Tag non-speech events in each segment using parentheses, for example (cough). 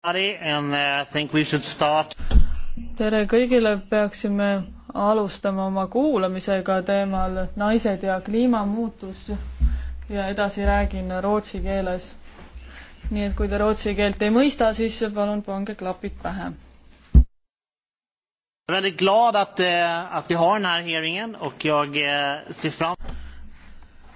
Uh, tere kõigile, peaksime alustama oma kuulamisega teemal naised ja kliimamuutus ja edasi räägin rootsi keeles. nii et kui te rootsi keelt ei mõista, siis palun pange klapid pähe. Uh, uh,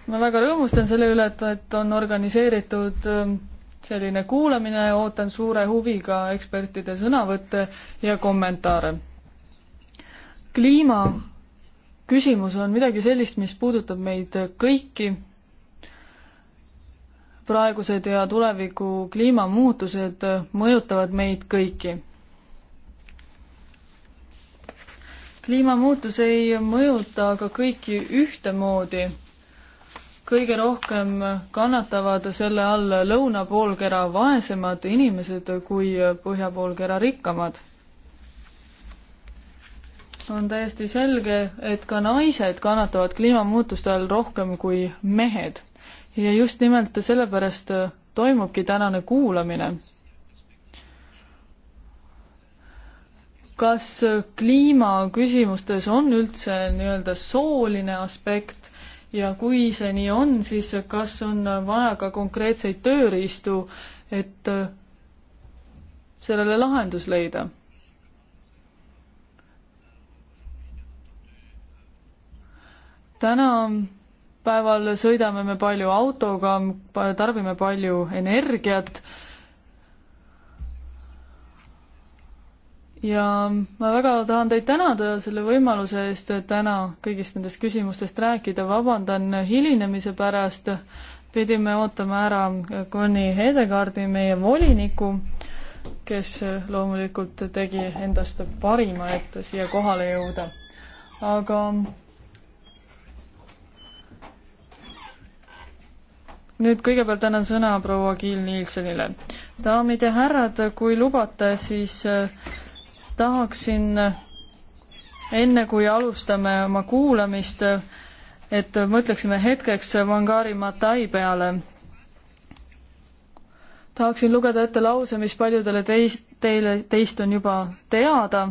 ma väga rõõmustan selle üle, et, et on organiseeritud um, selline kuulamine, ootan suure huviga ekspertide sõnavõtte ja kommentaare. kliima küsimus on midagi sellist, mis puudutab meid kõiki. praegused ja tuleviku kliimamuutused mõjutavad meid kõiki. kliimamuutus ei mõjuta aga kõiki ühtemoodi kõige rohkem kannatavad selle all lõunapoolkera vaesemad inimesed kui põhjapoolkera rikkamad. on täiesti selge, et ka naised kannatavad kliimamuutuste all rohkem kui mehed. ja just nimelt sellepärast toimubki tänane kuulamine. kas kliimaküsimustes on üldse nii-öelda sooline aspekt ja kui see nii on, siis kas on vaja ka konkreetseid tööriistu, et äh, sellele lahendus leida? tänapäeval sõidame me palju autoga, tarbime palju energiat ja ma väga tahan teid tänada selle võimaluse eest täna kõigist nendest küsimustest rääkida, vabandan hilinemise pärast, pidime ootama ära Conny Hedegaardi, meie voliniku, kes loomulikult tegi endast parima, et siia kohale jõuda. aga nüüd kõigepealt annan sõna proua Kiil Nielsenile. daamid ja härrad, kui lubate, siis tahaksin enne, kui alustame oma kuulamist, et mõtleksime hetkeks Vangari Matai peale. tahaksin lugeda ette lause, mis paljudele teist, teile, teist on juba teada.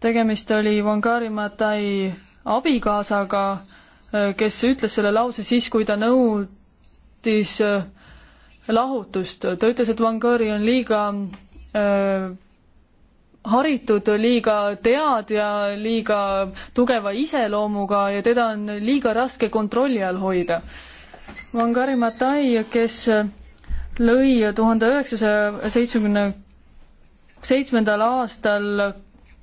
tegemist oli Vangari Matai abikaasaga, kes ütles selle lause siis, kui ta nõudis eh, lahutust. ta ütles, et Vangari on liiga haritud, liiga teadja, liiga tugeva iseloomuga ja teda on liiga raske kontrolli all hoida. Wangari Matai, kes lõi tuhande üheksasaja seitsmekümne seitsmendal aastal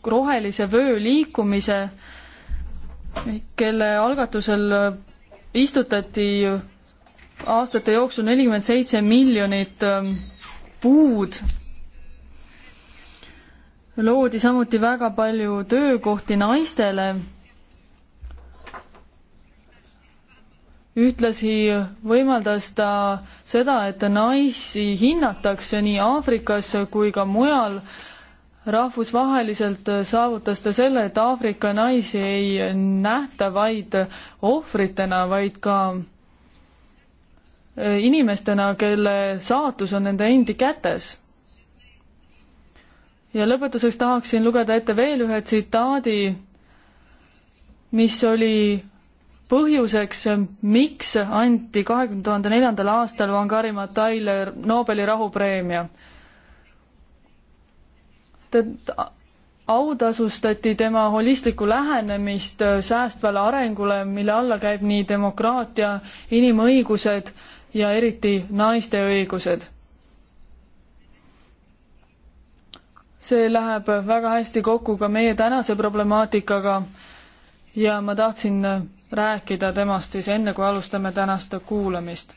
rohelise vöö liikumise, kelle algatusel istutati aastate jooksul nelikümmend seitse miljonit puud loodi samuti väga palju töökohti naistele. ühtlasi võimaldas ta seda, et naisi hinnatakse nii Aafrikas kui ka mujal. rahvusvaheliselt saavutas ta selle, et Aafrika naisi ei nähta vaid ohvritena, vaid ka inimestena, kelle saatus on nende endi kätes ja lõpetuseks tahaksin lugeda ette veel ühe tsitaadi, mis oli põhjuseks, miks anti kahekümne tuhande neljandal aastal Wangari Mataile Nobeli rahupreemia. ta autasustati tema holistlikku lähenemist säästvale arengule, mille alla käib nii demokraatia, inimõigused ja eriti naiste õigused see läheb väga hästi kokku ka meie tänase problemaatikaga ja ma tahtsin rääkida temast siis enne, kui alustame tänast kuulamist.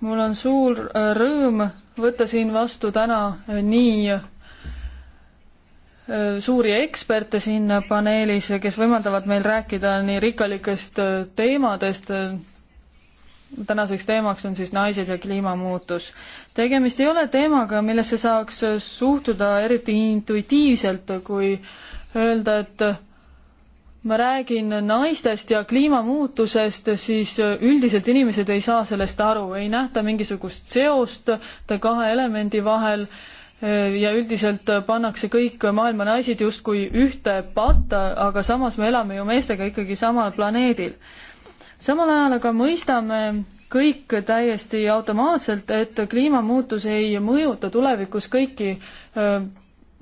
mul on suur äh, rõõm võtta siin vastu täna äh, nii äh, suuri eksperte siin paneelis, kes võimaldavad meil rääkida nii rikkalikest teemadest, tänaseks teemaks on siis naised ja kliimamuutus tegemist ei ole teemaga, millesse saaks suhtuda eriti intuitiivselt, kui öelda, et ma räägin naistest ja kliimamuutusest, siis üldiselt inimesed ei saa sellest aru, ei nähta mingisugust seost kahe elemendi vahel ja üldiselt pannakse kõik maailma naised justkui ühte patta, aga samas me elame ju meestega ikkagi samal planeedil samal ajal aga mõistame kõik täiesti automaatselt, et kliimamuutus ei mõjuta tulevikus kõiki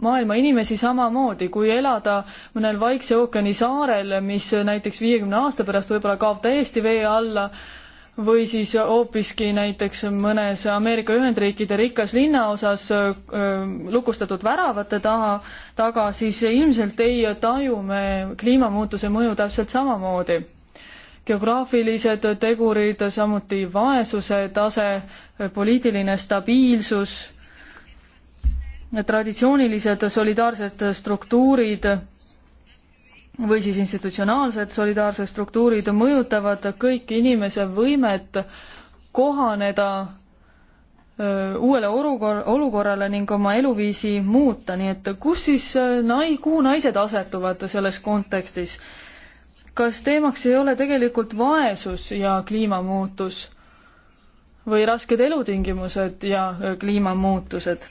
maailma inimesi samamoodi, kui elada mõnel Vaikse ookeani saarel, mis näiteks viiekümne aasta pärast võib-olla kaob täiesti vee alla, või siis hoopiski näiteks mõnes Ameerika Ühendriikide rikas linnaosas lukustatud väravate taha, taga, siis ilmselt ei taju me kliimamuutuse mõju täpselt samamoodi geograafilised tegurid, samuti vaesuse tase, poliitiline stabiilsus, traditsioonilised solidaarsed struktuurid või siis institutsionaalsed solidaarsed struktuurid mõjutavad kõiki inimese võimet kohaneda uuele olukorra, olukorrale ning oma eluviisi muuta, nii et kus siis äh, nai-, kuhu naised asetuvad selles kontekstis? kas teemaks ei ole tegelikult vaesus ja kliimamuutus või rasked elutingimused ja äh, kliimamuutused,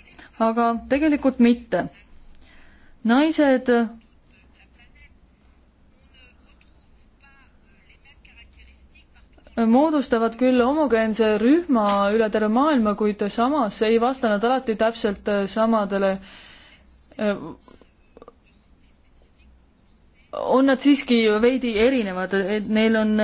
aga tegelikult mitte. naised äh, moodustavad küll homogeense rühma üle terve maailma, kuid samas ei vasta nad alati täpselt äh, samadele on nad siiski veidi erinevad, et neil on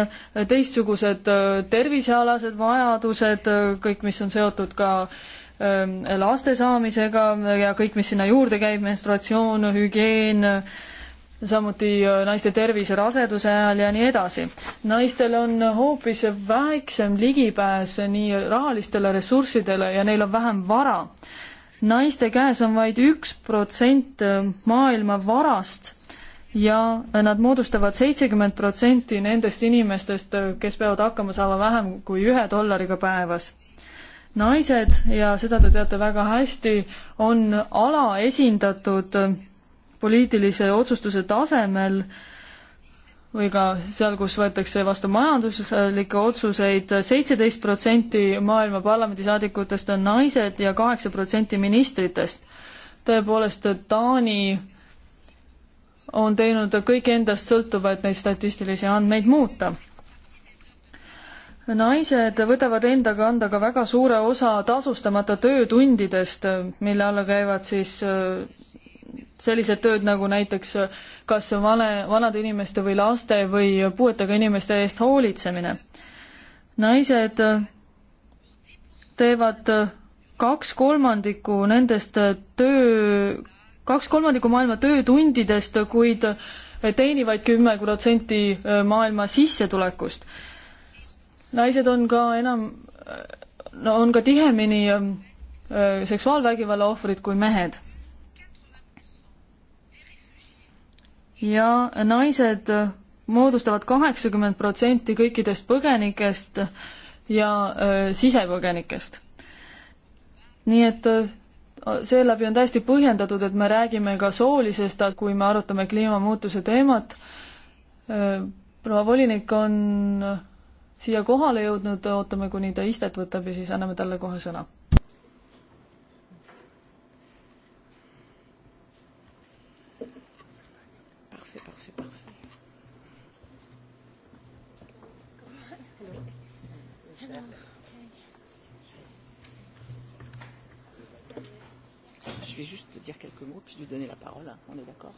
teistsugused äh, tervisealased vajadused, äh, kõik, mis on seotud ka ähm, laste saamisega ja kõik, mis sinna juurde käib, menstruatsioon, hügieen, samuti äh, naiste tervis raseduse ajal ja nii edasi. naistel on hoopis väiksem ligipääs nii rahalistele ressurssidele ja neil on vähem vara. naiste käes on vaid üks protsent maailma varast ja nad moodustavad seitsekümmend protsenti nendest inimestest, kes peavad hakkama saama vähem kui ühe dollariga päevas. naised, ja seda te teate väga hästi, on alaesindatud poliitilise otsustuse tasemel või ka seal, kus võetakse vastu majanduslikke otsuseid, seitseteist protsenti maailma parlamendisaadikutest on naised ja kaheksa protsenti ministritest. tõepoolest, Taani on teinud kõik endast sõltuva, et neid statistilisi andmeid muuta. naised võtavad enda kanda ka väga suure osa tasustamata töötundidest, mille alla käivad siis äh, sellised tööd nagu näiteks äh, kas vale, vanade inimeste või laste või puuetega inimeste eest hoolitsemine. naised äh, teevad kaks kolmandikku nendest töö kaks kolmandikku maailma töötundidest, kuid teenivad kümme protsenti äh, maailma sissetulekust. naised on ka enam, äh, no on ka tihemini äh, seksuaalvägivalla ohvrid kui mehed. ja naised moodustavad kaheksakümmend protsenti kõikidest põgenikest ja sisepõgenikest. nii et seeläbi on täiesti põhjendatud, et me räägime ka soolisest, kui me arutame kliimamuutuse teemat. Äh, proua volinik on siia kohale jõudnud, ootame, kuni ta istet võtab ja siis anname talle kohe sõna je vais juste te dire quelques mots, puis lui donner la parole. Hein. On est d'accord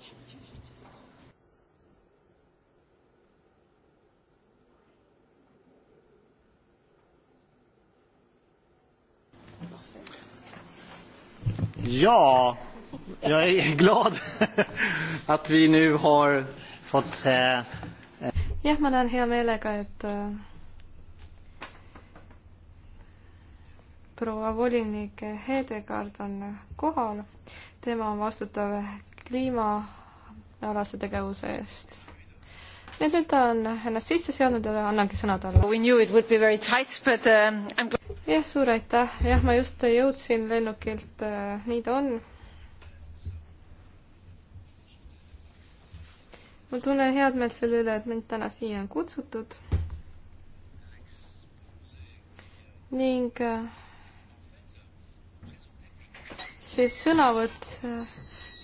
Ja, jag är glad (laughs) att vi nu har fått... Eh, jah, ma näen hea meelega, et äh, proua volinik Hedegaard on kohal. tema on vastutav kliimaalase tegevuse eest. nii et nüüd ta on ennast sisse seadnud ja annangi sõna talle. Uh, jah, suur aitäh, jah, ma just jõudsin lennukilt, äh, nii ta on. ma tunnen head meelt selle üle, et mind täna siia on kutsutud. ning äh, siis sõnavõtt,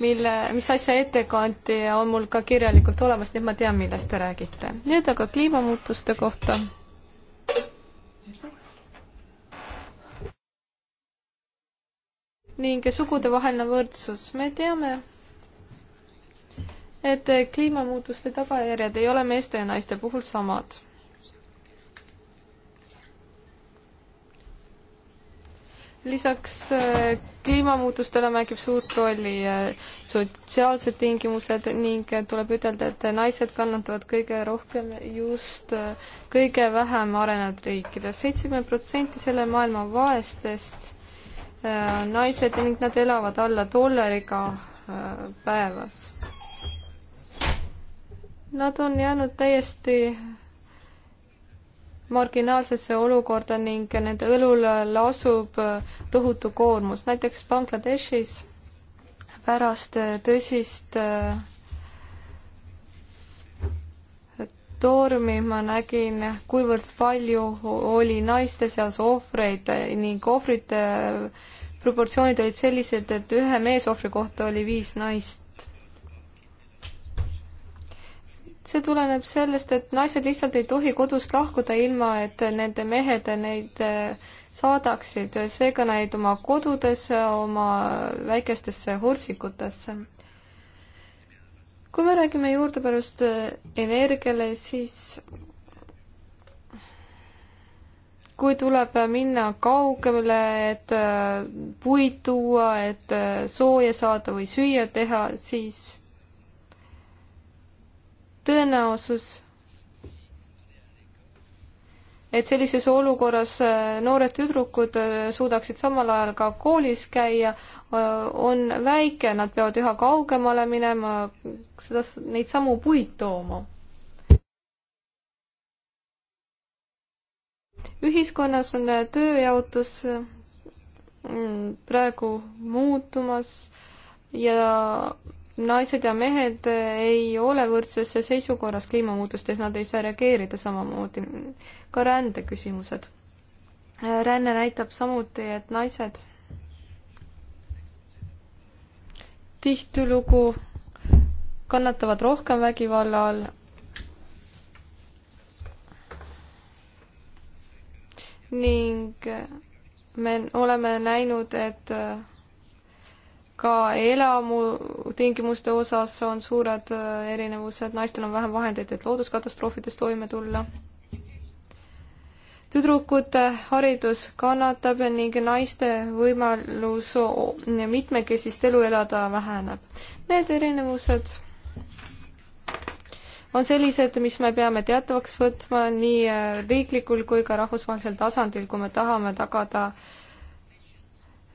mille, mis asja ette kanti, on mul ka kirjalikult olemas, nii et ma tean, millest te räägite. nüüd aga kliimamuutuste kohta. ning sugudevaheline võrdsus, me teame, et kliimamuutuste tagajärjed ei ole meeste ja naiste puhul samad lisaks äh, kliimamuutustele mängib suurt rolli äh, sotsiaalsed tingimused ning äh, tuleb ütelda, et naised kannatavad kõige rohkem just kõige vähem arenenud riikides. seitsekümmend protsenti selle maailma vaestest on naised ning nad elavad alla dollariga päevas. Nad on jäänud täiesti marginaalsesse olukorda ning nende õlul lasub tohutu koormus. näiteks Bangladeshis pärast tõsist äh, tormi ma nägin, kuivõrd palju oli naiste seas ohvreid ning ohvrite proportsioonid olid sellised, et ühe meesohvri kohta oli viis naist. see tuleneb sellest, et naised lihtsalt ei tohi kodust lahkuda, ilma et nende mehed neid eh, saadaksid, seega neid oma kodudesse, oma väikestesse hursikutesse. kui me räägime juurdepääsust eh, energiale, siis kui tuleb minna kaugemale, et eh, puid tuua, et sooja saada või süüa teha, siis tõenäosus, et sellises olukorras äh, noored tüdrukud äh, suudaksid samal ajal ka koolis käia, äh, on väike, nad peavad üha kaugemale minema, seda, neid samu puid tooma. ühiskonnas on tööjaotus praegu muutumas ja naised ja mehed ei ole võrdsesse seisukorras kliimamuutustes, nad ei saa reageerida samamoodi. ka rändeküsimused. ränne näitab samuti, et naised tihtilugu kannatavad rohkem vägivalla all. ning me oleme näinud, et ka elamutingimuste osas on suured äh, erinevused, naistel on vähem vahendeid, et looduskatastroofides toime tulla. tüdrukute haridus kannatab ning naiste võimalus mitmekesist elu elada väheneb. Need erinevused on sellised, mis me peame teatavaks võtma nii äh, riiklikul kui ka rahvusvahelisel tasandil, kui me tahame tagada äh,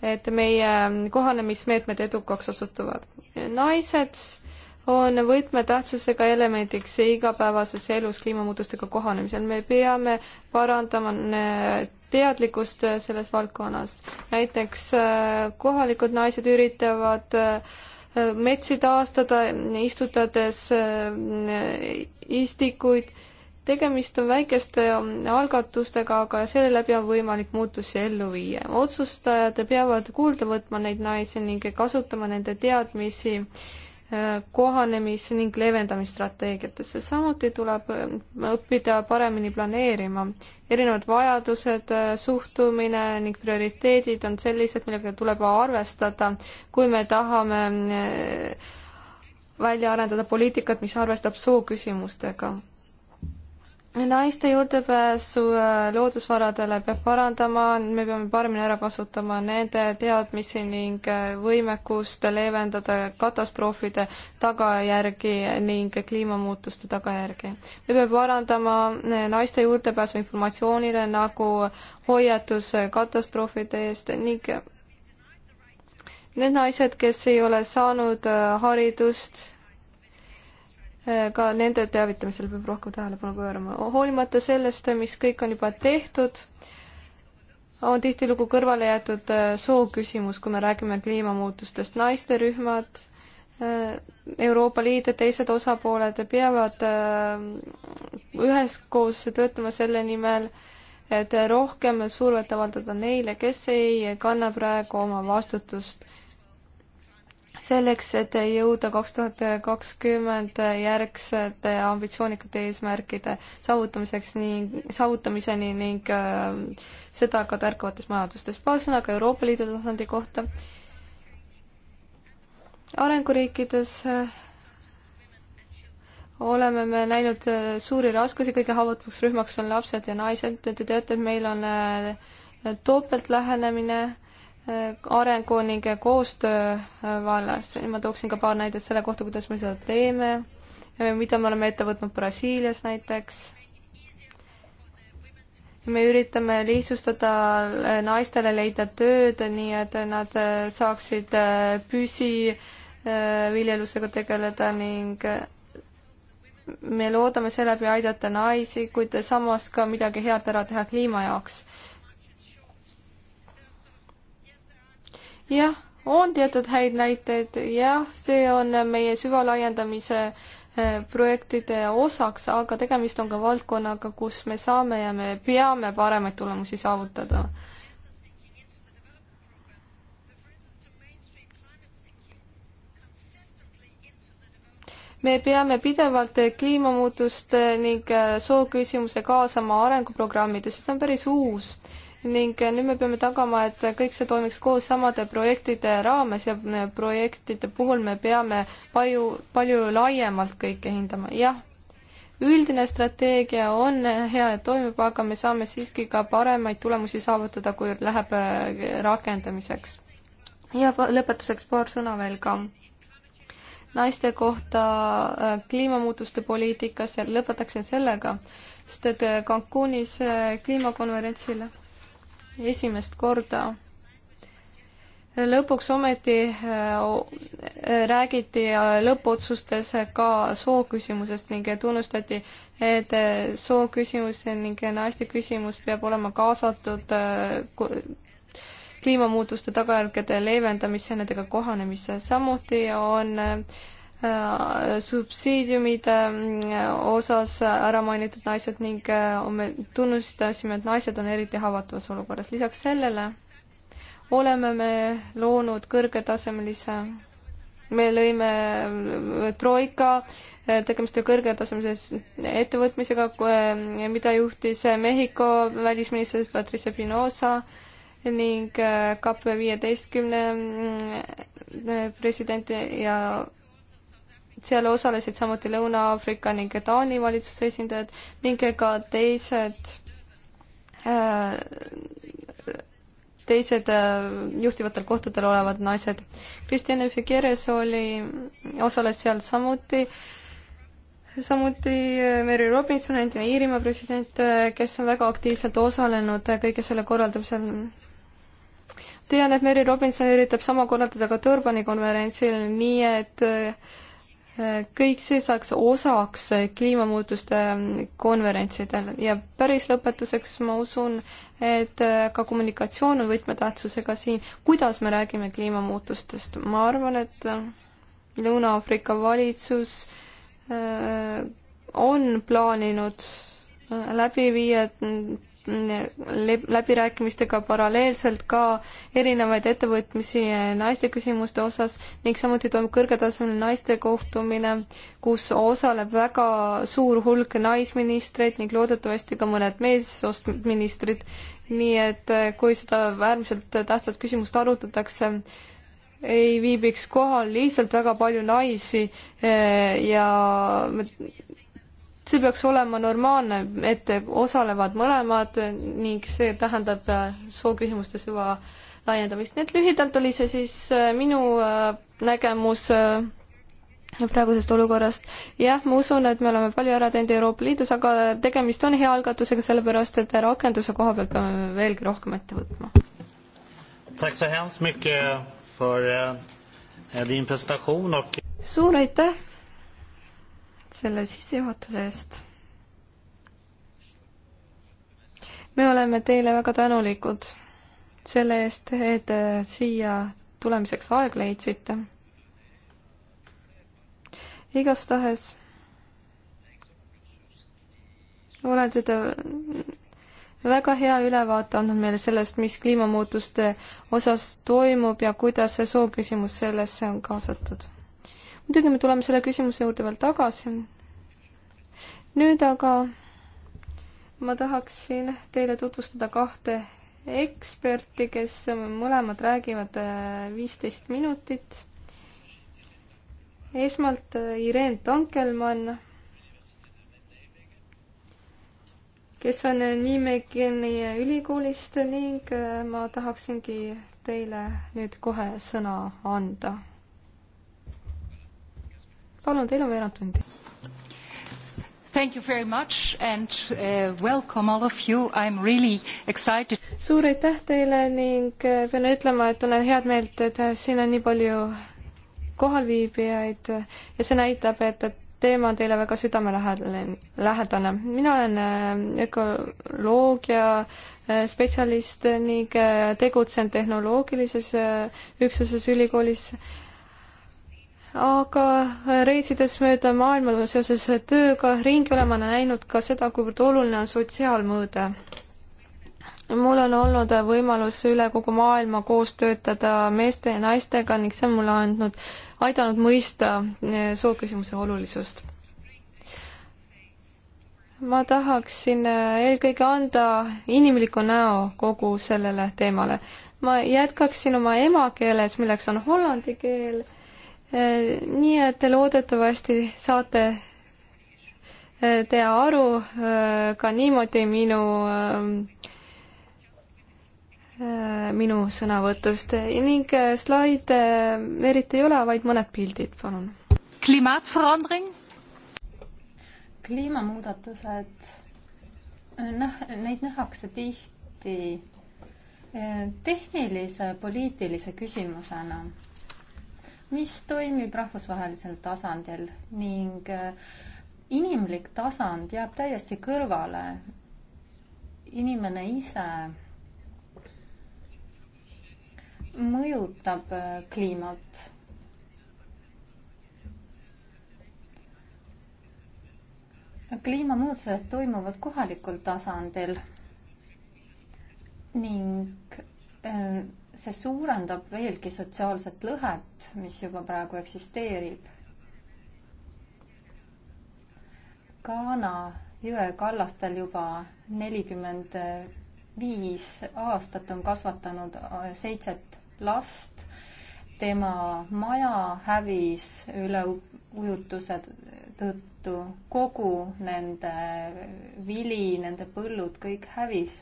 et meie kohanemismeetmed edukaks osutuvad. naised on võtmetähtsusega elemendiks igapäevases elus kliimamuutustega kohanemisel. me peame parandama teadlikkust selles valdkonnas. näiteks äh, kohalikud naised üritavad äh, metsi taastada, istutades äh, istikuid tegemist on väikeste algatustega, aga seeläbi on võimalik muutusi ellu viia. otsustajad peavad kuulda võtma neid naisi ning kasutama nende teadmisi äh, kohanemis- ning leevendamisstrateegiatesse. samuti tuleb äh, õppida paremini planeerima. erinevad vajadused, äh, suhtumine ning prioriteedid on sellised, millega tuleb arvestada, kui me tahame välja arendada poliitikat, mis arvestab sooküsimustega naiste juurdepääsu äh, loodusvaradele peab parandama, me peame paremini ära kasutama nende teadmisi ning äh, võimekust leevendada katastroofide tagajärgi ning kliimamuutuste tagajärgi. me peame parandama äh, naiste juurdepääsu informatsioonile nagu hoiatus katastroofide eest ning need naised, kes ei ole saanud haridust Äh, ka nende teavitamisel peab rohkem tähelepanu pöörama. hoolimata sellest, mis kõik on juba tehtud, on tihtilugu kõrvale jäetud äh, soo küsimus, kui me räägime kliimamuutustest. naisterühmad, äh, Euroopa Liit ja teised osapooled peavad üheskoos töötama selle nimel, et rohkem survet avaldada neile, kes ei kanna praegu oma vastutust selleks, et jõuda kaks tuhat kakskümmend järgsete ambitsioonikate eesmärkide saavutamiseks ning, saavutamiseni ning äh, seda ka tärkavates majandustes. paar sõna ka Euroopa Liidu tasandi kohta. arenguriikides äh, oleme me näinud äh, suuri raskusi, kõige haavatavaks rühmaks on lapsed ja naised, te teate, et meil on äh, topeltlähenemine äh, arengu ning koostöö vallas. ma tooksin ka paar näidet selle kohta, kuidas me seda teeme, mida me oleme ette võtnud Brasiilias näiteks. me üritame lihtsustada naistele leida tööd, nii et nad saaksid püsiviljelusega äh, tegeleda ning me loodame seeläbi aidata naisi, kuid samas ka midagi head ära teha kliima jaoks jah, on teatud häid näiteid, jah, see on meie süvalaiendamise äh, projektide osaks, aga tegemist on ka valdkonnaga, kus me saame ja me peame paremaid tulemusi saavutada. me peame pidevalt kliimamuutust ning äh, sooküsimuse kaasama arenguprogrammidesse, see on päris uus ning nüüd me peame tagama, et kõik see toimiks koos samade projektide raames ja projektide puhul me peame palju, palju laiemalt kõike hindama, jah. üldine strateegia on hea ja toimib, aga me saame siiski ka paremaid tulemusi saavutada, kui läheb äh, rakendamiseks. ja lõpetuseks paar sõna veel ka naiste kohta äh, kliimamuutuste poliitikas ja lõpetaksin sellega, sest et äh, Cancunis kliimakonverentsil esimest korda lõpuks ometi äh, räägiti lõppotsustes ka sooküsimusest ning tunnustati, et sooküsimus ning naiste küsimus peab olema kaasatud äh, kliimamuutuste tagajärgede leevendamisse ja nendega kohanemisse. samuti on äh, Äh, subsiidiumide mm, osas ära mainitud naised ning äh, me tunnustasime, et naised on eriti haavatavas olukorras. lisaks sellele oleme me loonud kõrgetasemelise, me lõime äh, troika, tegemist oli kõrgetasemelise ettevõtmisega, mida juhtis Mehhiko välisminister Patricia Pinoza ning KP viieteistkümne mm, president ja seal osalesid samuti Lõuna-Aafrika ning Taani valitsuse esindajad ning ka teised äh, teised äh, juhtivatel kohtadel olevad naised. Kristjan Figueres oli, osales seal samuti, samuti äh, Mary Robinson, endine Iirimaa president, kes on väga aktiivselt osalenud kõige selle korraldamisel tean, et Mary Robinson üritab sama korraldada ka Durbani konverentsil, nii et kõik see saaks osaks kliimamuutuste konverentsidel ja päris lõpetuseks ma usun, et ka kommunikatsioon on võtmetähtsusega siin, kuidas me räägime kliimamuutustest. ma arvan, et Lõuna-Aafrika valitsus äh, on plaaninud läbi viia läbirääkimistega paralleelselt ka erinevaid ettevõtmisi naiste küsimuste osas ning samuti toimub kõrgetasemeline naiste kohtumine, kus osaleb väga suur hulk naisministreid ning loodetavasti ka mõned meessoost ministrid. nii et eh, kui seda äärmiselt tähtsat küsimust arutatakse, ei viibiks kohal lihtsalt väga palju naisi eh, ja see peaks olema normaalne, et osalevad mõlemad ning see tähendab äh, sooküsimustes juba laiendamist. nii et lühidalt oli see siis äh, minu äh, nägemus praegusest olukorrast. jah, ma usun, et me oleme palju ära teinud Euroopa Liidus, aga tegemist on hea algatusega, sellepärast et rakenduse koha pealt peame veelgi rohkem ette võtma. Eh, suur aitäh selle sissejuhatuse eest. me oleme teile väga tänulikud selle eest, et siia tulemiseks aeg leidsite. igastahes olete te väga hea ülevaate andnud meile sellest, mis kliimamuutuste osas toimub ja kuidas see sooküsimus sellesse on kaasatud muidugi me tuleme selle küsimuse juurde veel tagasi. nüüd aga ma tahaksin teile tutvustada kahte eksperti, kes mõlemad räägivad äh, viisteist minutit. esmalt äh, Irene Tankelmann, kes on Niimekini ülikoolist ning äh, ma tahaksingi teile nüüd kohe sõna anda palun, teil on veerand tundi. Thank you very much and uh, welcome all of you, I am really excited. suur aitäh teile ning uh, pean ütlema, et olen head meelt, et siin on nii palju kohalviibijaid ja see näitab, et, et teema on teile väga südamelähedane. mina olen uh, ökoloogia uh, spetsialist ning tegutsen tehnoloogilises üksuses ülikoolis aga reisides mööda maailma seoses tööga ringi olema näinud ka seda, kuivõrd oluline on sotsiaalmõõde. mul on olnud võimalus üle kogu maailma koos töötada meeste ja naistega ning see on mulle andnud, aidanud mõista eh, sooküsimuse olulisust ma tahaksin eh, eelkõige anda inimliku näo kogu sellele teemale. ma jätkaksin oma emakeeles, milleks on hollandi keel Äh, nii et loodetavasti saate äh, te aru äh, ka niimoodi minu minu sõnavõtust ning slaide eriti ei ole, vaid mõned pildid, palun. klimaatverandering? kliimamuudatused, noh, neid nähakse tihti tehnilise poliitilise küsimusena mis toimib rahvusvahelisel tasandil ning äh, inimlik tasand jääb täiesti kõrvale. inimene ise mõjutab äh, kliimat. kliimamuutused toimuvad kohalikul tasandil ning äh, see suurendab veelgi sotsiaalset lõhet, mis juba praegu eksisteerib. Ghana jõe kallastel juba nelikümmend viis aastat on kasvatanud äh, seitset last. tema maja hävis üleujutuse tõttu, kogu nende vili, nende põllud, kõik hävis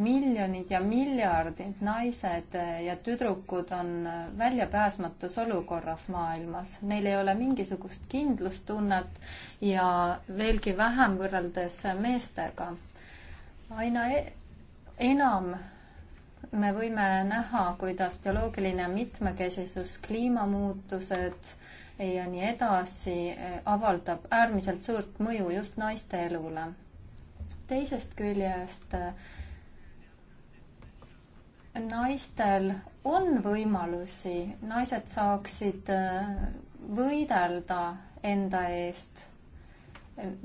miljonid ja miljardid naised ja tüdrukud on väljapääsmatus olukorras maailmas. Neil ei ole mingisugust kindlustunnet ja veelgi vähem võrreldes meestega. aina e enam me võime näha, kuidas bioloogiline mitmekesisus, kliimamuutused ja nii edasi eh, avaldab äärmiselt suurt mõju just naiste elule. teisest küljest äh, naistel on võimalusi, naised saaksid äh, võidelda enda eest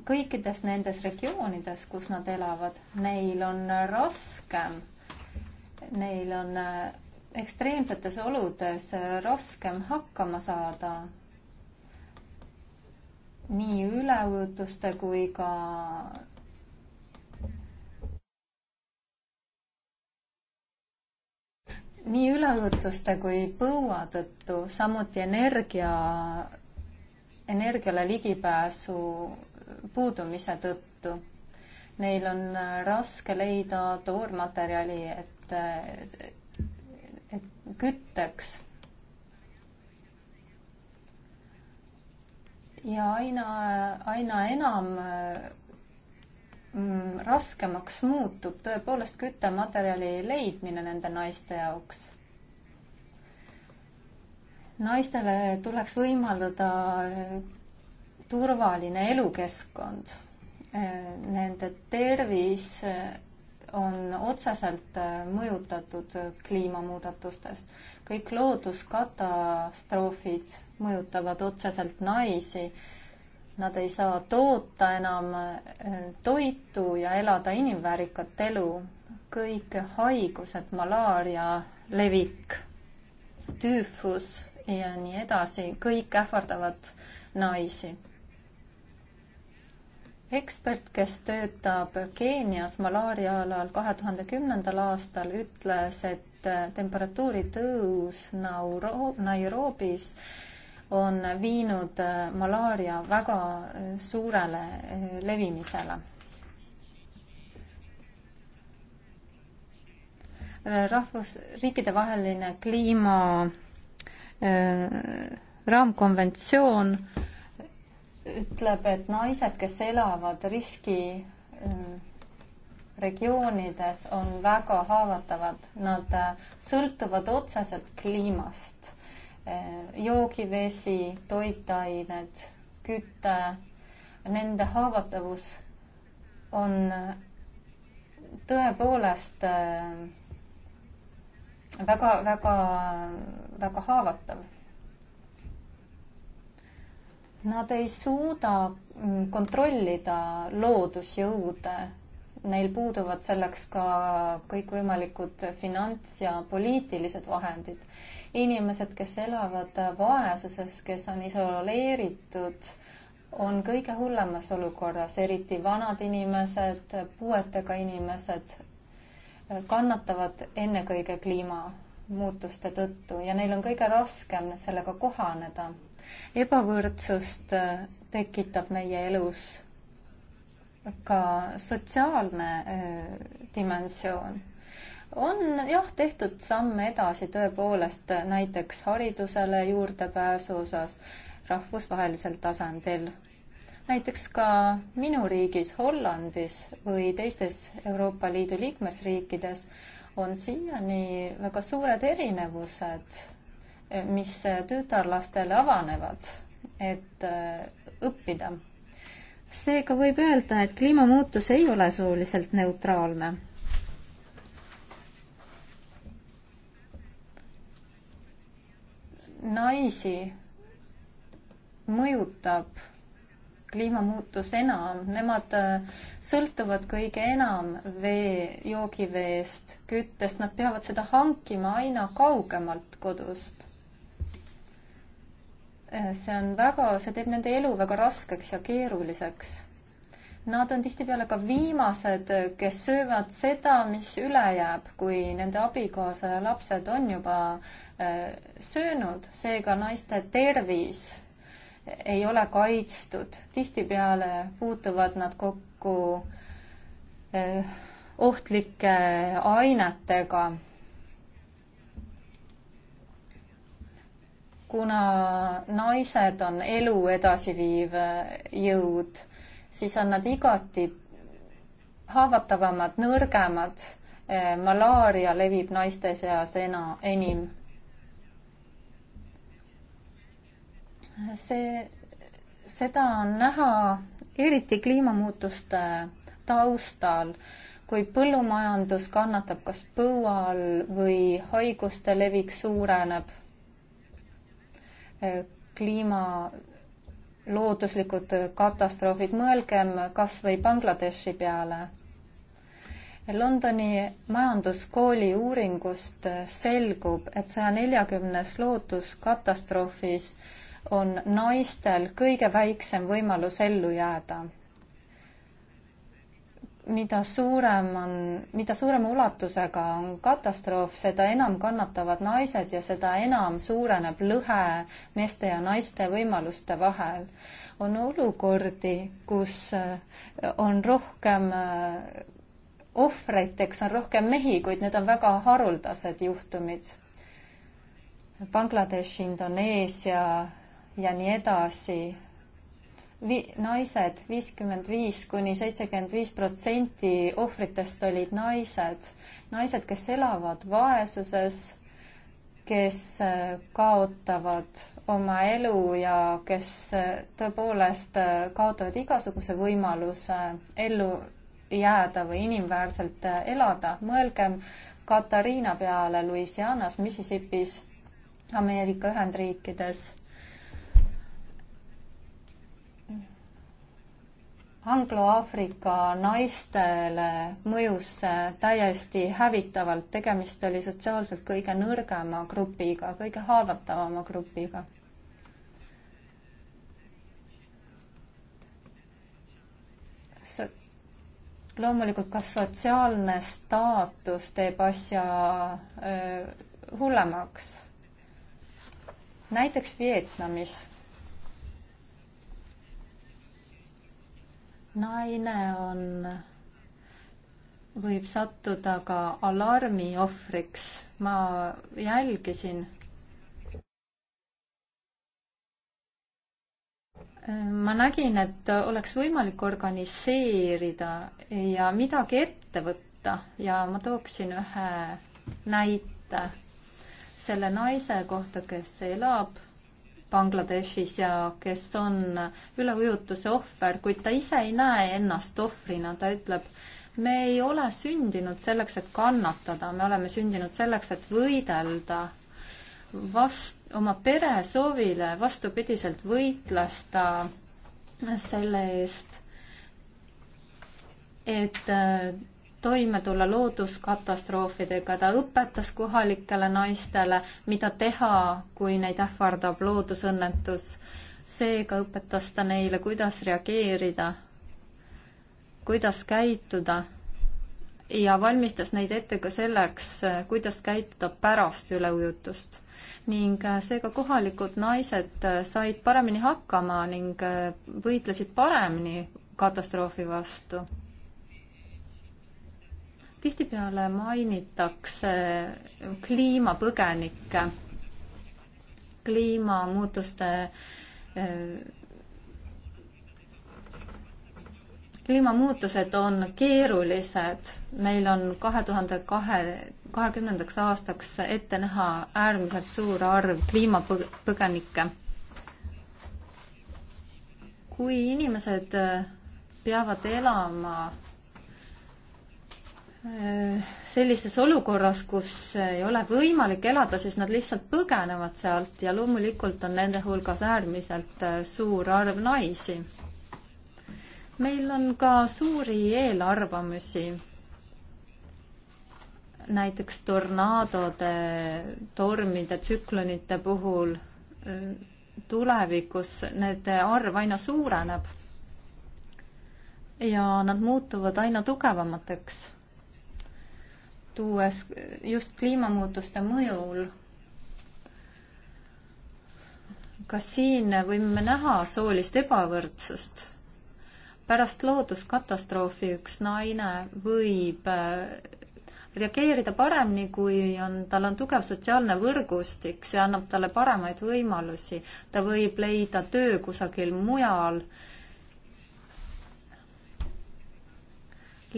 kõikides nendes regioonides, kus nad elavad, neil on raskem, neil on äh, ekstreemsetes oludes äh, raskem hakkama saada nii üleujutuste kui ka nii üleujutuste kui põua tõttu, samuti energia, energiale ligipääsu puudumise tõttu. Neil on äh, raske leida toormaterjali, et, äh, et kütteks. ja aina, aina enam äh, Mm, raskemaks muutub tõepoolest küttematerjali leidmine nende naiste jaoks. naistele tuleks võimaldada eh, turvaline elukeskkond. Eh, nende tervis eh, on otseselt mõjutatud kliimamuudatustest. kõik looduskatastroofid mõjutavad otseselt naisi Nad ei saa toota enam eh, toitu ja elada inimväärikat elu. kõik haigused, malaaria levik, tüüfus ja nii edasi, kõik ähvardavad naisi. ekspert, kes töötab Keenias malaaria alal kahe tuhande kümnendal aastal, ütles, et temperatuuri tõus Nauro-, Nairobis on viinud äh, malaaria väga äh, suurele äh, levimisele. rahvus, riikidevaheline kliima raamkonventsioon ütleb, et naised, kes elavad riski regioonides, on väga haavatavad, nad sõltuvad otseselt kliimast Eh, joogivesi, toitained, küte, nende haavatavus on tõepoolest eh, väga, väga, väga haavatav. Nad ei suuda mm, kontrollida loodusjõude, neil puuduvad selleks ka kõikvõimalikud finants ja poliitilised vahendid inimesed, kes elavad vaesuses, kes on isoleeritud, on kõige hullemas olukorras, eriti vanad inimesed, puuetega inimesed kannatavad ennekõike kliimamuutuste tõttu ja neil on kõige raskem sellega kohaneda. ebavõrdsust tekitab meie elus ka sotsiaalne öö, äh, dimensioon on jah, tehtud samme edasi tõepoolest näiteks haridusele juurdepääsu osas rahvusvahelisel tasandil. näiteks ka minu riigis Hollandis või teistes Euroopa Liidu liikmesriikides on siiani väga suured erinevused, mis tütarlastele avanevad, et äh, õppida. seega võib öelda, et kliimamuutus ei ole sooliselt neutraalne naisi mõjutab kliimamuutus enam, nemad äh, sõltuvad kõige enam vee, joogiveest, küttest, nad peavad seda hankima aina kaugemalt kodust. Äh, see on väga, see teeb nende elu väga raskeks ja keeruliseks. Nad on tihtipeale ka viimased, kes söövad seda, mis üle jääb, kui nende abikaasa ja lapsed on juba äh, Äh, söönud, seega naiste tervis ei ole kaitstud. tihtipeale puutuvad nad kokku äh, ohtlike ainetega. kuna naised on elu edasiviiv äh, jõud, siis on nad igati haavatavamad, nõrgemad. malaaria levib naiste seas ena, enim see, seda on näha eriti kliimamuutuste taustal, kui põllumajandus kannatab kas põua all või haiguste levik suureneb. kliima looduslikud katastroofid, mõelgem kas või Bangladeshi peale. Londoni majanduskooli uuringust selgub, et saja neljakümnes looduskatastroofis on naistel kõige väiksem võimalus ellu jääda. mida suurem on, mida suurema ulatusega on katastroof, seda enam kannatavad naised ja seda enam suureneb lõhe meeste ja naiste võimaluste vahel. on olukordi, kus äh, on rohkem äh, ohvriteks on rohkem mehi, kuid need on väga haruldased juhtumid Bangladesh, Indoneesia, ja nii edasi. Vi-, naised, viiskümmend viis kuni seitsekümmend viis protsenti ohvritest olid naised. naised, kes elavad vaesuses, kes äh, kaotavad oma elu ja kes äh, tõepoolest äh, kaotavad igasuguse võimaluse ellu jääda või inimväärselt elada. mõelgem Katariina peale Louisianas, Mississippis, Ameerika Ühendriikides. Anglo-Aafrika naistele mõjus see täiesti hävitavalt, tegemist oli sotsiaalselt kõige nõrgema grupiga, kõige haavatavama grupiga. loomulikult, kas sotsiaalne staatus teeb asja öö, hullemaks? näiteks Vietnamis naine on, võib sattuda ka alarmi ohvriks. ma jälgisin ma nägin, et oleks võimalik organiseerida ja midagi ette võtta ja ma tooksin ühe näite selle naise kohta, kes elab Bangladeshis ja kes on üleujutuse ohver, kuid ta ise ei näe ennast ohvrina, ta ütleb, me ei ole sündinud selleks, et kannatada, me oleme sündinud selleks, et võidelda vast-, oma pere soovile, vastupidiselt võitles ta selle eest, et toime tulla looduskatastroofidega, ta õpetas kohalikele naistele, mida teha, kui neid ähvardab loodusõnnetus. seega õpetas ta neile, kuidas reageerida, kuidas käituda ja valmistas neid ette ka selleks, kuidas käituda pärast üleujutust. ning äh, seega kohalikud naised äh, said paremini hakkama ning äh, võitlesid paremini katastroofi vastu tihtipeale mainitakse kliimapõgenikke, kliimamuutuste, eh, kliimamuutused on keerulised. meil on kahe tuhande kahe, kahekümnendaks aastaks ette näha äärmiselt suur arv kliimapõgenikke. kui inimesed eh, peavad elama Äh, sellises olukorras, kus äh, ei ole võimalik elada, siis nad lihtsalt põgenevad sealt ja loomulikult on nende hulgas äärmiselt äh, suur arv naisi. meil on ka suuri eelarvamusi, näiteks tornaadode, tormide, tsüklonite puhul tulevikus nende arv aina suureneb ja nad muutuvad aina tugevamateks tuues just kliimamuutuste mõjul. kas siin võime näha soolist ebavõrdsust? pärast looduskatastroofi üks naine võib äh, reageerida paremini, kui on, tal on tugev sotsiaalne võrgustik, see annab talle paremaid võimalusi. ta võib leida töö kusagil mujal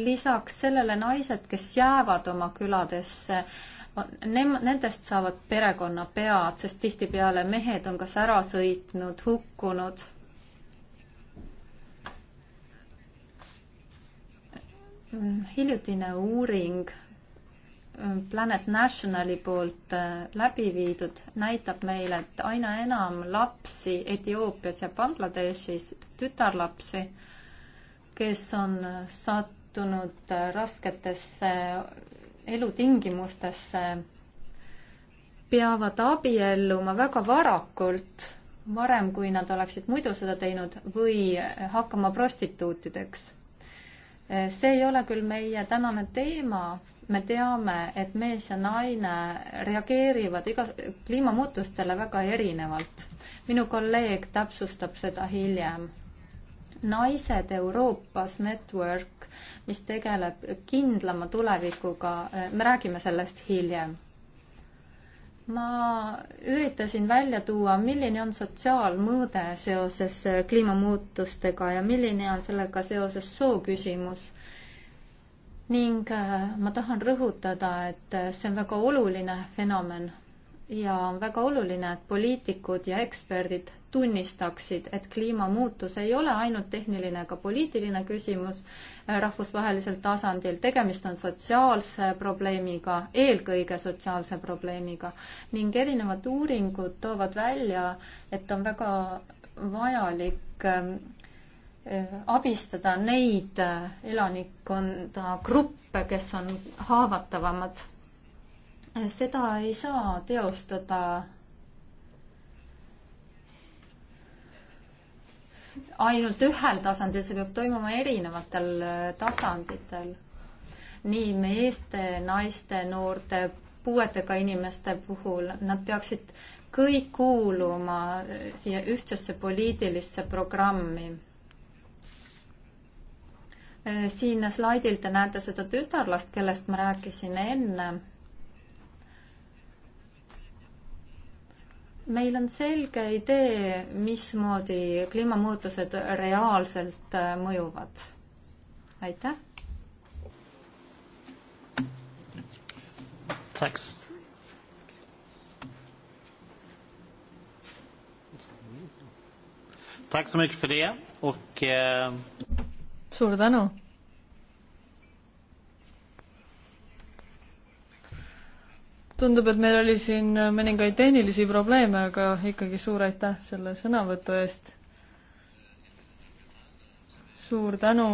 lisaks sellele naised, kes jäävad oma küladesse, nem-, nendest saavad perekonnapead, sest tihtipeale mehed on kas ära sõitnud, hukkunud. hiljutine uuring äh, Planet Nationali poolt äh, läbi viidud näitab meile, et aina enam lapsi Etioopias ja Bangladeshis, tütarlapsi, kes on äh, sat-, sattunud äh, rasketesse elutingimustesse, peavad abielluma väga varakult, varem kui nad oleksid muidu seda teinud, või hakkama prostituutideks. Äh, see ei ole küll meie tänane teema, me teame, et mees ja naine reageerivad iga, kliimamuutustele väga erinevalt. minu kolleeg täpsustab seda hiljem. naised Euroopas Network mis tegeleb kindlama tulevikuga, me räägime sellest hiljem. ma üritasin välja tuua, milline on sotsiaalmõõde seoses kliimamuutustega ja milline on sellega seoses sooküsimus ning äh, ma tahan rõhutada, et äh, see on väga oluline fenomen ja on väga oluline, et poliitikud ja eksperdid tunnistaksid, et kliimamuutus ei ole ainult tehniline ega poliitiline küsimus äh, rahvusvahelisel tasandil, tegemist on sotsiaalse probleemiga, eelkõige sotsiaalse probleemiga. ning erinevad uuringud toovad välja, et on väga vajalik ähm, äh, abistada neid äh, elanikkonda gruppe, kes on haavatavamad. seda ei saa teostada ainult ühel tasandil, see peab toimuma erinevatel äh, tasanditel. nii meeste, naiste, noorte, puuetega inimeste puhul, nad peaksid kõik kuuluma äh, siia ühtsesse poliitilisse programmi. Äh, siin slaidil te näete seda tütarlast, kellest ma rääkisin enne meil on selge idee, mismoodi kliimamuutused reaalselt äh, mõjuvad. aitäh. Thanks. Tack så mycket för det och eh... suur tänu tundub, et meil oli siin mõningaid tehnilisi probleeme, aga ikkagi suur aitäh selle sõnavõtu eest. suur tänu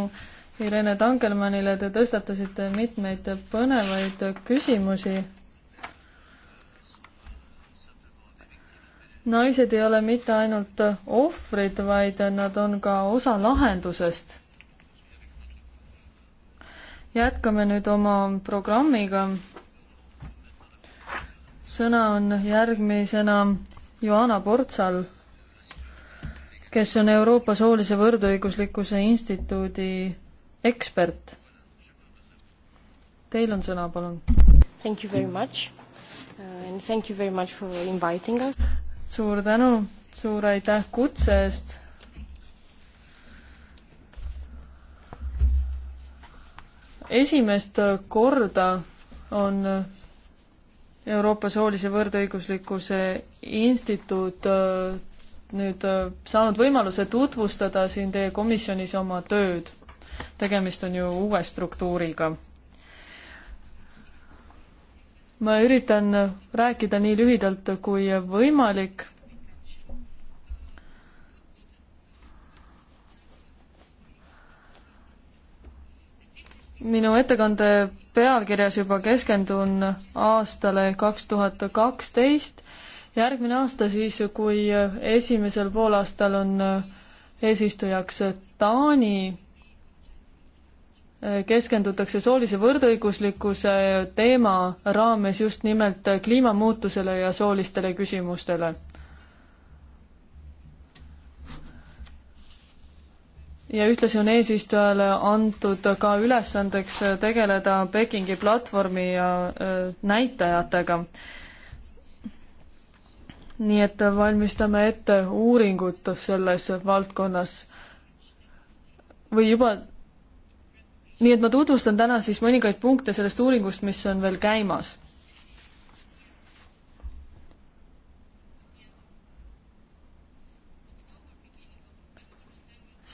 Irene Tankelmannile, te tõstatasite mitmeid põnevaid küsimusi. naised ei ole mitte ainult ohvrid, vaid nad on ka osa lahendusest. jätkame nüüd oma programmiga sõna on järgmisena Joana Portsal, kes on Euroopa Soolise Võrdõiguslikkuse Instituudi ekspert. Teil on sõna, palun. Thank you very much uh, and thank you very much for inviting us. suur tänu, suur aitäh kutse eest esimest korda on Euroopa Soolise Võrdõiguslikkuse Instituut äh, nüüd äh, saanud võimaluse tutvustada siin teie komisjonis oma tööd. tegemist on ju uue struktuuriga. ma üritan rääkida nii lühidalt kui võimalik minu ettekande pealkirjas juba keskendun aastale kaks tuhat kaksteist, järgmine aasta siis, kui esimesel poolaastal on eesistujaks Taani, keskendutakse soolise võrdõiguslikkuse teema raames just nimelt kliimamuutusele ja soolistele küsimustele. ja ühtlasi on eesistujale antud ka ülesandeks tegeleda Pekingi platvormi ja näitajatega. nii et valmistame ette uuringut selles valdkonnas või juba, nii et ma tutvustan täna siis mõningaid punkte sellest uuringust, mis on veel käimas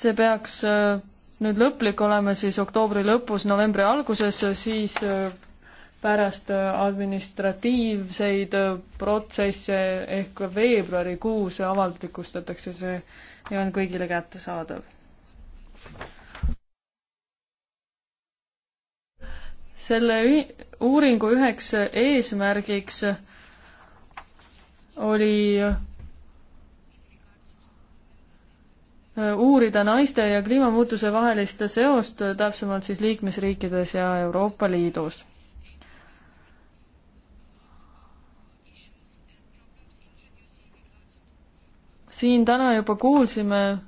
see peaks äh, nüüd lõplik olema siis oktoobri lõpus, novembri alguses, siis äh, pärast äh, administratiivseid protsesse ehk veebruarikuus avalikustatakse see ja on kõigile kättesaadav. selle uuringu üheks eesmärgiks oli Äh, uurida naiste ja kliimamuutuse vahelist seost, täpsemalt siis liikmesriikides ja Euroopa Liidus. siin täna juba kuulsime äh,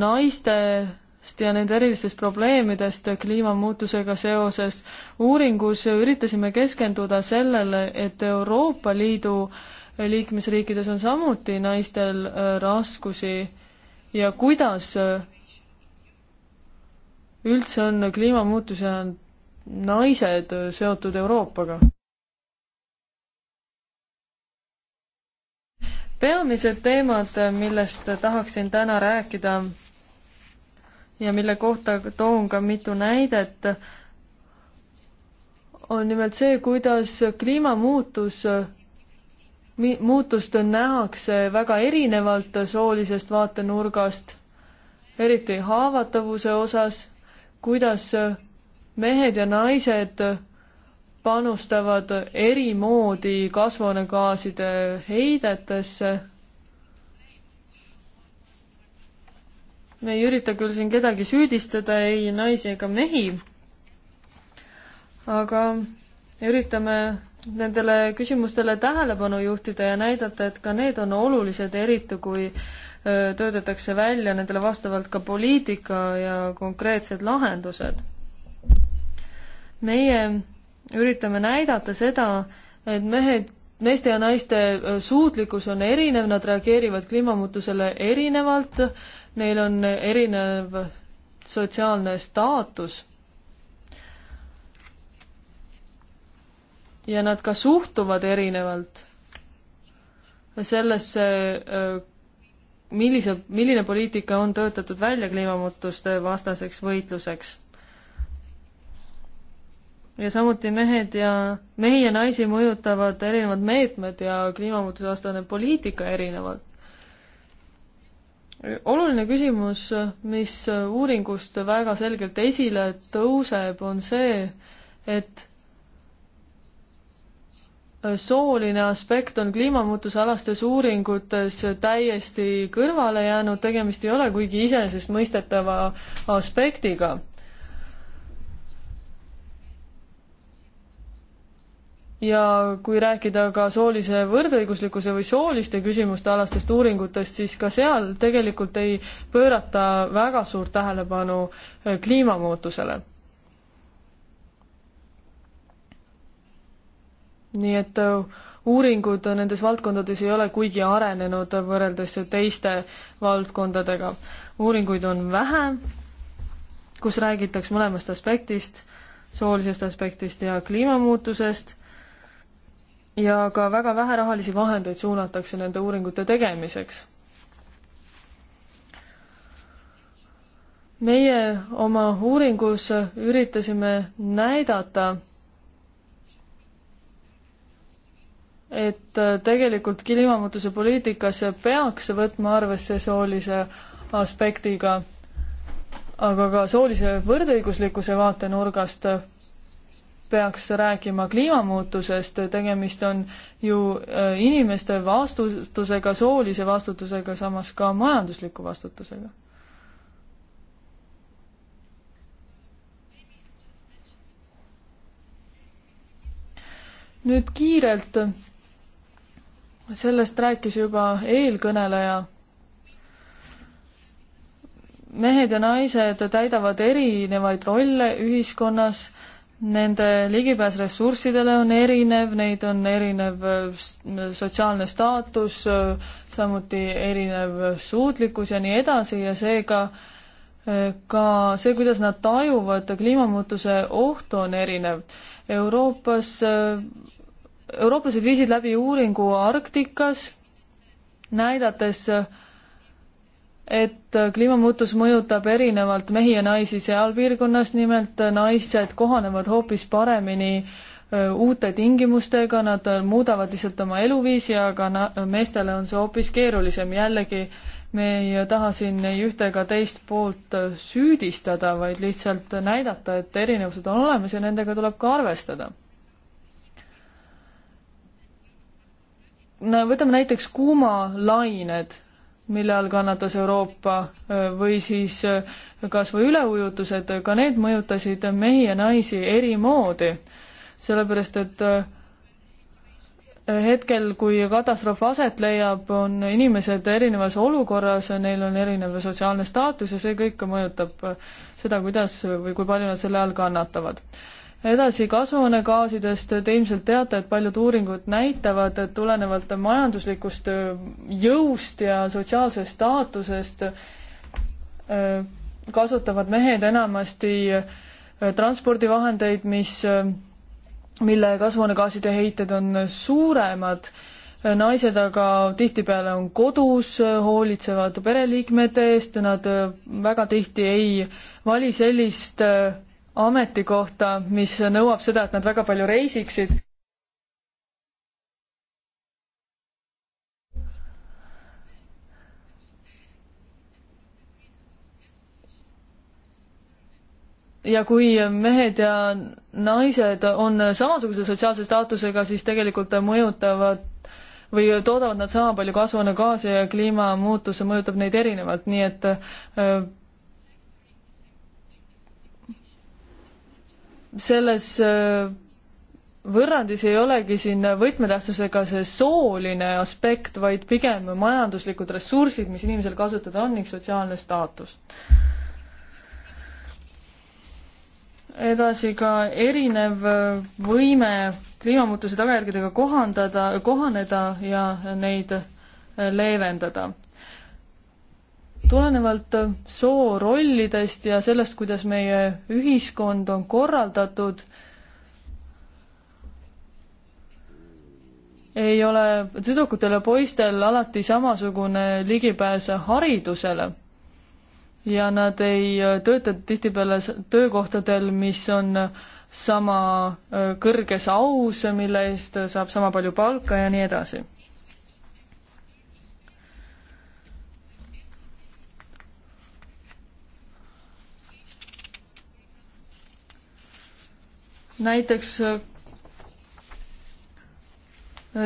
naistest ja nende erilistest probleemidest kliimamuutusega seoses. uuringus üritasime keskenduda sellele, et Euroopa Liidu äh, liikmesriikides on samuti naistel äh, raskusi ja kuidas äh, üldse on kliimamuutuse naised äh, seotud Euroopaga? peamised teemad, millest tahaksin täna rääkida ja mille kohta toon ka mitu näidet, on nimelt see, kuidas kliimamuutus mi-, muutust nähakse väga erinevalt soolisest vaatenurgast, eriti haavatavuse osas, kuidas mehed ja naised panustavad eri moodi kasvuhoonegaaside heidetesse. me ei ürita küll siin kedagi süüdistada, ei naisi ega mehi, aga üritame nendele küsimustele tähelepanu juhtida ja näidata, et ka need on olulised, eriti kui töötatakse välja nendele vastavalt ka poliitika ja konkreetsed lahendused. meie üritame näidata seda, et mehed, meeste ja naiste suutlikkus on erinev, nad reageerivad kliimamuutusele erinevalt, neil on erinev sotsiaalne staatus ja nad ka suhtuvad erinevalt sellesse, millise, milline poliitika on töötatud välja kliimamuutuste vastaseks võitluseks. ja samuti mehed ja, mehi ja naisi mõjutavad erinevad meetmed ja kliimamuutuse vastane poliitika erinevalt. oluline küsimus, mis uuringust väga selgelt esile tõuseb, on see, et sooline aspekt on kliimamuutusealastes uuringutes täiesti kõrvale jäänud, tegemist ei ole kuigi iseenesestmõistetava aspektiga. ja kui rääkida ka soolise võrdõiguslikkuse või sooliste küsimuste alastest uuringutest, siis ka seal tegelikult ei pöörata väga suurt tähelepanu kliimamuutusele nii et äh, uuringud nendes valdkondades ei ole kuigi arenenud võrreldes teiste valdkondadega. uuringuid on vähe, kus räägitakse mõlemast aspektist, soolisest aspektist ja kliimamuutusest, ja ka väga vähe rahalisi vahendeid suunatakse nende uuringute tegemiseks. meie oma uuringus üritasime näidata, et äh, tegelikult kliimamuutuse poliitikas peaks võtma arvesse soolise aspektiga, aga ka soolise võrdõiguslikkuse vaatenurgast peaks rääkima kliimamuutusest, tegemist on ju äh, inimeste vastutusega, soolise vastutusega, samas ka majandusliku vastutusega. nüüd kiirelt sellest rääkis juba eelkõneleja. mehed ja naised täidavad erinevaid rolle ühiskonnas, nende ligipääs ressurssidele on erinev, neid on erinev äh, sotsiaalne staatus, äh, samuti erinev suutlikkus ja nii edasi ja seega äh, ka see, kuidas nad tajuvad kliimamuutuse ohtu, on erinev. Euroopas eurooplased viisid läbi uuringu Arktikas, näidates, et kliimamuutus mõjutab erinevalt mehi ja naisi seal piirkonnas, nimelt naised kohanevad hoopis paremini uute tingimustega, nad muudavad lihtsalt oma eluviisi, aga na-, meestele on see hoopis keerulisem, jällegi me ei taha siin ei ühte ega teist poolt süüdistada, vaid lihtsalt näidata, et erinevused on olemas ja nendega tuleb ka arvestada no võtame näiteks kuumalained, mille all kannatas Euroopa või siis kas või üleujutused, ka need mõjutasid mehi ja naisi eri moodi. sellepärast, et hetkel, kui katastroof aset leiab, on inimesed erinevas olukorras, neil on erinev sotsiaalne staatus ja see kõik mõjutab seda, kuidas või kui palju nad selle all kannatavad edasi kasvuhoonegaasidest, te ilmselt teate, et paljud uuringud näitavad, et tulenevalt majanduslikust äh, jõust ja sotsiaalsest staatusest äh, kasutavad mehed enamasti äh, transpordivahendeid, mis, mille kasvuhoonegaaside heited on suuremad. naised aga tihtipeale on kodus, hoolitsevad pereliikmete eest, nad väga tihti ei vali sellist ametikohta, mis nõuab seda, et nad väga palju reisiksid. ja kui mehed ja naised on samasuguse sotsiaalse staatusega, siis tegelikult mõjutavad või toodavad nad sama palju kasvuhoonegaase ja kliimamuutus mõjutab neid erinevalt, nii et äh, selles äh, võrrandis ei olegi siin võtmetähtsusega see sooline aspekt, vaid pigem majanduslikud ressursid, mis inimesel kasutada on ning sotsiaalne staatus. edasi ka erinev äh, võime kliimamuutuse tagajärgedega kohandada, kohaneda ja neid äh, leevendada tulenevalt soorollidest ja sellest, kuidas meie ühiskond on korraldatud, ei ole tüdrukutel ja poistel alati samasugune ligipääs haridusele. ja nad ei tööta tihtipeale töökohtadel, mis on sama äh, kõrges aus, mille eest saab sama palju palka ja nii edasi näiteks äh,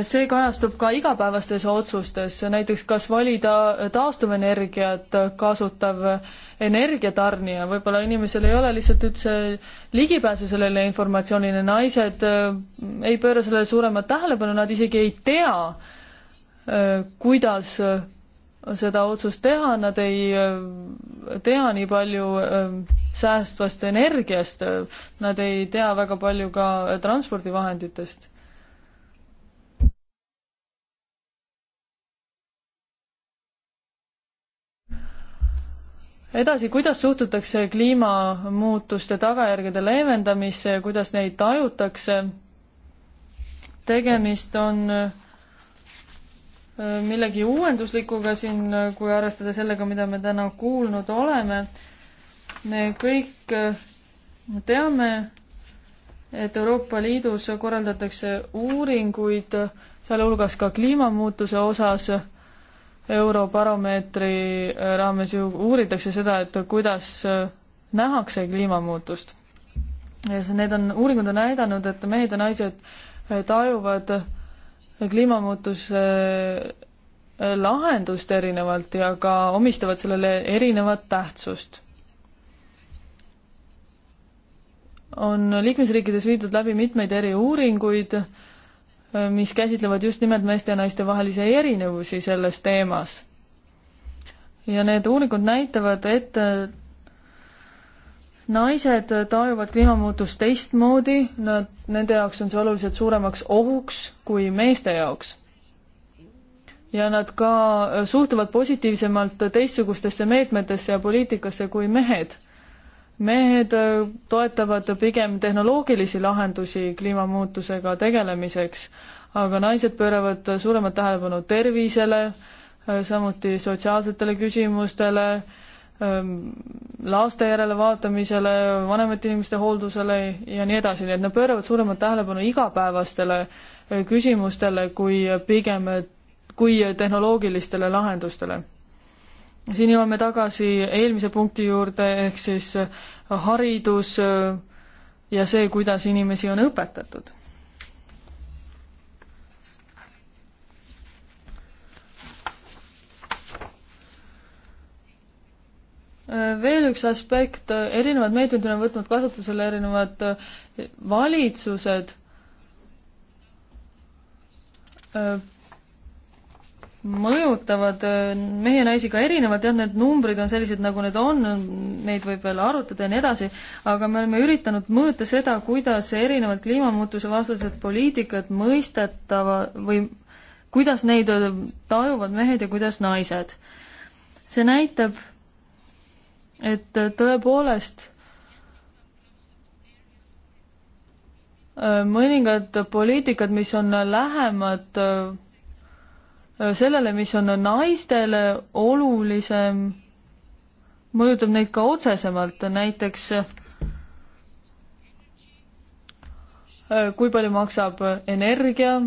see kajastub ka igapäevastes otsustes, näiteks kas valida taastuvenergiat kasutav energiatarnija, võib-olla inimesel ei ole lihtsalt üldse ligipääsu sellele informatsioonile, naised äh, ei pööra sellele suuremat tähelepanu, nad isegi ei tea, äh, kuidas seda otsust teha, nad ei tea nii palju ähm, säästvast energiast, nad ei tea väga palju ka transpordivahenditest. edasi, kuidas suhtutakse kliimamuutuste tagajärgede leevendamisse ja kuidas neid tajutakse? tegemist on äh, Äh, millegi uuenduslikuga siin, äh, kui arvestada sellega, mida me täna kuulnud oleme. me kõik äh, teame, et Euroopa Liidus korraldatakse uuringuid, sealhulgas ka kliimamuutuse osas. Eurobaromeetri raames ju uuritakse seda, et kuidas nähakse kliimamuutust. ja need on, uuringud on näidanud, et mehed ja naised tajuvad kliimamuutuse äh, lahendust erinevalt ja ka omistavad sellele erinevat tähtsust. on liikmesriikides viidud läbi mitmeid eri uuringuid, äh, mis käsitlevad just nimelt meeste ja naiste vahelisi erinevusi selles teemas. ja need uuringud näitavad, et naised tajuvad kliimamuutust teistmoodi, nad, nende jaoks on see oluliselt suuremaks ohuks kui meeste jaoks. ja nad ka äh, suhtuvad positiivsemalt teistsugustesse meetmetesse ja poliitikasse kui mehed. mehed äh, toetavad pigem tehnoloogilisi lahendusi kliimamuutusega tegelemiseks, aga naised pööravad suuremat tähelepanu tervisele, äh, samuti sotsiaalsetele küsimustele laste järele vaatamisele, vanemate inimeste hooldusele ja nii edasi, nii et nad pööravad suuremat tähelepanu igapäevastele küsimustele kui pigem, kui tehnoloogilistele lahendustele. siin jõuame tagasi eelmise punkti juurde, ehk siis haridus ja see, kuidas inimesi on õpetatud veel üks aspekt, erinevad meetmed on võtnud kasutusele erinevad eh, valitsused. Eh, mõjutavad eh, mehi ja naisi ka erinevalt, jah, need numbrid on sellised, nagu need on, neid võib veel arutada ja nii edasi, aga me oleme üritanud mõõta seda, kuidas erinevad kliimamuutuse vastased poliitikad mõistetava või kuidas neid tajuvad mehed ja kuidas naised. see näitab et tõepoolest äh, mõningad poliitikad, mis on lähemad äh, sellele, mis on naistele olulisem, mõjutab neid ka otsesemalt, näiteks äh, kui palju maksab energia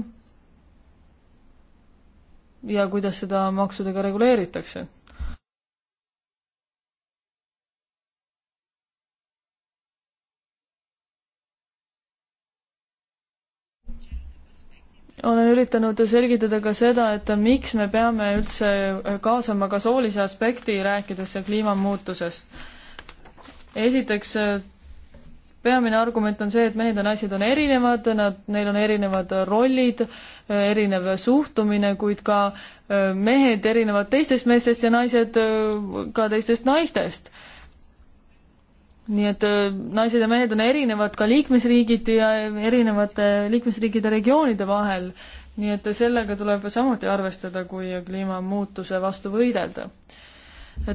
ja kuidas seda maksudega reguleeritakse olen üritanud selgitada ka seda, et miks me peame üldse kaasama ka soolise aspekti, rääkides kliimamuutusest. esiteks, peamine argument on see, et mehed ja naised on erinevad, nad, neil on erinevad rollid, erinev suhtumine, kuid ka eh, mehed erinevad teistest meestest ja naised eh, ka teistest naistest nii et äh, naised ja mehed on erinevad ka liikmesriigiti ja erinevate liikmesriikide regioonide vahel. nii et sellega tuleb samuti arvestada, kui kliimamuutuse vastu võidelda.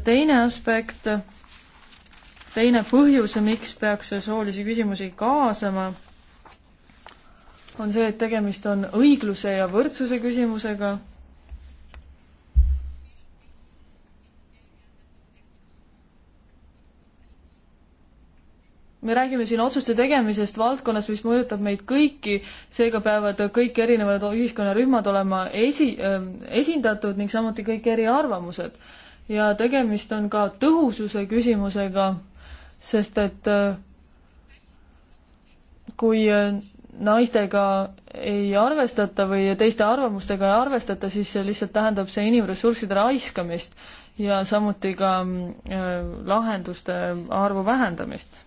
teine aspekt, teine põhjus, miks peaks soolisi küsimusi kaasama, on see, et tegemist on õigluse ja võrdsuse küsimusega me räägime siin otsuste tegemisest valdkonnas, mis mõjutab meid kõiki, seega peavad kõik erinevad ühiskonnarühmad olema esi, ähm, esindatud ning samuti kõik eriarvamused. ja tegemist on ka tõhususe küsimusega, sest et äh, kui äh, naistega ei arvestata või teiste arvamustega ei arvestata, siis see lihtsalt tähendab see inimressursside raiskamist ja samuti ka äh, lahenduste arvu vähendamist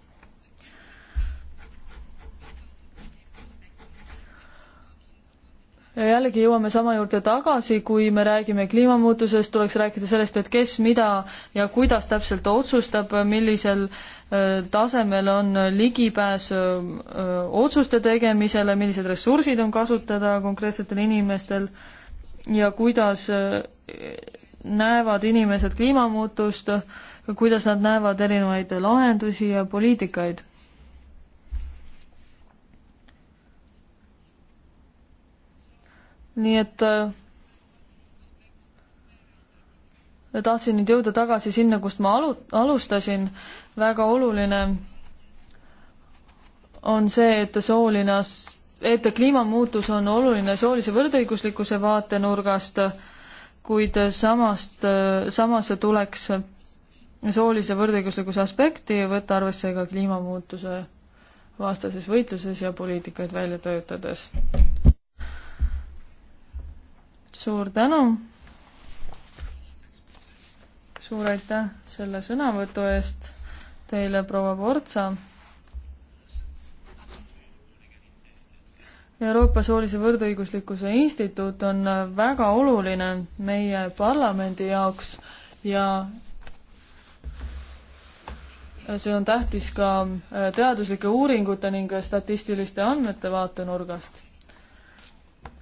jällegi jõuame sama juurde tagasi, kui me räägime kliimamuutusest, tuleks rääkida sellest, et kes mida ja kuidas täpselt otsustab, millisel äh, tasemel on ligipääs äh, äh, otsuste tegemisele, millised ressursid on kasutada konkreetsetel inimestel ja kuidas näevad inimesed kliimamuutust, kuidas nad näevad erinevaid lahendusi ja poliitikaid nii et ja äh, tahtsin nüüd jõuda tagasi sinna, kust ma alu-, alustasin, väga oluline on see, et sooline as-, et kliimamuutus on oluline soolise võrdõiguslikkuse vaatenurgast, kuid samast, samas tuleks soolise võrdõiguslikkuse aspekti võtta arvesse ka kliimamuutuse vastases võitluses ja poliitikaid välja töötades suur tänu. suur aitäh selle sõnavõtu eest teile, proua Portsa. Euroopa Soolise Võrdõiguslikkuse Instituut on väga oluline meie parlamendi jaoks ja see on tähtis ka teaduslike uuringute ning statistiliste andmete vaatenurgast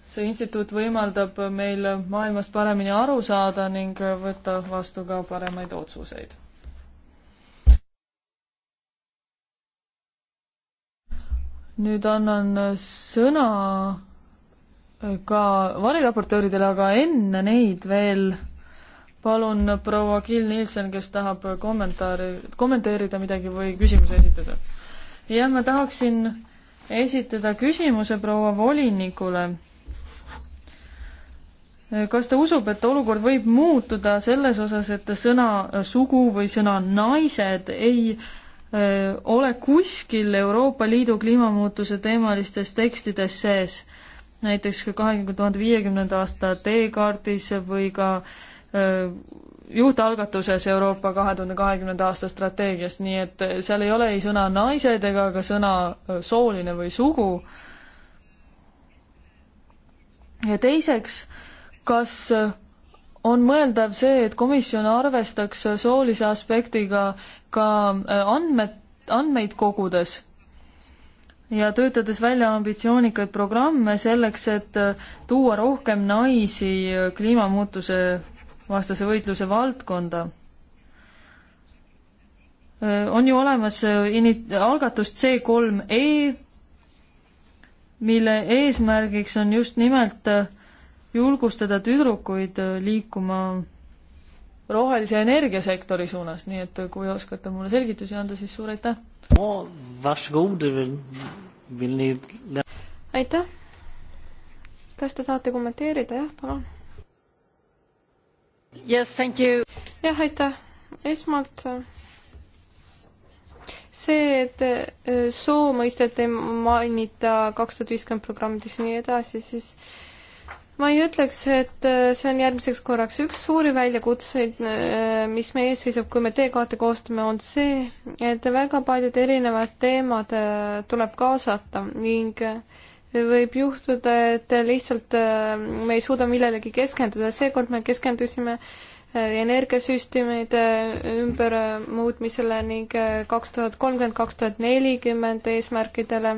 see instituut võimaldab meil maailmast paremini aru saada ning võtta vastu ka paremaid otsuseid. nüüd annan sõna ka variraportööridele, aga enne neid veel palun proua Kill Nielsen, kes tahab kommentaari, kommenteerida midagi või küsimuse esitada. jah, ma tahaksin esitada küsimuse proua volinikule kas ta usub, et olukord võib muutuda selles osas, et sõna sugu või sõna naised ei öö, ole kuskil Euroopa Liidu kliimamuutuse teemalistes tekstides sees? näiteks ka kahekümne tuhande viiekümnenda aasta teekaardis või ka öö, juhtalgatuses Euroopa kahe tuhande kahekümnenda aasta strateegias, nii et seal ei ole ei sõna naised ega ka sõna sooline või sugu. ja teiseks äh, kas äh, on mõeldav see, et komisjon arvestaks äh, soolise aspektiga ka äh, andmed, andmeid kogudes ja töötades välja ambitsioonikaid programme selleks, et tuua rohkem naisi kliimamuutuse vastase võitluse valdkonda. on ju olemas ini-, algatus C3E, mille eesmärgiks on just nimelt julgustada tüdrukuid äh, liikuma rohelise energiasektori suunas, nii et äh, kui oskate mulle selgitusi anda, siis suur aitäh! aitäh! kas te tahate kommenteerida, jah, palun? Yes, thank you! jah, aitäh! esmalt see, et äh, soo mõistet ei mainita kaks tuhat viiskümmend programmides ja nii edasi, siis äh, ma ei ütleks, et äh, see on järgmiseks korraks. üks suuri väljakutseid, äh, mis meie ees seisab, kui me teekaarte koostame, on see, et väga paljud erinevad teemad äh, tuleb kaasata ning võib juhtuda, et lihtsalt me ei suuda millelegi keskenduda. seekord me keskendusime energiasüsteemide ümbermuutmisele ning kaks tuhat kolmkümmend, kaks tuhat nelikümmend eesmärkidele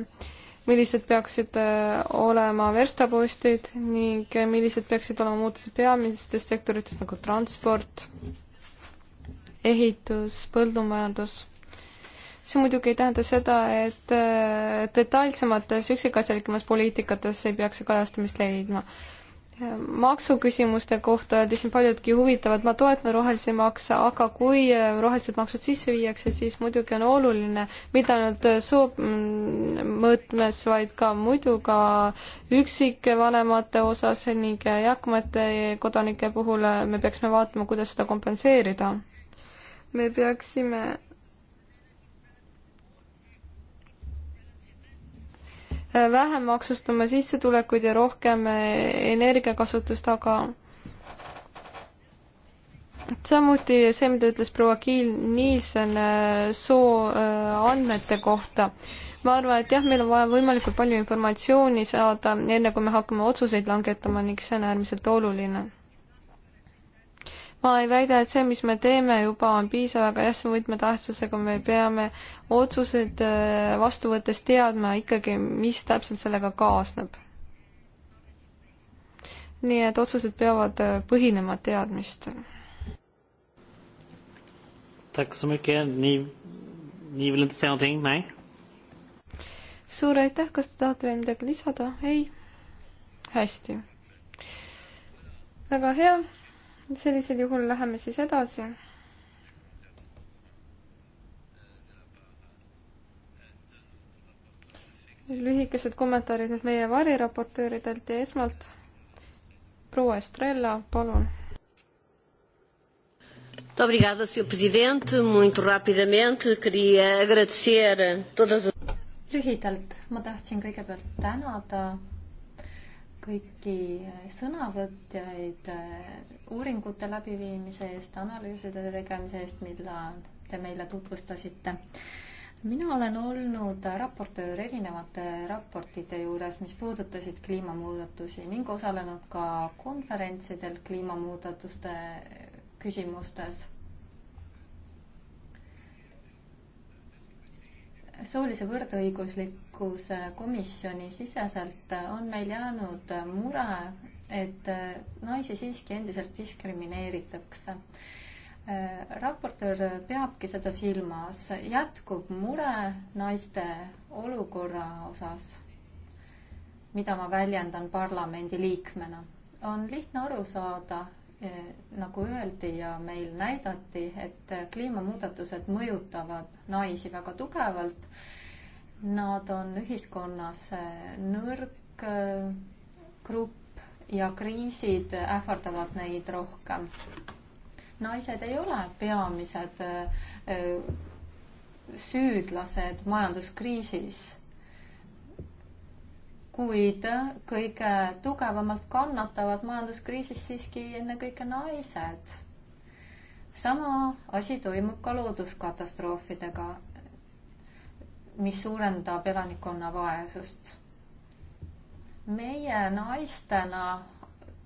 millised peaksid äh, olema verstapostid ning äh, millised peaksid olema muutused peamistes sektorites nagu transport, ehitus, põllumajandus. see muidugi ei tähenda seda, et äh, detailsemates üksikasjalikumas poliitikates ei peaks see kajastamist leidma maksuküsimuste kohta öeldi siin paljudki huvitavad, ma toetan rohelisi makse, aga kui äh, rohelised maksud sisse viiakse, siis muidugi on oluline mitte ainult äh, soomõõtmes, mm, vaid ka muidu ka üksikvanemate osas ning eakamate kodanike puhul äh, me peaksime vaatama, kuidas seda kompenseerida. me peaksime vähem maksustama sissetulekuid ja rohkem eh, energiakasutust, aga samuti see, mida ütles proua Kiil Nielsen eh, soo eh, andmete kohta. ma arvan, et jah, meil on vaja võimalikult palju informatsiooni saada, enne kui me hakkame otsuseid langetama ning see on äärmiselt oluline ma ei väida, et see, mis me teeme juba on piisav, aga jah, see on võtmetähtsusega, me peame otsused äh, vastu võttes teadma ikkagi, mis täpselt sellega kaasneb. nii et otsused peavad äh, põhinema teadmistel. suur aitäh, kas te tahate veel midagi lisada? ei? hästi. väga hea sellisel juhul läheme siis edasi. lühikesed kommentaarid nüüd meie variraportööridelt ja esmalt proua Estrella, palun. Obrigada, senhor presidente. Muito rapidamente queria agradecer todas. lühidalt ma tahtsin kõigepealt tänada kõiki sõnavõtjaid äh, uuringute läbiviimise eest, analüüside tegemise eest, mida te meile tutvustasite. mina olen olnud raportöör erinevate raportite juures, mis puudutasid kliimamuudatusi ning osalenud ka konverentsidel kliimamuudatuste küsimustes soolise võrdõiguslik märkus komisjoni siseselt on meil jäänud mure, et naisi siiski endiselt diskrimineeritakse. raportöör peabki seda silmas, jätkub mure naiste olukorra osas, mida ma väljendan parlamendi liikmena. on lihtne aru saada, eh, nagu öeldi ja meil näidati, et kliimamuudatused mõjutavad naisi väga tugevalt Nad on ühiskonnas äh, nõrk äh, grupp ja kriisid ähvardavad neid rohkem. naised ei ole peamised äh, süüdlased majanduskriisis, kuid kõige tugevamalt kannatavad majanduskriisis siiski ennekõike naised sama asi toimub ka looduskatastroofidega mis suurendab elanikkonna vaesust. meie naistena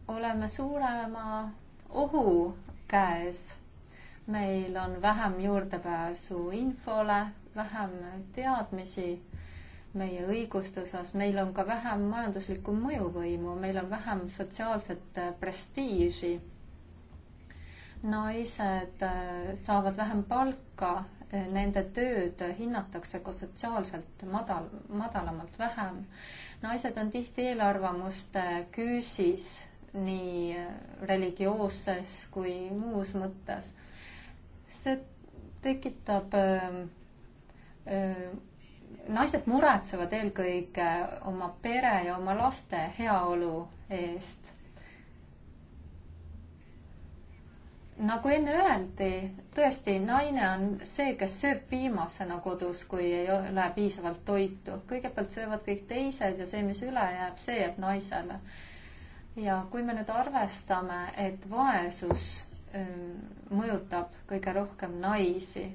oleme suurema ohu käes. meil on vähem juurdepääsu infole, vähem teadmisi meie õiguste osas, meil on ka vähem majanduslikku mõjuvõimu, meil on vähem sotsiaalset äh, prestiiži naised äh, saavad vähem palka nende tööd hinnatakse ka sotsiaalselt madal, madalamalt vähem. naised on tihti eelarvamuste küüsis nii religioosses kui muus mõttes. see tekitab öö, ähm, öö, ähm, naised muretsevad eelkõige oma pere ja oma laste heaolu eest nagu enne öeldi, tõesti, naine on see, kes sööb viimasena kodus, kui ei ole piisavalt toitu. kõigepealt söövad kõik teised ja see, mis üle jääb, see jääb naisele. ja kui me nüüd arvestame, et vaesus ähm, mõjutab kõige rohkem naisi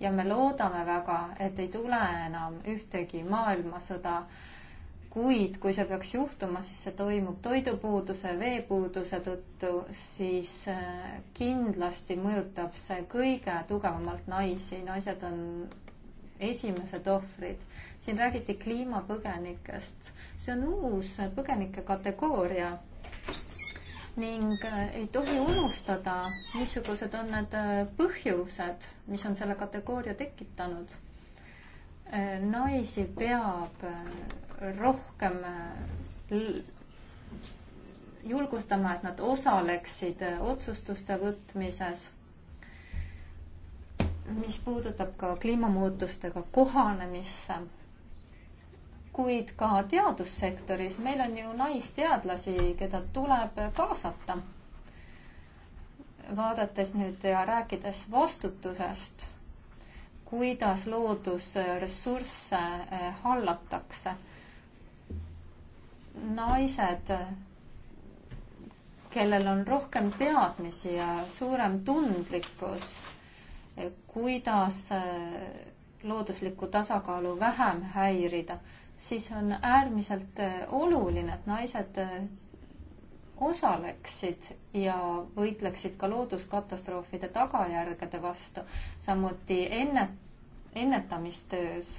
ja me loodame väga, et ei tule enam ühtegi maailmasõda kuid kui see peaks juhtuma, siis see toimub toidupuuduse, veepuuduse tõttu, siis äh, kindlasti mõjutab see kõige tugevamalt naisi, naised on esimesed ohvrid. siin räägiti kliimapõgenikest, see on uus põgenike kategooria ning äh, ei tohi unustada, missugused on need äh, põhjused, mis on selle kategooria tekitanud. naisi peab rohkem äh, julgustama, et nad osaleksid äh, otsustuste võtmises, mis puudutab ka kliimamuutustega kohanemisse, kuid ka teadussektoris. meil on ju naisteadlasi, keda tuleb kaasata. vaadates nüüd ja rääkides vastutusest, kuidas loodusressursse äh, hallatakse naised, kellel on rohkem teadmisi ja suurem tundlikkus, kuidas eh, looduslikku tasakaalu vähem häirida, siis on äärmiselt eh, oluline, et naised eh, osaleksid ja võitleksid ka looduskatastroofide tagajärgede vastu, samuti ennet-, ennetamistöös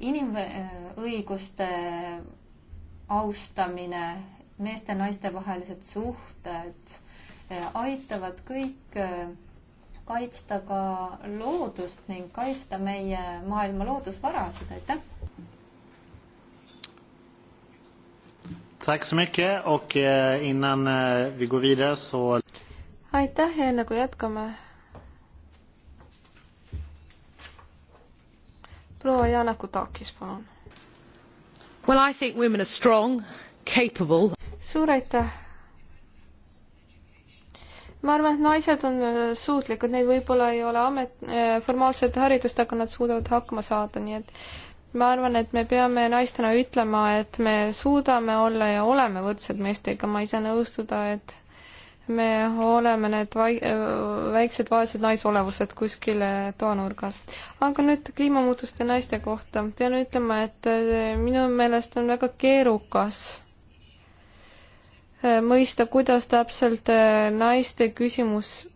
inimõiguste austamine, meeste ja naiste vahelised suhted eh, aitavad kõik eh, kaitsta ka loodust ning kaitsta meie maailma loodusvarasid, aitäh! Tack så mycket och eh, innan vi går vidare så aitäh ja enne kui jätkame, proua Jana Kutakis, palun. Well I think women are strong, capable. suur aitäh. ma arvan, et naised on äh, suutlikud, neil võib-olla ei ole amet, äh, formaalset haridust, aga nad suudavad hakkama saada, nii et ma arvan, et me peame naistena ütlema, et me suudame olla ja oleme võrdsed meestega, ma ei saa nõustuda, et me oleme need vai-, äh, väiksed vaesed naisolevused kuskile toanurgas. aga nüüd kliimamuutuste naiste kohta. pean ütlema, et äh, minu meelest on väga keerukas äh, mõista, kuidas täpselt naiste küsimus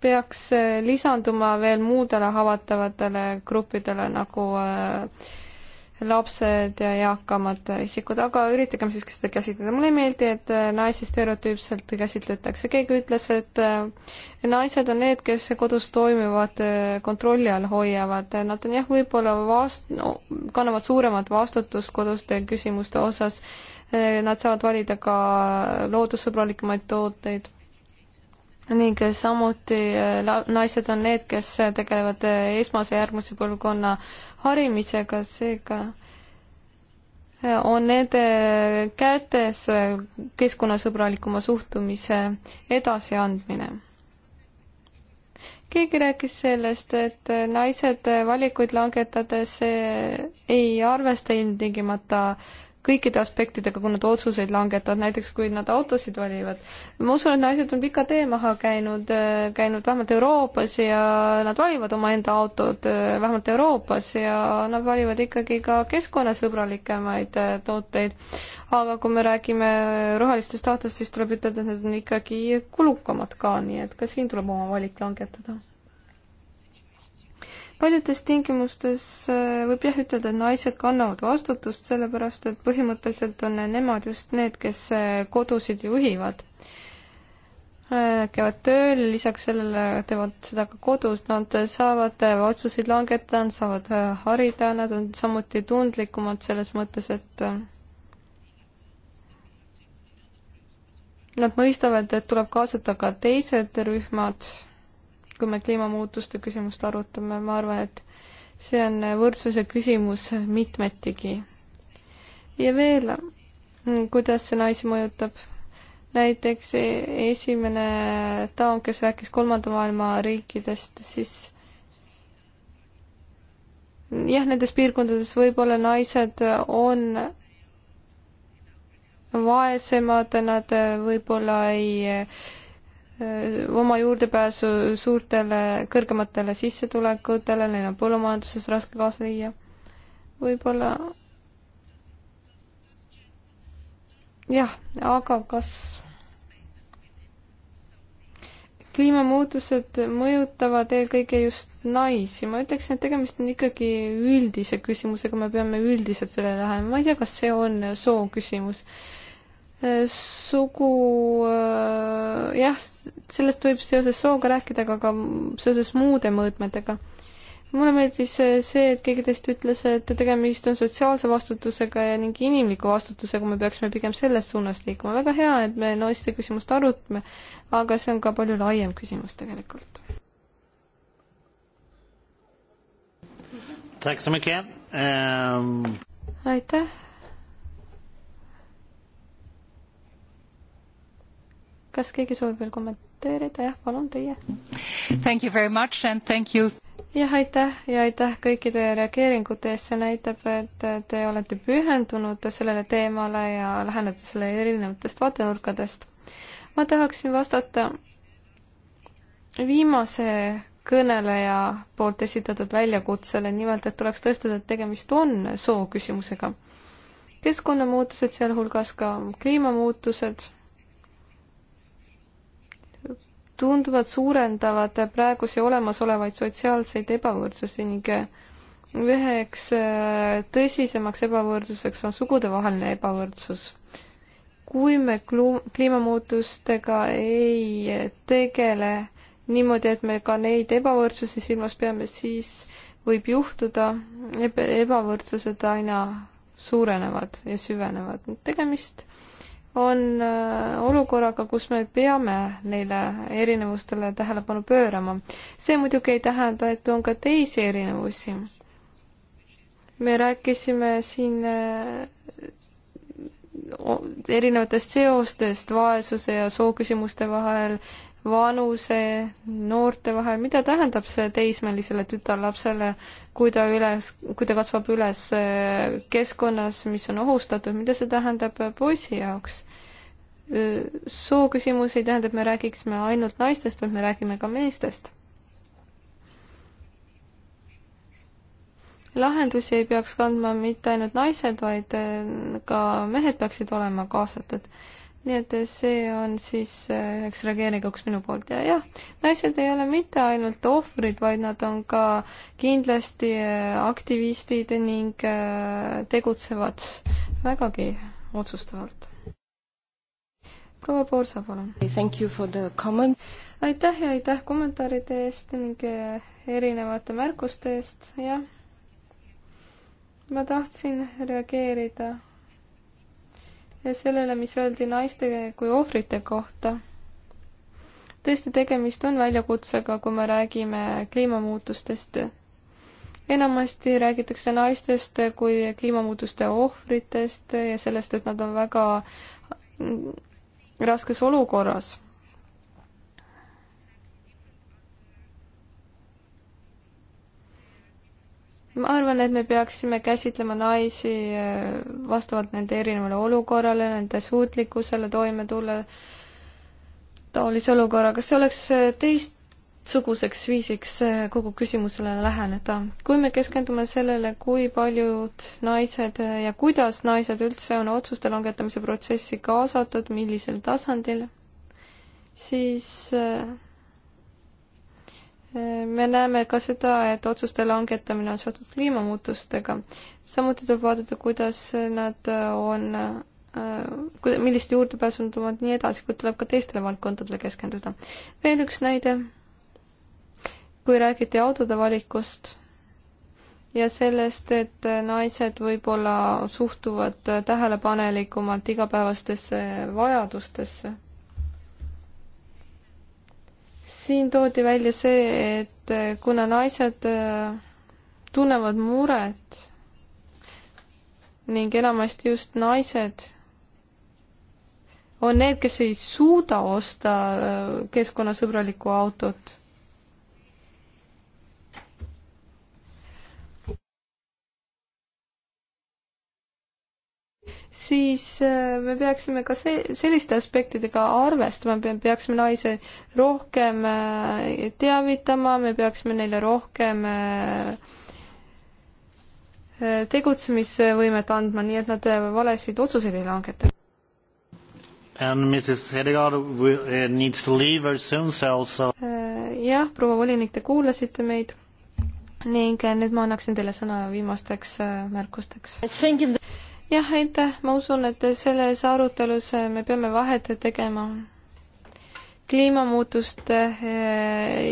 peaks lisanduma veel muudele haavatavatele gruppidele nagu äh, lapsed ja eakamad isikud, aga üritagem siiski seda käsitleda. mulle ei meeldi, et äh, naisi stereotüüpselt käsitletakse. keegi ütles, et äh, naised on need, kes kodus toimivad, äh, kontrolli all hoiavad. Nad on jah, võib-olla vast- no,, kannavad suuremat vastutust koduste küsimuste osas. Nad saavad valida ka loodussõbralikumaid tooteid ning samuti äh, naised on need, kes tegelevad äh, esmase ja järgmise põlvkonna harimisega, seega äh, on nende kätes keskkonnasõbralikuma suhtumise edasiandmine. keegi rääkis sellest, et naised valikuid langetades ei arvesta ilmtingimata kõikide aspektidega, kui nad otsuseid langetavad, näiteks kui nad autosid valivad. ma usun, et naised on pika tee maha käinud, äh, käinud vähemalt Euroopas ja nad valivad omaenda autod äh, vähemalt Euroopas ja nad valivad ikkagi ka keskkonnasõbralikemaid äh, tooteid. aga kui me räägime rohelistest autost, siis tuleb ütelda, et need on ikkagi kulukamad ka, nii et ka siin tuleb oma valik langetada paljudes tingimustes äh, võib jah ütelda, et naised kannavad vastutust, sellepärast et põhimõtteliselt on nemad just need, kes äh, kodusid juhivad. Äh, käivad tööl, lisaks sellele teevad seda ka kodus, nad saavad otsuseid langetada, nad saavad harida, nad on samuti tundlikumad selles mõttes, et nad mõistavad, et tuleb kaasata ka teised rühmad kui me kliimamuutuste küsimust arutame, ma arvan, et see on võrdsuse küsimus mitmetigi. ja veel, kuidas see naisi mõjutab? näiteks e-, esimene daam, kes rääkis kolmanda maailma riikidest, siis jah, nendes piirkondades võib-olla naised on vaesemad, nad võib-olla ei oma juurdepääsu suurtele kõrgematele sissetulekutele, neil on põllumajanduses raske kaasa viia. võib-olla jah, aga kas kliimamuutused mõjutavad eelkõige just naisi, ma ütleksin, et tegemist on ikkagi üldise küsimusega, me peame üldiselt sellele lähenema, ma ei tea, kas see on soo küsimus Äh, sugu, äh, jah, sellest võib seoses sooga rääkida, aga ka seoses muude mõõtmetega. mulle meeldis äh, see, et keegi teist ütles, et tegemist on sotsiaalse vastutusega ja ning inimliku vastutusega, me peaksime pigem selles suunas liikuma. väga hea, et me naiste küsimust arutame, aga see on ka palju laiem küsimus tegelikult. Ehm. aitäh kas keegi soovib veel kommenteerida, jah, palun teie. Thank you very much and thank you. jah, aitäh ja aitäh kõikide reageeringute eest, see näitab, et te olete pühendunud sellele teemale ja lähenete sellele erinevatest vaatenurkadest. ma tahaksin vastata viimase kõneleja poolt esitatud väljakutsele, nimelt et tuleks tõestada, et tegemist on sooküsimusega. keskkonnamuutused, sealhulgas ka kliimamuutused tunduvalt suurendavad praegusi olemasolevaid sotsiaalseid ebavõrdsusi ning üheks äh, tõsisemaks ebavõrdsuseks on sugudevaheline ebavõrdsus. kui me kliimamuutustega ei tegele niimoodi, et me ka neid ebavõrdsusi silmas peame, siis võib juhtuda, ebavõrdsused aina suurenevad ja süvenevad. tegemist on äh, olukorraga, kus me peame neile erinevustele tähelepanu pöörama. see muidugi ei tähenda, et on ka teisi erinevusi. me rääkisime siin äh, erinevatest seostest vaesuse ja sooküsimuste vahel, vanuse, noorte vahel, mida tähendab see teismelisele tütarlapsele, kui ta üles, kui ta kasvab üles äh, keskkonnas, mis on ohustatud, mida see tähendab äh, poisi jaoks? Äh, sooküsimus ei tähenda, et me räägiksime ainult naistest, vaid me räägime ka meestest. lahendusi ei peaks kandma mitte ainult naised, vaid ka mehed peaksid olema kaasatud nii et see on siis üheks äh, reageeringuks minu poolt ja jah, naised ei ole mitte ainult ohvrid, vaid nad on ka kindlasti äh, aktivistid ning äh, tegutsevad vägagi otsustavalt. proua Poorsa, palun. Thank you for the comment. aitäh ja aitäh kommentaaride eest ning erinevate märkuste eest, jah. ma tahtsin reageerida sellele, mis öeldi naiste kui ohvrite kohta. tõesti, tegemist on väljakutsega, kui me räägime kliimamuutustest. enamasti räägitakse naistest kui kliimamuutuste ohvritest ja sellest, et nad on väga raskes olukorras ma arvan, et me peaksime käsitlema naisi äh, vastavalt nende erinevale olukorrale, nende suutlikkusele toime tulla taolise olukorraga, see oleks äh, teistsuguseks viisiks äh, kogu küsimusele läheneda. kui me keskendume sellele, kui paljud naised ja kuidas naised üldse on otsuste langetamise protsessi kaasatud, millisel tasandil, siis me näeme ka seda, et otsuste langetamine on seotud kliimamuutustega. samuti tuleb vaadata, kuidas nad on, äh, millist juurdepääsu nad omavad, nii edasi, kuid tuleb ka teistele valdkondadele keskenduda. veel üks näide. kui räägiti autode valikust ja sellest, et naised võib-olla suhtuvad tähelepanelikumalt igapäevastesse vajadustesse siin toodi välja see, et äh, kuna naised äh, tunnevad muret ning enamasti just naised on need, kes ei suuda osta äh, keskkonnasõbralikku autot. siis äh, me peaksime ka see, selliste aspektidega arvestama, peaksime naisi rohkem äh, teavitama, me peaksime neile rohkem äh, tegutsemisvõimet andma, nii et nad valesid otsuseid ei langeta. And Mrs Hedegaard uh, needs to leave very soon also. jah, proua volinik, te kuulasite meid ning nüüd ma annaksin teile sõna viimasteks märkusteks jah, aitäh, ma usun, et selles arutelus me peame vahet tegema kliimamuutuste eh,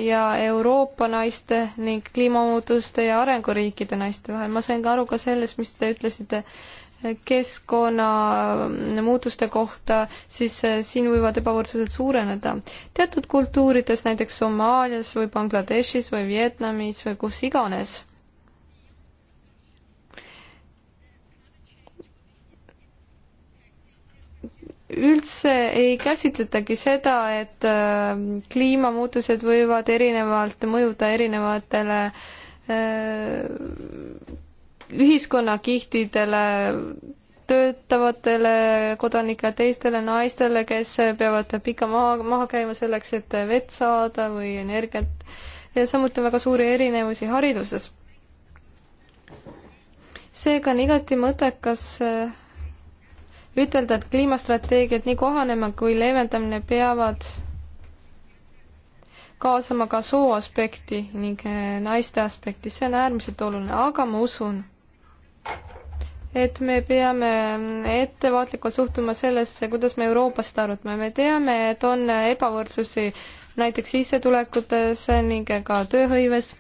ja Euroopa naiste ning kliimamuutuste ja arenguriikide naiste vahel. ma sain ka aru ka sellest, mis te ütlesite eh, keskkonnamuutuste mm, kohta, siis eh, siin võivad ebavõrdsused suureneda. teatud kultuurides, näiteks Somaalias või Bangladeshis või Vietnamis või kus iganes üldse ei käsitletagi seda, et ähm, kliimamuutused võivad erinevalt mõjuda erinevatele äh, ühiskonnakihtidele, töötavatele kodanikele, teistele naistele, kes peavad pika maha, maha käima selleks, et vett saada või energiat ja samuti on väga suuri erinevusi hariduses. seega on igati mõttekas äh, ütelda, et kliimastrateegiad, nii kohanemine kui leevendamine peavad kaasama ka soo aspekti ning eh, naiste aspekti, see on äärmiselt oluline, aga ma usun, et me peame mm, ettevaatlikult suhtuma sellesse, kuidas me Euroopas seda arutame, me teame, et on ebavõrdsusi näiteks sissetulekutes eh, ning ka tööhõives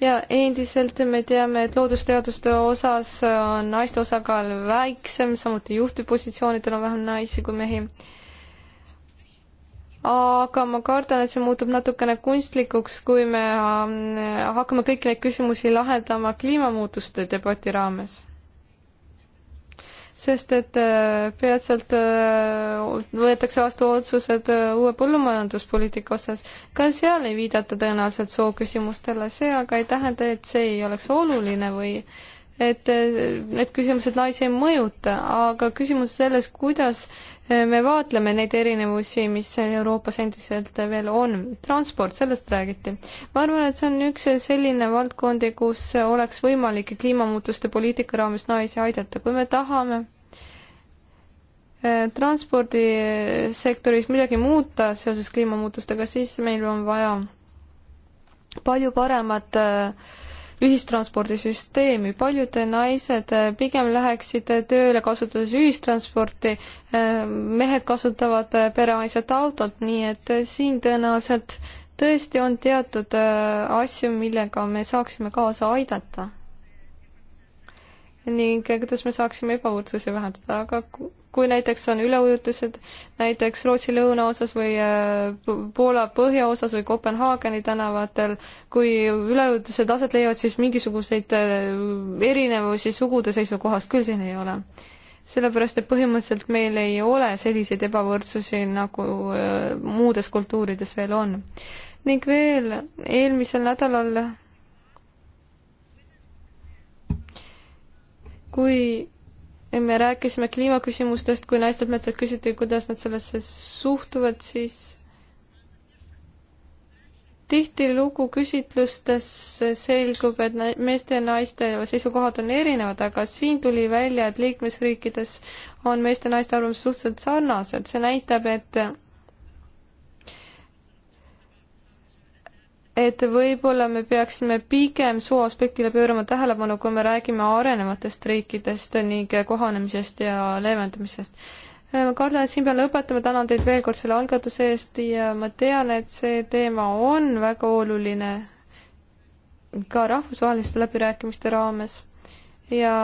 ja endiselt me teame, et loodusteaduste osas on naiste osakaal väiksem, samuti juhtivpositsioonidel on vähem naisi kui mehi. aga ma kardan, et see muutub natukene kunstlikuks, kui me ähm, hakkame kõiki neid küsimusi lahendama kliimamuutuste debati raames sest et äh, peatselt äh, võetakse vastu otsused äh, uue põllumajanduspoliitika osas. ka seal ei viidata tõenäoliselt sooküsimustele, see aga ei tähenda, et see ei oleks oluline või et need küsimused naisi ei mõjuta, aga küsimus selles, kuidas me vaatleme neid erinevusi, mis Euroopas endiselt veel on. transport, sellest räägiti. ma arvan, et see on üks selline valdkondi, kus oleks võimalik kliimamuutuste poliitika raames naisi aidata, kui me tahame Äh, transpordisektoris midagi muuta seoses kliimamuutustega, siis meil on vaja palju paremat äh, ühistranspordisüsteemi, paljud naised äh, pigem läheksid tööle kasutades ühistransporti, mehed kasutavad pereainsat autot, nii et siin tõenäoliselt tõesti on teatud asju, millega me saaksime kaasa aidata. ning kuidas me saaksime ebavõrdsuse vähendada, aga kui näiteks on üleujutused näiteks Rootsi lõunaosas või äh, Poola põhjaosas või Kopenhaageni tänavatel, kui üleujutused aset leiavad, siis mingisuguseid äh, erinevusi sugude seisukohast küll siin ei ole. sellepärast, et põhimõtteliselt meil ei ole selliseid ebavõrdsusi, nagu äh, muudes kultuurides veel on. ning veel eelmisel nädalal kui me rääkisime kliimaküsimustest, kui naistelt meetelt küsiti, kuidas nad sellesse suhtuvad, siis tihtilugu küsitlustes selgub, et meeste ja naiste seisukohad on erinevad, aga siin tuli välja, et liikmesriikides on meeste ja naiste arvamus suhteliselt sarnased, see näitab, et et võib-olla me peaksime pigem soo aspektile pöörama tähelepanu, kui me räägime arenevatest riikidest ning kohanemisest ja leevendamisest. Äh, ma kardan, et siin pean lõpetama, tänan teid veel kord selle algatuse eest ja ma tean, et see teema on väga oluline ka rahvusvaheliste läbirääkimiste raames ja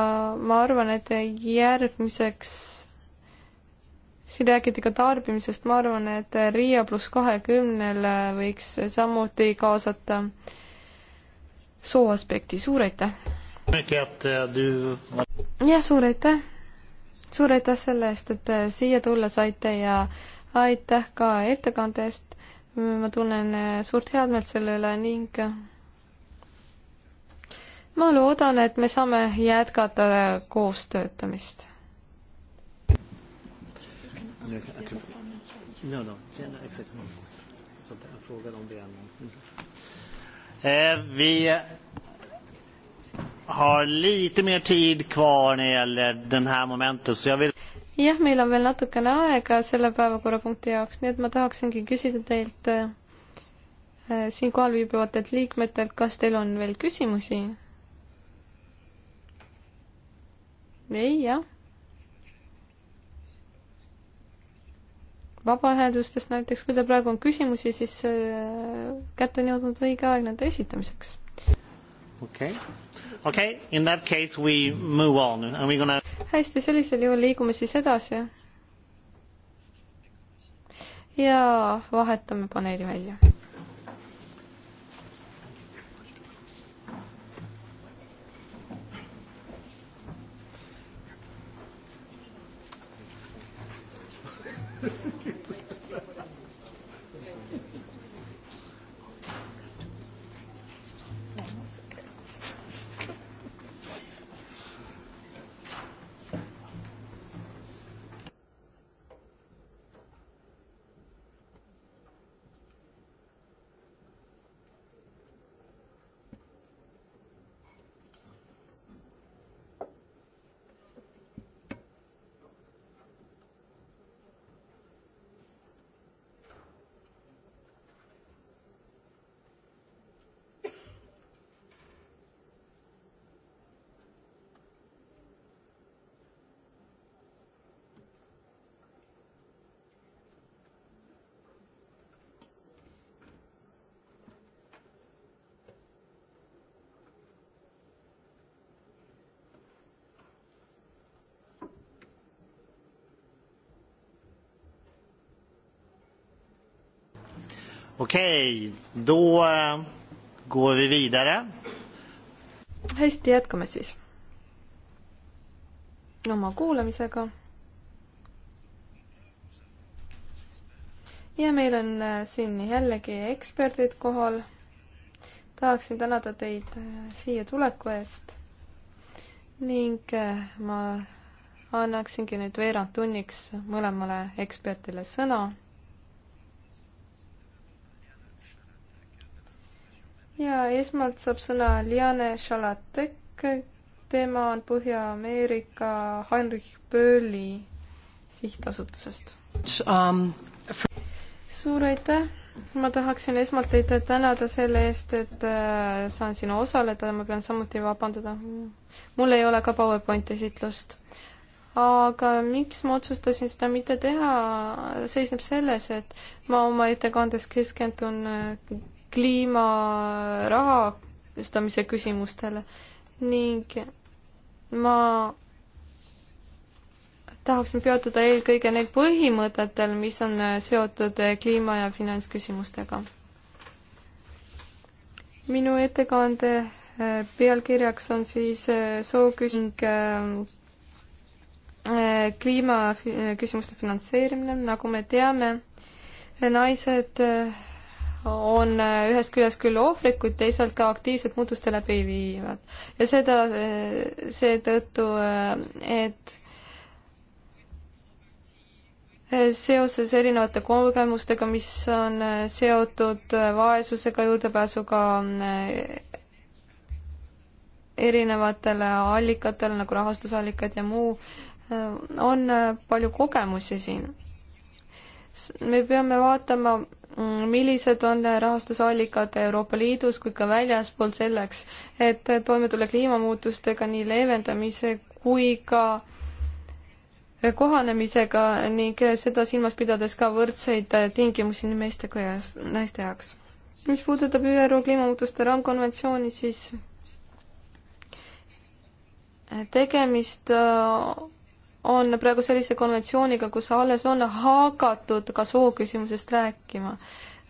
ma arvan, et järgmiseks siin räägiti ka tarbimisest, ma arvan, et Riia pluss kahekümnele võiks samuti kaasata soo aspekti, suur aitäh! jah, suur aitäh! suur aitäh selle eest, et siia tulla saite ja aitäh ka ettekande eest. ma tunnen suurt headmeelt selle üle ning ma loodan, et me saame jätkata koos töötamist Ne, no, no, exakt. Mm. Så den eh, frågan om det är någon. Mm. Eh, vi har lite mer tid kvar när det gäller den här momentet, så jag vill jah, meil on veel natukene aega selle päevakorrapunkti jaoks, nii et ma tahaksingi küsida teilt äh, siin kohal viibivatelt liikmetelt, kas teil on veel küsimusi? ei, jah vabaühendustest näiteks, kui teil praegu on küsimusi, siis äh, kätte on jõudnud õige aeg nende esitamiseks. okei okay., okei okay., in that case we move on and we gonna hästi, sellisel juhul liigume siis edasi. ja vahetame paneeli välja. Thank (laughs) you. okei okay,, då eh, går vi vidare. hästi, jätkame siis oma kuulamisega. ja meil on eh, siin jällegi eksperdid kohal. tahaksin tänada teid eh, siia tuleku eest ning ma annaksingi nüüd veerand tunniks mõlemale eksperdile sõna ja esmalt saab sõna Liane Šalatek, tema on Põhja-Ameerika Heinrich Bölli sihtasutusest um,. suur aitäh, ma tahaksin esmalt teid tänada selle eest, et äh, saan siin osaleda, ma pean samuti vabandada. mul ei ole ka PowerPointi esitlust aga miks ma otsustasin seda mitte teha, seisneb selles, et ma oma ettekandes keskendun äh, kliima rahastamise küsimustele ning ma tahaksin peatuda eelkõige neil põhimõtetel, mis on seotud kliima- ja finantsküsimustega. minu ettekande äh, pealkirjaks on siis äh, sooküsing äh, kliimaküsimuste finantseerimine, nagu me teame, naised on eh, ühest küljest küll ohvrid, kuid teisalt ka aktiivselt muutuste läbi viivad. ja seda eh, seetõttu, eh, et seoses erinevate kogemustega, mis on seotud vaesusega, juurdepääsuga erinevatele allikatele nagu rahastusallikad ja muu, on palju kogemusi siin me peame vaatama, mm, millised on rahastusallikad Euroopa Liidus kui ka väljaspool selleks, et toime tulla kliimamuutustega nii leevendamise kui ka kohanemisega ning seda silmas pidades ka võrdseid tingimusi nii meeste kui naiste jaoks. mis puudutab ÜRO kliimamuutuste raamkonventsiooni, siis tegemist on praegu sellise konventsiooniga, kus alles on hakatud ka sooküsimusest rääkima.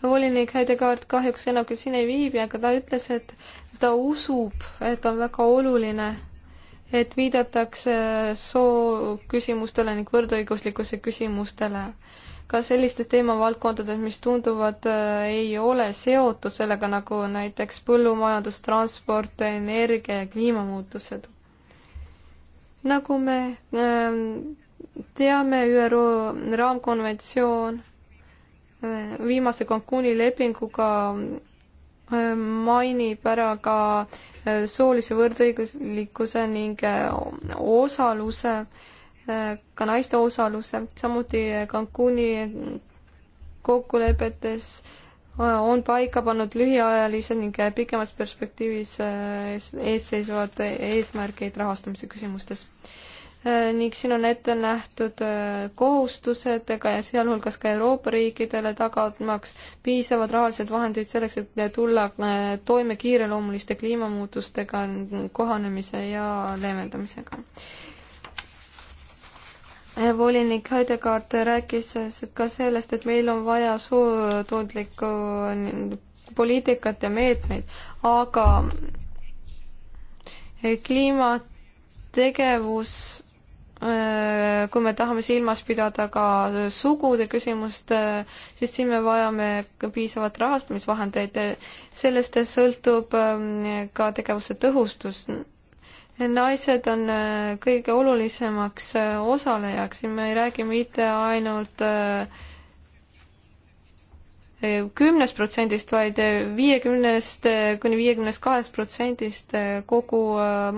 volinik Heidegard kahjuks enam küll siin ei viibi, aga ta ütles, et ta usub, et on väga oluline, et viidatakse sooküsimustele ning võrdõiguslikkuse küsimustele. ka sellistes teemavaldkondades, mis tunduvad, äh, ei ole seotud sellega, nagu näiteks põllumajandus, transport, energia ja kliimamuutused nagu me ähm, teame, ÜRO raamkonventsioon äh, viimase Cancuni lepinguga ähm, mainib ära ka äh, soolise võrdõiguslikkuse ning äh, osaluse, ka naiste osaluse, samuti Cancuni kokkulepetes on paika pannud lühiajalised ning pikemas perspektiivis ees seisvad eesmärgid rahastamise küsimustes. Äh, ning siin on ette nähtud äh, kohustused ega sealhulgas ka Euroopa riikidele tagamaks piisavad rahalised vahendid selleks, et äh, tulla toime kiireloomuliste kliimamuutustega kohanemise ja leevendamisega. volinik Heidekaart rääkis ka sellest, et meil on vaja suutundlikku poliitikat ja meetmeid, aga kliimategevus Äh, kui me tahame silmas pidada ka sugude küsimust, äh, siis siin me vajame piisavat rahastamisvahendeid. sellest sõltub ähm, ka tegevuse tõhustus. naised on äh, kõige olulisemaks osalejaks ja me ei räägi mitte ainult kümnest protsendist, vaid viiekümnest kuni viiekümnest kahest protsendist kogu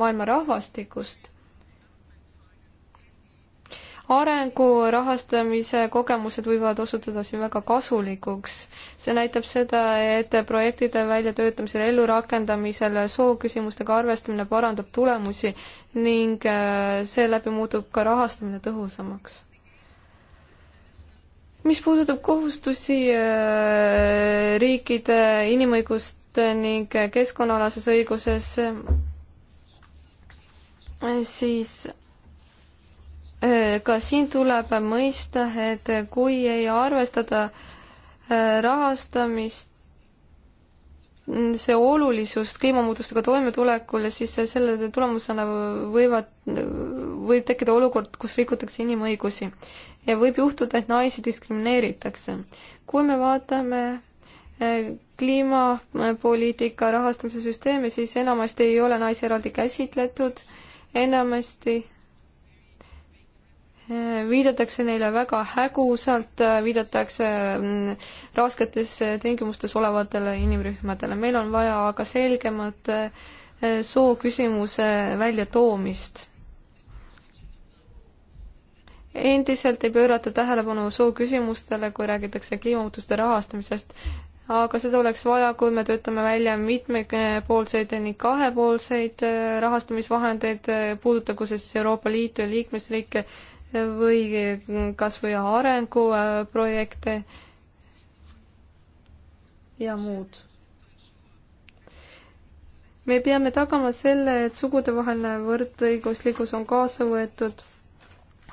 maailma rahvastikust arengu rahastamise kogemused võivad osutuda siin väga kasulikuks. see näitab seda, et projektide väljatöötamisel, ellurakendamisel sooküsimustega arvestamine parandab tulemusi ning äh, seeläbi muutub ka rahastamine tõhusamaks mis puudutab kohustusi äh, riikide inimõiguste ning keskkonnaalases õiguses, äh, siis Äh, ka siin tuleb mõista, et kui ei arvestada äh, rahastamist, see olulisust kliimamuutustega toimetulekul ja siis selle tulemusena võivad, võib tekkida olukord, kus rikutakse inimõigusi. ja võib juhtuda, et naisi diskrimineeritakse. kui me vaatame äh, kliimapoliitika rahastamise süsteemi, siis enamasti ei ole naisi eraldi käsitletud, enamasti viidatakse neile väga hägusalt, viidatakse mm, rasketes tingimustes olevatele inimrühmadele. meil on vaja aga selgemat eh, sooküsimuse väljatoomist. endiselt ei pöörata tähelepanu sooküsimustele, kui räägitakse kliimamuutuste rahastamisest, aga seda oleks vaja, kui me töötame välja mitmepoolseid ning kahepoolseid eh, rahastamisvahendeid, eh, puudutagu see siis Euroopa Liitu ja liikmesriike või kas või arenguprojekte ja muud. me peame tagama selle, et sugudevaheline võrdõiguslikkus on kaasa võetud,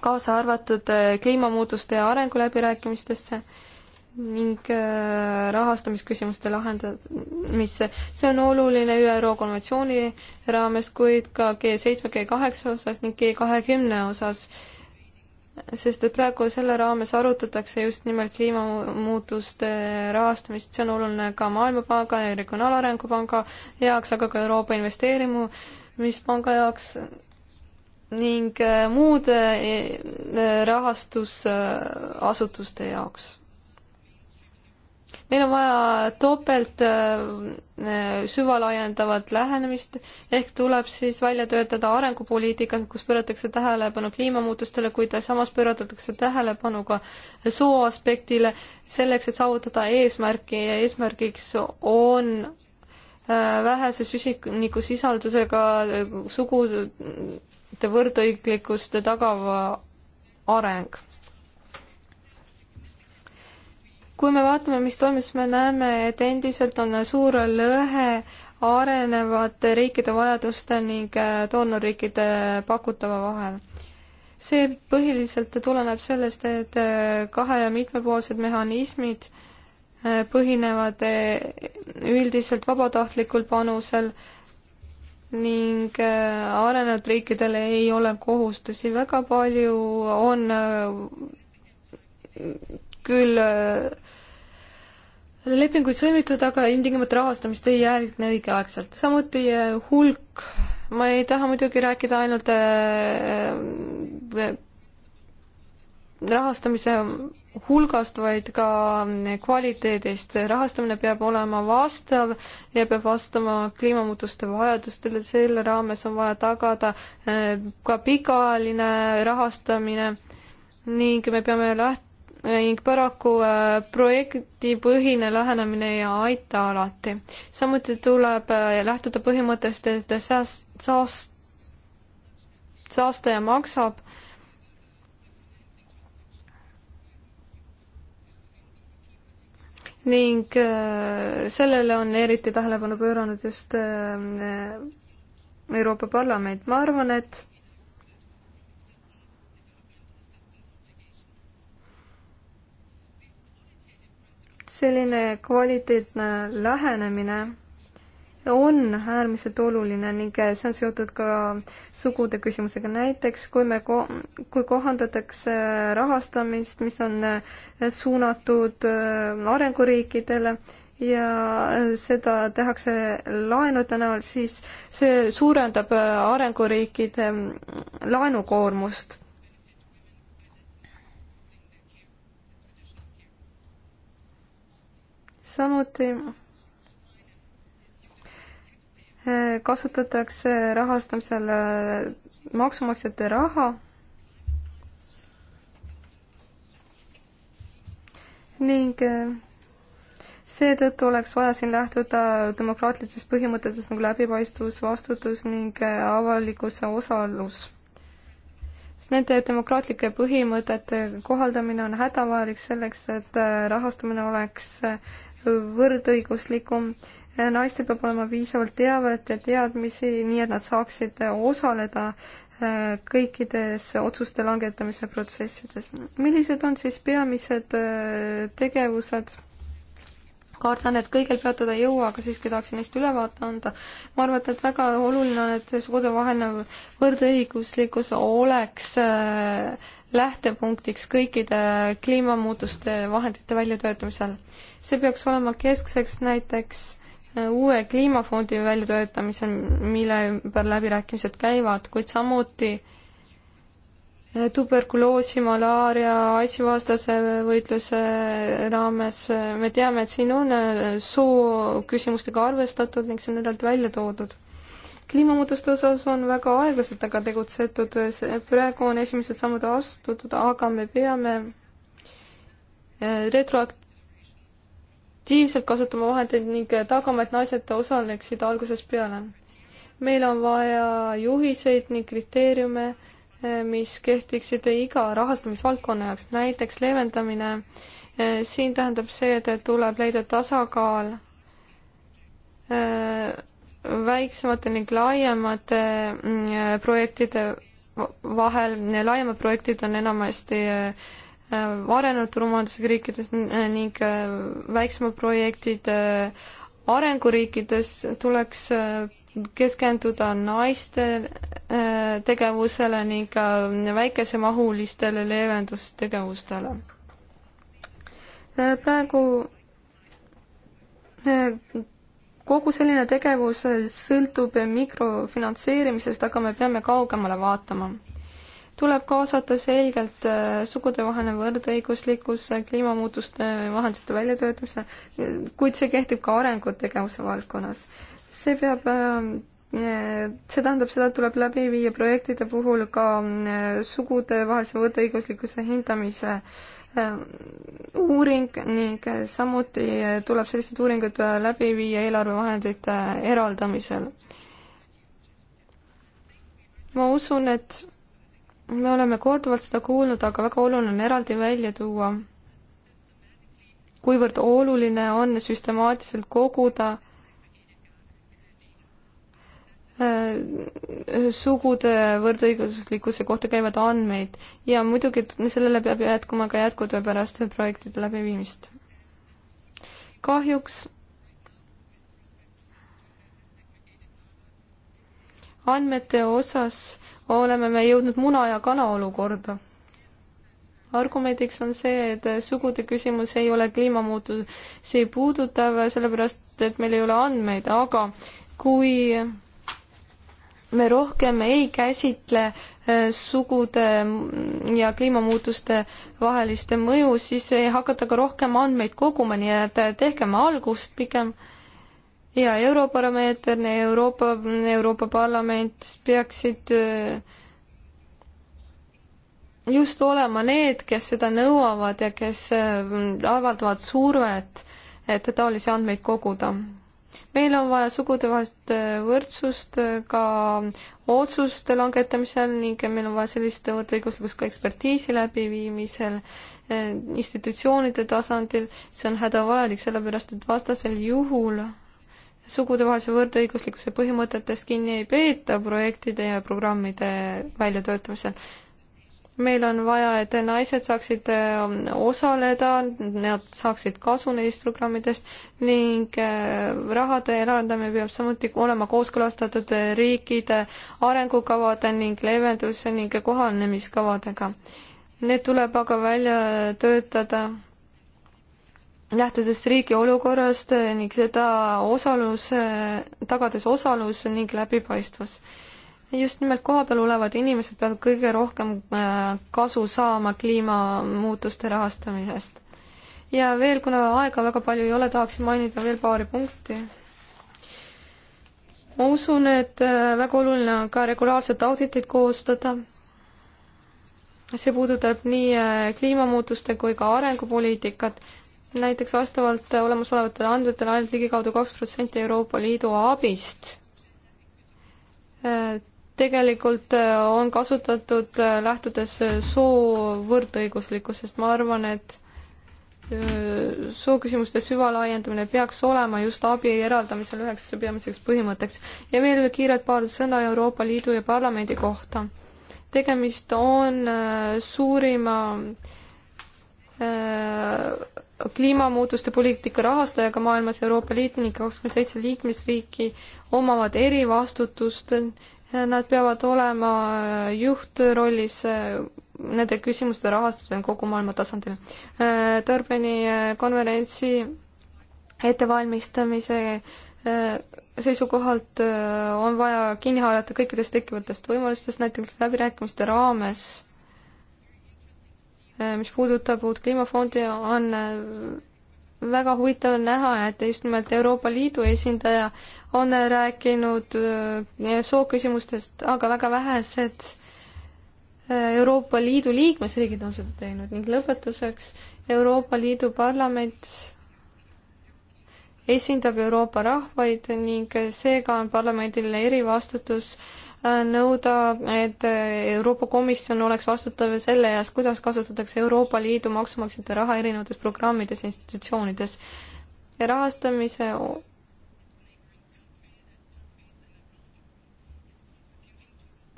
kaasa arvatud eh, kliimamuutuste ja arengu läbirääkimistesse ning eh, rahastamisküsimuste lahendamisse. see on oluline ÜRO konventsiooni raames, kuid ka G7, G8 osas ning G20 osas sest et praegu selle raames arutatakse just nimelt kliimamuutuste rahastamist, see on oluline ka Maailmapanga ja Regionaalarengu Panga jaoks, aga ka Euroopa Investeerimispanga jaoks ning äh, muude äh, rahastusasutuste jaoks meil on vaja topelt äh, äh, süvalaiendavat lähenemist, ehk tuleb siis välja töötada arengupoliitika, kus pööratakse tähelepanu kliimamuutustele, kuid samas pööratakse tähelepanu ka soo aspektile, selleks, et saavutada eesmärki ja eesmärgiks on äh, vähese süsinikusisaldusega sugude võrdõiglikkuste tagava areng kui me vaatame, mis toimub, siis me näeme, et endiselt on suur lõhe arenevate riikide vajaduste ning äh, doonorriikide pakutava vahel. see põhiliselt tuleneb sellest, et äh, kahe- ja mitmepoolsed mehhanismid äh, põhinevad üldiselt vabatahtlikul panusel ning arenenud riikidel ei ole kohustusi, väga palju on küll äh, lepinguid sõlmitud, aga ilmtingimata rahastamist ei järgne õigeaegselt. samuti äh, hulk, ma ei taha muidugi rääkida ainult äh, rahastamise hulgast, vaid ka kvaliteedist. rahastamine peab olema vastav ja peab vastama kliimamuutuste vajadustele, selle raames on vaja tagada ka pikaajaline rahastamine ning me peame läht-, ning paraku äh, projektipõhine lähenemine ei aita alati. samuti tuleb äh, lähtuda põhimõttest, et sääst-, saast-, saastaja maksab ning äh, sellele on eriti tähelepanu pööranud just Euroopa Parlament. ma arvan, et selline kvaliteetne lähenemine on äärmiselt oluline ning see on seotud ka sugude küsimusega. näiteks kui me ko-, kui kohandatakse rahastamist, mis on suunatud äh, arenguriikidele ja äh, seda tehakse laenude näol, siis see suurendab äh, arenguriikide mm, laenukoormust samuti äh, kasutatakse rahastamisel äh, maksumaksjate raha ning äh, seetõttu oleks vaja siin lähtuda demokraatlitest põhimõtetest nagu läbipaistvus, vastutus ning avalikkuse osalus. Nende demokraatlike põhimõtete kohaldamine on hädavajalik selleks, et rahastamine oleks võrdõiguslikum, naistel peab olema piisavalt teavet ja teadmisi, nii et nad saaksid osaleda äh, kõikides otsuste langetamise protsessides. millised on siis peamised äh, tegevused kardan, et kõigil peatuda ei jõua, aga siiski tahaksin neist ülevaate anda. ma arvan, et väga oluline on, et sugudevaheline võrdõiguslikkus oleks äh, lähtepunktiks kõikide kliimamuutuste vahendite väljatöötamisel. see peaks olema keskseks näiteks äh, uue kliimafondi väljatöötamisel, mille ümber läbirääkimised käivad, kuid samuti tuberkuloosi, malaaria, asjavastase võitluse raames me teame, et siin on äh, soo küsimustega arvestatud ning see on eraldi välja toodud. kliimamuutuste osas on väga aeglaselt aga tegutsetud, praegu on esimesed sammud astutud, aga me peame äh, retroaktiivselt kasutama vahendeid ning tagama, et naised osaleksid algusest peale. meil on vaja juhiseid ning kriteeriume mis kehtiksid iga rahastamisvaldkonna jaoks, näiteks leevendamine. E, siin tähendab see, et tuleb leida tasakaal e, väiksemate ning laiemate mm, projektide vahel, laiemad projektid on enamasti e, arenenud turumajandusega riikides ning väiksemad projektid arenguriikides tuleks keskenduda naiste äh, tegevusele ning ka väikesemahulistele leevendustegevustele. Äh, praegu äh, kogu selline tegevus sõltub mikrofinantseerimisest, aga me peame kaugemale vaatama. tuleb kaasata selgelt sugudevaheline võrdõiguslikkus kliimamuutuste vahendite väljatöötamisel, kuid see kehtib ka arengutegevuse valdkonnas see peab ähm, äh, see tähendab seda, et tuleb läbi viia projektide puhul ka äh, sugudevahelise võrdõiguslikkuse hindamise äh, uuring ning samuti tuleb sellised uuringud läbi viia eelarvevahendite eraldamisel. ma usun, et me oleme korduvalt seda kuulnud, aga väga oluline on eraldi välja tuua, kuivõrd oluline on süstemaatiliselt koguda Äh, äh, sugude võrdõiguslikkuse kohta käivaid andmeid ja muidugi sellele peab jätkuma ka jätkutöö pärast projektide läbiviimist. kahjuks andmete osas oleme me jõudnud muna ja kana olukorda. argumendiks on see, et sugude küsimus ei ole kliimamuutusi puudutav, sellepärast et meil ei ole andmeid, aga kui me rohkem ei käsitle äh, sugude ja kliimamuutuste vaheliste mõju, siis ei hakata ka rohkem andmeid koguma, nii et äh, tehkem algust pigem. ja Eurobaromeeter, Euroopa, Euroopa Parlament peaksid äh, just olema need, kes seda nõuavad ja kes avaldavad survet, et taolisi andmeid koguda meil on vaja sugudevahelist äh, võrdsust äh, ka otsuste langetamisel ning meil on vaja sellist võrdõiguslikkust ka ekspertiisi läbiviimisel äh, institutsioonide tasandil. see on hädavajalik, sellepärast et vastasel juhul sugudevahelise võrdõiguslikkuse põhimõtetest kinni ei peeta projektide ja programmide väljatöötamisel meil on vaja, et naised saaksid ähm, osaleda, nad saaksid kasu neist programmidest ning äh, rahade eraldamine peab samuti olema kooskõlastatud riikide arengukavade ning leevendus- ning kohanemiskavadega. Need tuleb aga välja töötada lähtudes riigi olukorrast ning seda osalus, äh, tagades osalus ning läbipaistvus just nimelt kohapeal olevad inimesed peavad kõige rohkem äh, kasu saama kliimamuutuste rahastamisest. ja veel, kuna aega väga palju ei ole, tahaksin mainida veel paari punkti. ma usun, et äh, väga oluline on ka regulaarset auditit koostada. see puudutab nii äh, kliimamuutuste kui ka arengupoliitikat näiteks vastavalt olemasolevatele andmetele ainult ligikaudu kaks protsenti Euroopa Liidu abist tegelikult äh, on kasutatud äh, lähtudes äh, soo võrdõiguslikkusest, ma arvan, et sooküsimuste süvalaiendamine peaks olema just abi eraldamisel üheks peamiseks põhimõtteks. ja veel kiirelt paar sõna Euroopa Liidu ja parlamendi kohta. tegemist on suurima kliimamuutuste poliitika rahastajaga maailmas Euroopa Liit ning kakskümmend seitse liikmesriiki omavad erivastutust Nad peavad olema äh, juhtrollis äh, nende küsimuste rahastamisel kogu maailma tasandil. Durbani äh, konverentsi ettevalmistamise seisukohalt on vaja kinni haarata kõikidest tekkivatest võimalustest, näiteks läbirääkimiste raames, mis puudutab uut kliimafondi, on väga huvitav on näha, et just nimelt Euroopa Liidu esindaja on rääkinud äh, sooküsimustest, aga väga vähesed äh, Euroopa Liidu liikmesriigid on seda teinud ning lõpetuseks Euroopa Liidu Parlament esindab Euroopa rahvaid ning seega on parlamendil erivastutus äh, nõuda, et Euroopa Komisjon oleks vastutav selle eest, kuidas kasutatakse Euroopa Liidu maksumaksjate raha erinevates programmides ja institutsioonides. ja rahastamise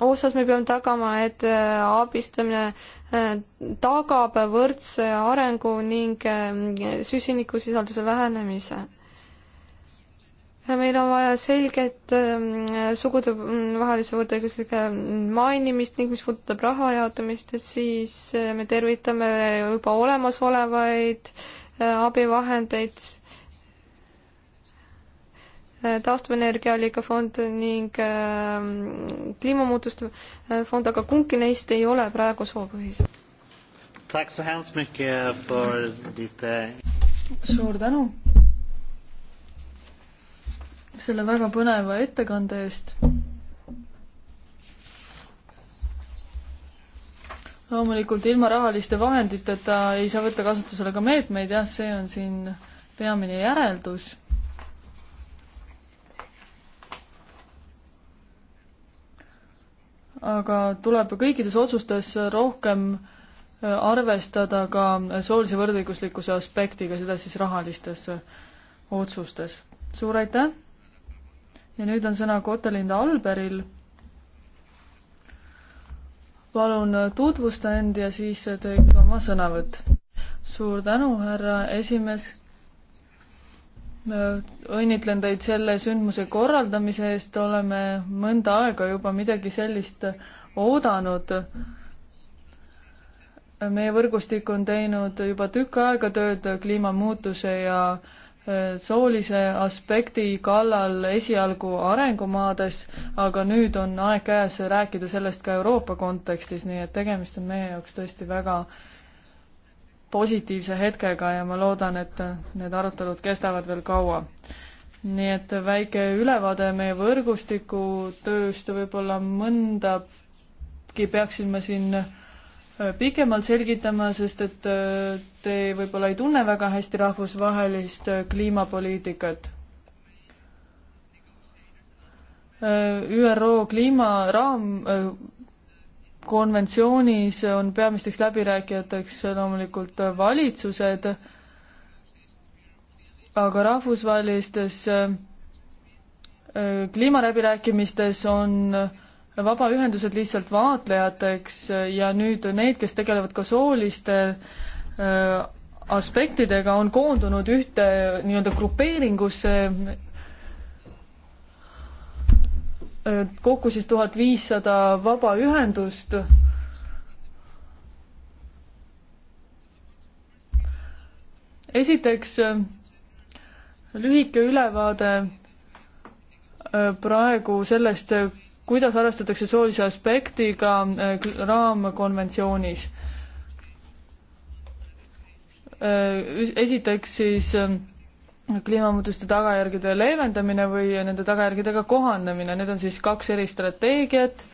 osas me peame tagama, et äh, abistamine äh, tagab võrdse arengu ning äh, süsinikusisalduse vähenemise meil on vaja selget ähm, sugudevahelise mm, võrdõiguslike mainimist ning mis puudutab raha jaotamist, et siis äh, me tervitame juba olemasolevaid äh, abivahendeid, äh, taastuvenergiaallika fond ning ähm, kliimamuutuste fond, aga kumbki neist ei ole praegu soopõhised. suur tänu selle väga põneva ettekande eest. loomulikult ilma rahaliste vahenditeta ei saa võtta kasutusele ka meetmeid, jah, see on siin peamine järeldus aga tuleb kõikides otsustes rohkem äh, arvestada ka soolise võrdõiguslikkuse aspektiga, seda siis rahalistes otsustes. suur aitäh! ja nüüd on sõna Kotelinda Alberil. palun äh, tutvusta end ja siis äh, teeb oma sõnavõtt. suur tänu, härra esimees. Äh, õnnitlen teid selle sündmuse korraldamise eest, oleme mõnda aega juba midagi sellist oodanud meie võrgustik on teinud juba tükk aega tööd kliimamuutuse ja Äh, soolise aspekti kallal esialgu arengumaades, aga nüüd on aeg käes rääkida sellest ka Euroopa kontekstis, nii et tegemist on meie jaoks tõesti väga positiivse hetkega ja ma loodan, et need arutelud kestavad veel kaua. nii et väike ülevaade meie võrgustiku tööst ja võib-olla mõndagi peaksin ma siin Äh, pikemalt selgitama, sest et äh, te võib-olla ei tunne väga hästi rahvusvahelist äh, kliimapoliitikat. ÜRO kliimaraam konventsioonis on peamisteks läbirääkijateks loomulikult valitsused, aga rahvusvahelistes kliimaläbirääkimistes on äh, vabaühendused lihtsalt vaatlejateks ja nüüd need, kes tegelevad ka sooliste äh, aspektidega, on koondunud ühte nii-öelda grupeeringusse, äh, kokku siis tuhat viissada vabaühendust. esiteks äh, lühike ülevaade praegu sellest, kuidas arvestatakse soolise aspektiga äh, raamkonventsioonis? Äh, esiteks siis äh, kliimamuutuste tagajärgede leevendamine või nende tagajärgedega kohandamine, need on siis kaks eri strateegiat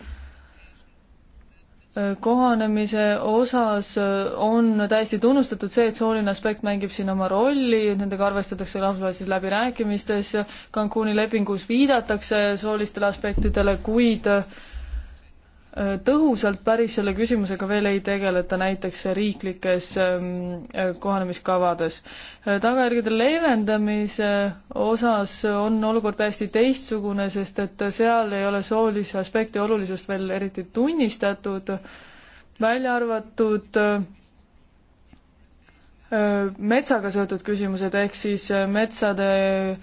kohanemise osas äh, on täiesti tunnustatud see, et sooline aspekt mängib siin oma rolli, et nendega arvestatakse rahvusvahelistes läbirääkimistes, Cancuni lepingus viidatakse soolistele aspektidele, kuid äh, tõhusalt päris selle küsimusega veel ei tegeleta näiteks riiklikes kohanemiskavades. tagajärgede leevendamise osas on olukord täiesti teistsugune, sest et seal ei ole soolise aspekti olulisust veel eriti tunnistatud, välja arvatud metsaga seotud küsimused, ehk siis metsade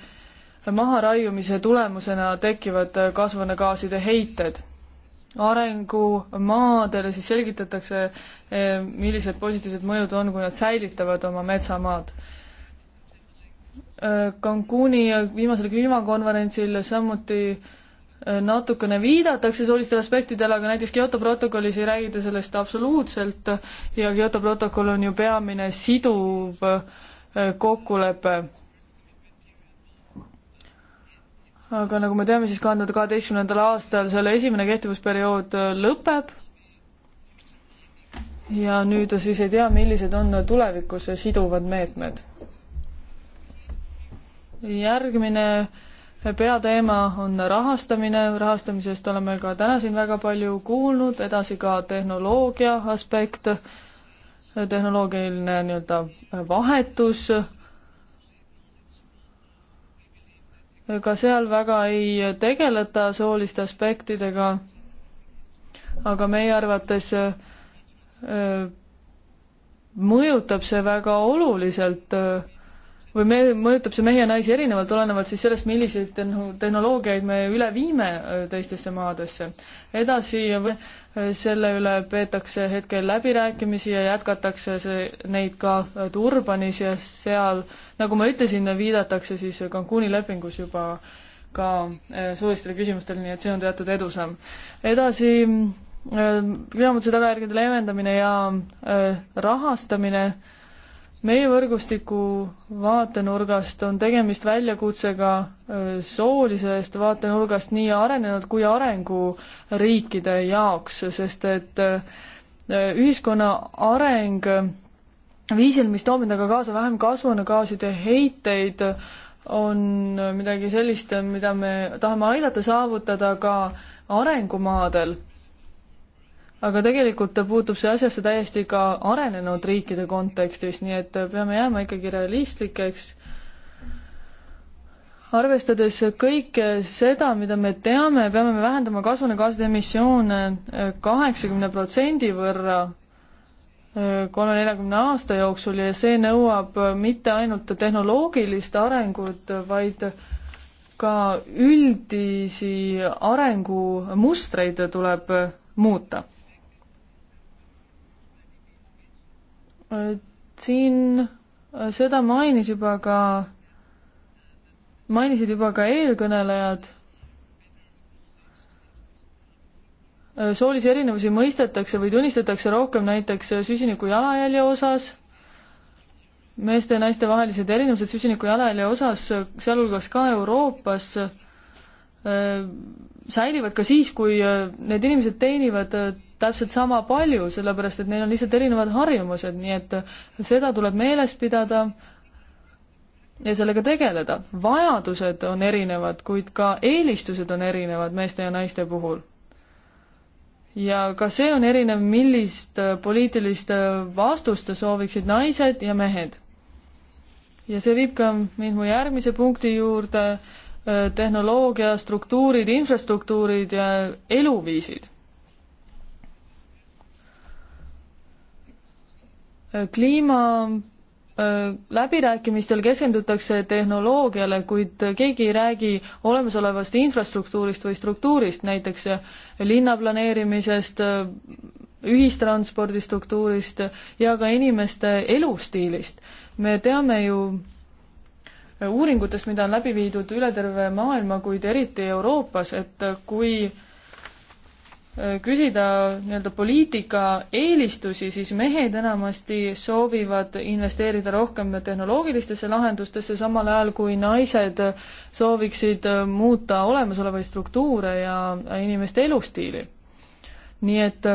maharaiumise tulemusena tekivad kasvuhoonegaaside heited arengumaadele, siis selgitatakse, eh, millised positiivsed mõjud on, kui nad säilitavad oma metsamaad. Eh, Cancuni viimasel kliimakonverentsil samuti eh, natukene viidatakse sellistele aspektidele, aga näiteks Kyoto protokollis ei räägita sellest absoluutselt ja Kyoto protokoll on ju peamine siduv kokkulepe aga nagu me teame, siis kahe tuhande kaheteistkümnendal aastal selle esimene kehtivusperiood äh, lõpeb ja nüüd ta siis ei tea, millised on tulevikus siduvad meetmed. järgmine peateema on rahastamine, rahastamisest oleme ka täna siin väga palju kuulnud, edasi ka tehnoloogia aspekt, tehnoloogiline nii-öelda vahetus ka seal väga ei tegeleta sooliste aspektidega, aga meie arvates äh, äh, mõjutab see väga oluliselt äh, või me, mõjutab see mehi ja naisi erinevalt, olenevalt siis sellest, milliseid tehnoloogiaid me üle viime äh, teistesse maadesse. edasi äh, selle üle peetakse hetkel läbirääkimisi ja jätkatakse see, neid ka äh, Durbanis ja seal, nagu ma ütlesin, viidatakse siis Cancuni lepingus juba ka suvistele küsimustele, nii et see on teatud edusamm. edasi kliimamuutuse tagajärgede leevendamine ja rahastamine meie võrgustiku vaatenurgast on tegemist väljakutsega soolisest vaatenurgast nii arenenud kui arenguriikide jaoks, sest et ühiskonna areng viisil, mis toob endaga kaasa vähem kasvuhoonegaaside heiteid, on midagi sellist, mida me tahame aidata saavutada ka arengumaadel aga tegelikult puutub see asjasse täiesti ka arenenud riikide kontekstis, nii et peame jääma ikkagi realistlikeks. arvestades kõike seda, mida me teame, peame me vähendama kasvuhoonegaaside emissioone eh, kaheksakümne protsendi võrra eh, kolme-neljakümne aasta jooksul ja see nõuab eh, mitte ainult tehnoloogilist arengut, vaid ka üldisi arengumustreid tuleb muuta Äh, siin äh, seda mainis juba ka, mainisid juba ka eelkõnelejad. Äh, soolisi erinevusi mõistetakse või tunnistatakse rohkem näiteks süsiniku jalajälje osas, meeste ja naiste vahelised erinevused süsiniku jalajälje osas, sealhulgas ka Euroopas, säilivad ka siis, kui need inimesed teenivad täpselt sama palju, sellepärast et neil on lihtsalt erinevad harjumused, nii et seda tuleb meeles pidada ja sellega tegeleda. vajadused on erinevad, kuid ka eelistused on erinevad meeste ja naiste puhul. ja ka see on erinev, millist äh, poliitilist äh, vastust sooviksid naised ja mehed. ja see viib ka mind mu järgmise punkti juurde, äh, tehnoloogia, struktuurid, infrastruktuurid ja eluviisid kliima äh, läbirääkimistel keskendutakse tehnoloogiale, kuid keegi ei räägi olemasolevast infrastruktuurist või struktuurist, näiteks linnaplaneerimisest, ühistranspordi struktuurist ja ka inimeste elustiilist. me teame ju uuringutest, mida on läbi viidud üle terve maailma, kuid eriti Euroopas, et kui küsida nii-öelda poliitika eelistusi, siis mehed enamasti soovivad investeerida rohkem tehnoloogilistesse lahendustesse, samal ajal kui naised sooviksid muuta olemasolevaid struktuure ja inimeste elustiili. nii et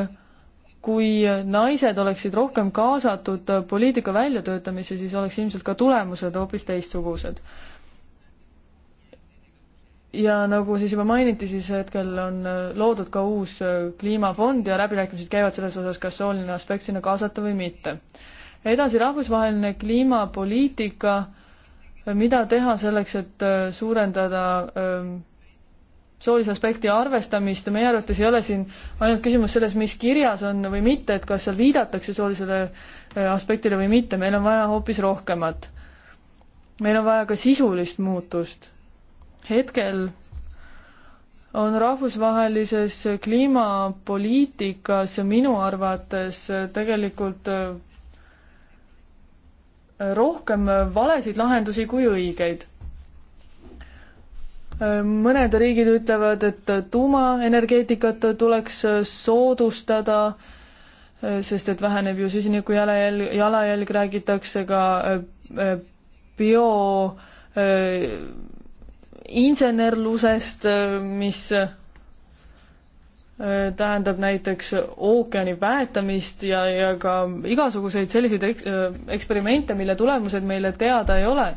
kui naised oleksid rohkem kaasatud poliitika väljatöötamisse, siis oleks ilmselt ka tulemused hoopis teistsugused ja nagu siis juba mainiti, siis hetkel on äh, loodud ka uus äh, kliimafond ja läbirääkimised käivad selles osas, kas sooline aspekt sinna kaasata või mitte. edasi, rahvusvaheline kliimapoliitika, mida teha selleks, et äh, suurendada ähm, soolise aspekti arvestamist, meie arvates ei ole siin ainult küsimus selles, mis kirjas on või mitte, et kas seal viidatakse soolisele aspektile või mitte, meil on vaja hoopis rohkemat. meil on vaja ka sisulist muutust hetkel on rahvusvahelises kliimapoliitikas minu arvates tegelikult äh, rohkem valesid lahendusi kui õigeid. Äh, mõned riigid ütlevad, et tuumaenergeetikat tuleks äh, soodustada, sest et väheneb ju süsiniku jalajälg, jalajälg räägitakse ka bio insenerlusest, mis äh, tähendab näiteks ookeani väetamist ja, ja ka igasuguseid selliseid eks-, äh, eksperimente, mille tulemused meile teada ei ole.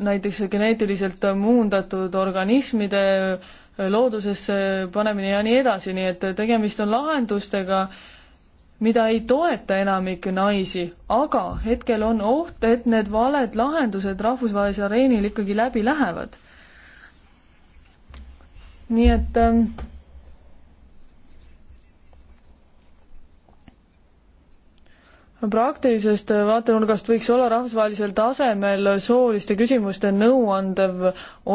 näiteks geneetiliselt muundatud organismide äh, loodusesse panemine ja nii edasi, nii et tegemist on lahendustega, mida ei toeta enamik naisi, aga hetkel on oht, et need valed lahendused rahvusvahelisel areenil ikkagi läbi lähevad. nii et ähm, praktilisest vaatenurgast võiks olla rahvusvahelisel tasemel sooliste küsimuste nõuandev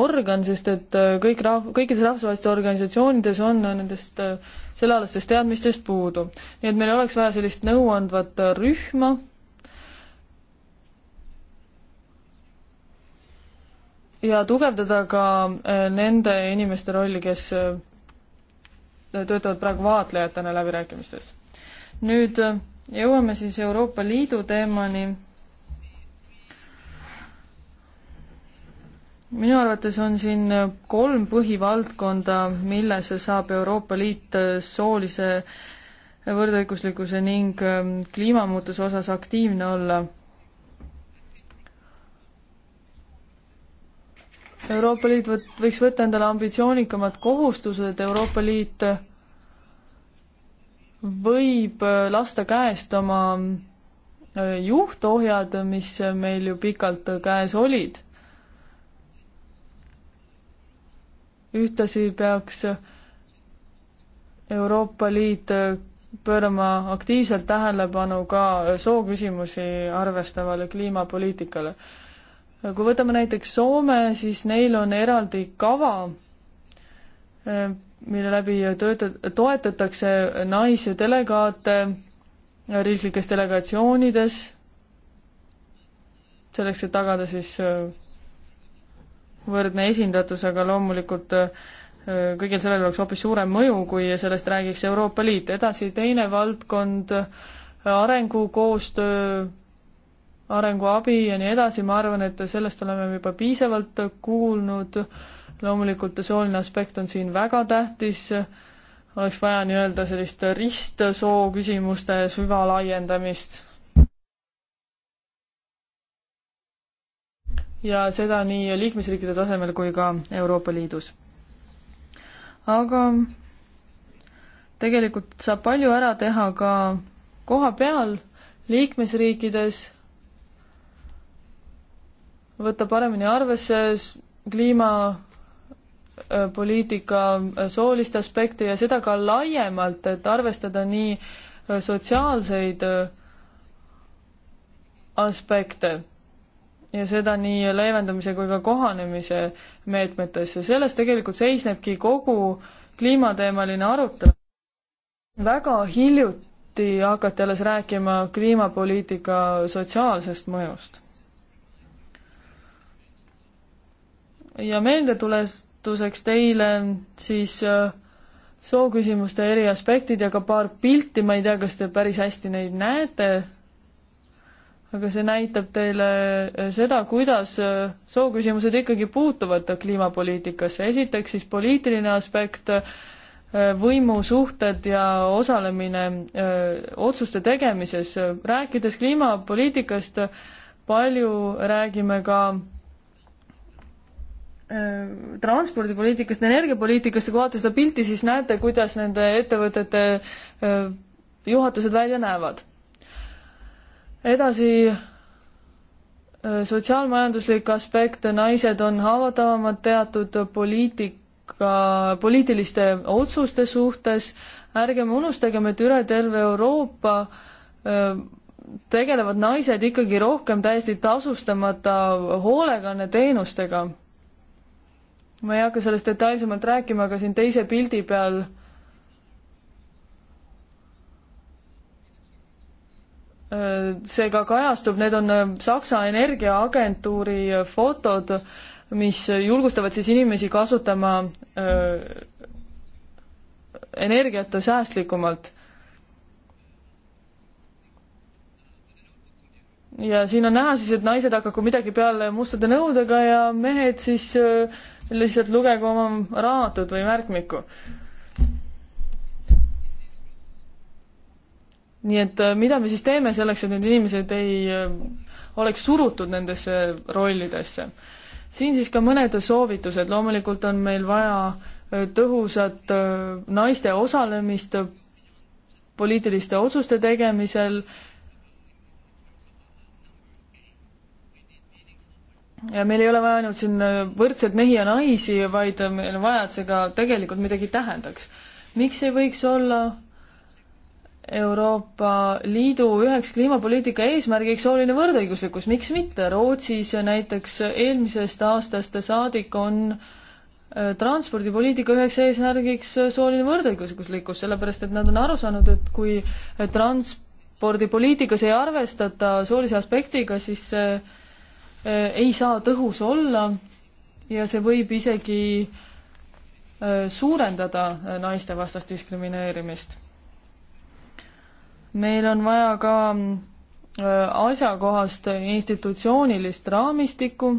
organ, sest et kõik rahv-, kõikides rahvusvahelistes organisatsioonides on nendest äh, sellealastest teadmistest puudu. nii et meil oleks vaja sellist nõuandvat rühma, ja tugevdada ka äh, nende inimeste rolli, kes äh, töötavad praegu vaatlejatena läbirääkimistes. nüüd äh, jõuame siis Euroopa Liidu teemani minu arvates on siin kolm põhivaldkonda, milles saab Euroopa Liit soolise võrdõiguslikkuse ning ähm, kliimamuutuse osas aktiivne olla. Euroopa Liit võt-, võiks võtta endale ambitsioonikamad kohustused, Euroopa Liit võib äh, lasta käest oma äh, juhtohjad, mis meil ju pikalt käes olid ühtlasi peaks Euroopa Liit pöörama aktiivselt tähelepanu ka sooküsimusi arvestavale kliimapoliitikale. kui võtame näiteks Soome, siis neil on eraldi kava, mille läbi tööta-, toetatakse naisdelegaate riiklikes delegatsioonides, selleks, et tagada siis võrdne esindatus, aga loomulikult äh, kõigil sellel oleks hoopis suurem mõju, kui sellest räägiks Euroopa Liit. edasi teine valdkond, arengukoostöö, arenguabi ja nii edasi, ma arvan, et sellest oleme juba piisavalt kuulnud, loomulikult sooline aspekt on siin väga tähtis, oleks vaja nii-öelda sellist ristsoo küsimuste süvalaiendamist ja seda nii liikmesriikide tasemel kui ka Euroopa Liidus. aga tegelikult saab palju ära teha ka koha peal liikmesriikides, võtta paremini arvesse kliimapoliitika äh, äh, soolist aspekti ja seda ka laiemalt, et arvestada nii äh, sotsiaalseid aspekte ja seda nii leevendamise kui ka kohanemise meetmetesse. selles tegelikult seisnebki kogu kliimateemaline arutelu. väga hiljuti hakati alles rääkima kliimapoliitika sotsiaalsest mõjust. ja meeldetuletuseks teile siis äh, sooküsimuste eri aspektid ja ka paar pilti, ma ei tea, kas te päris hästi neid näete aga see näitab teile äh, seda, kuidas äh, sooküsimused ikkagi puutuvad kliimapoliitikasse. esiteks siis poliitiline aspekt, äh, võimusuhted ja osalemine öö, otsuste tegemises. rääkides kliimapoliitikast, palju räägime ka transpordipoliitikast, energiapoliitikast ja kui vaadata seda pilti, siis näete, kuidas nende ettevõtete öö, juhatused välja näevad edasi äh, sotsiaalmajanduslik aspekt, naised on haavatavamad teatud poliitika, poliitiliste otsuste suhtes, ärgem unustagem, et üle terve Euroopa äh, tegelevad naised ikkagi rohkem täiesti tasustamata hoolekanneteenustega. ma ei hakka sellest detailsemalt rääkima, aga siin teise pildi peal äh, see ka kajastub, need on äh, Saksa Energiaagentuuri äh, fotod, mis julgustavad siis inimesi kasutama äh, energiat säästlikumalt. ja siin on näha siis, et naised hakaku midagi peale mustade nõudega ja mehed siis lihtsalt lugegu oma raamatut või märkmikku nii et äh, mida me siis teeme selleks, et need inimesed ei äh, oleks surutud nendesse rollidesse? siin siis ka mõned soovitused, loomulikult on meil vaja äh, tõhusat naiste osalemist poliitiliste otsuste tegemisel, ja meil ei ole vaja ainult siin võrdselt mehi ja naisi, vaid meil on vaja, et see ka tegelikult midagi tähendaks. miks ei võiks olla Euroopa Liidu üheks kliimapoliitika eesmärgiks sooline võrdõiguslikkus, miks mitte, Rootsis näiteks eelmisest aastast saadik on äh, transpordipoliitika üheks eesmärgiks äh, sooline võrdõiguslikkus, sellepärast et nad on aru saanud, et kui äh, transpordipoliitikas ei arvestata soolise aspektiga, siis see ei saa tõhus olla ja see võib isegi suurendada naistevastast diskrimineerimist meil on vaja ka äh, asjakohast institutsioonilist raamistikku,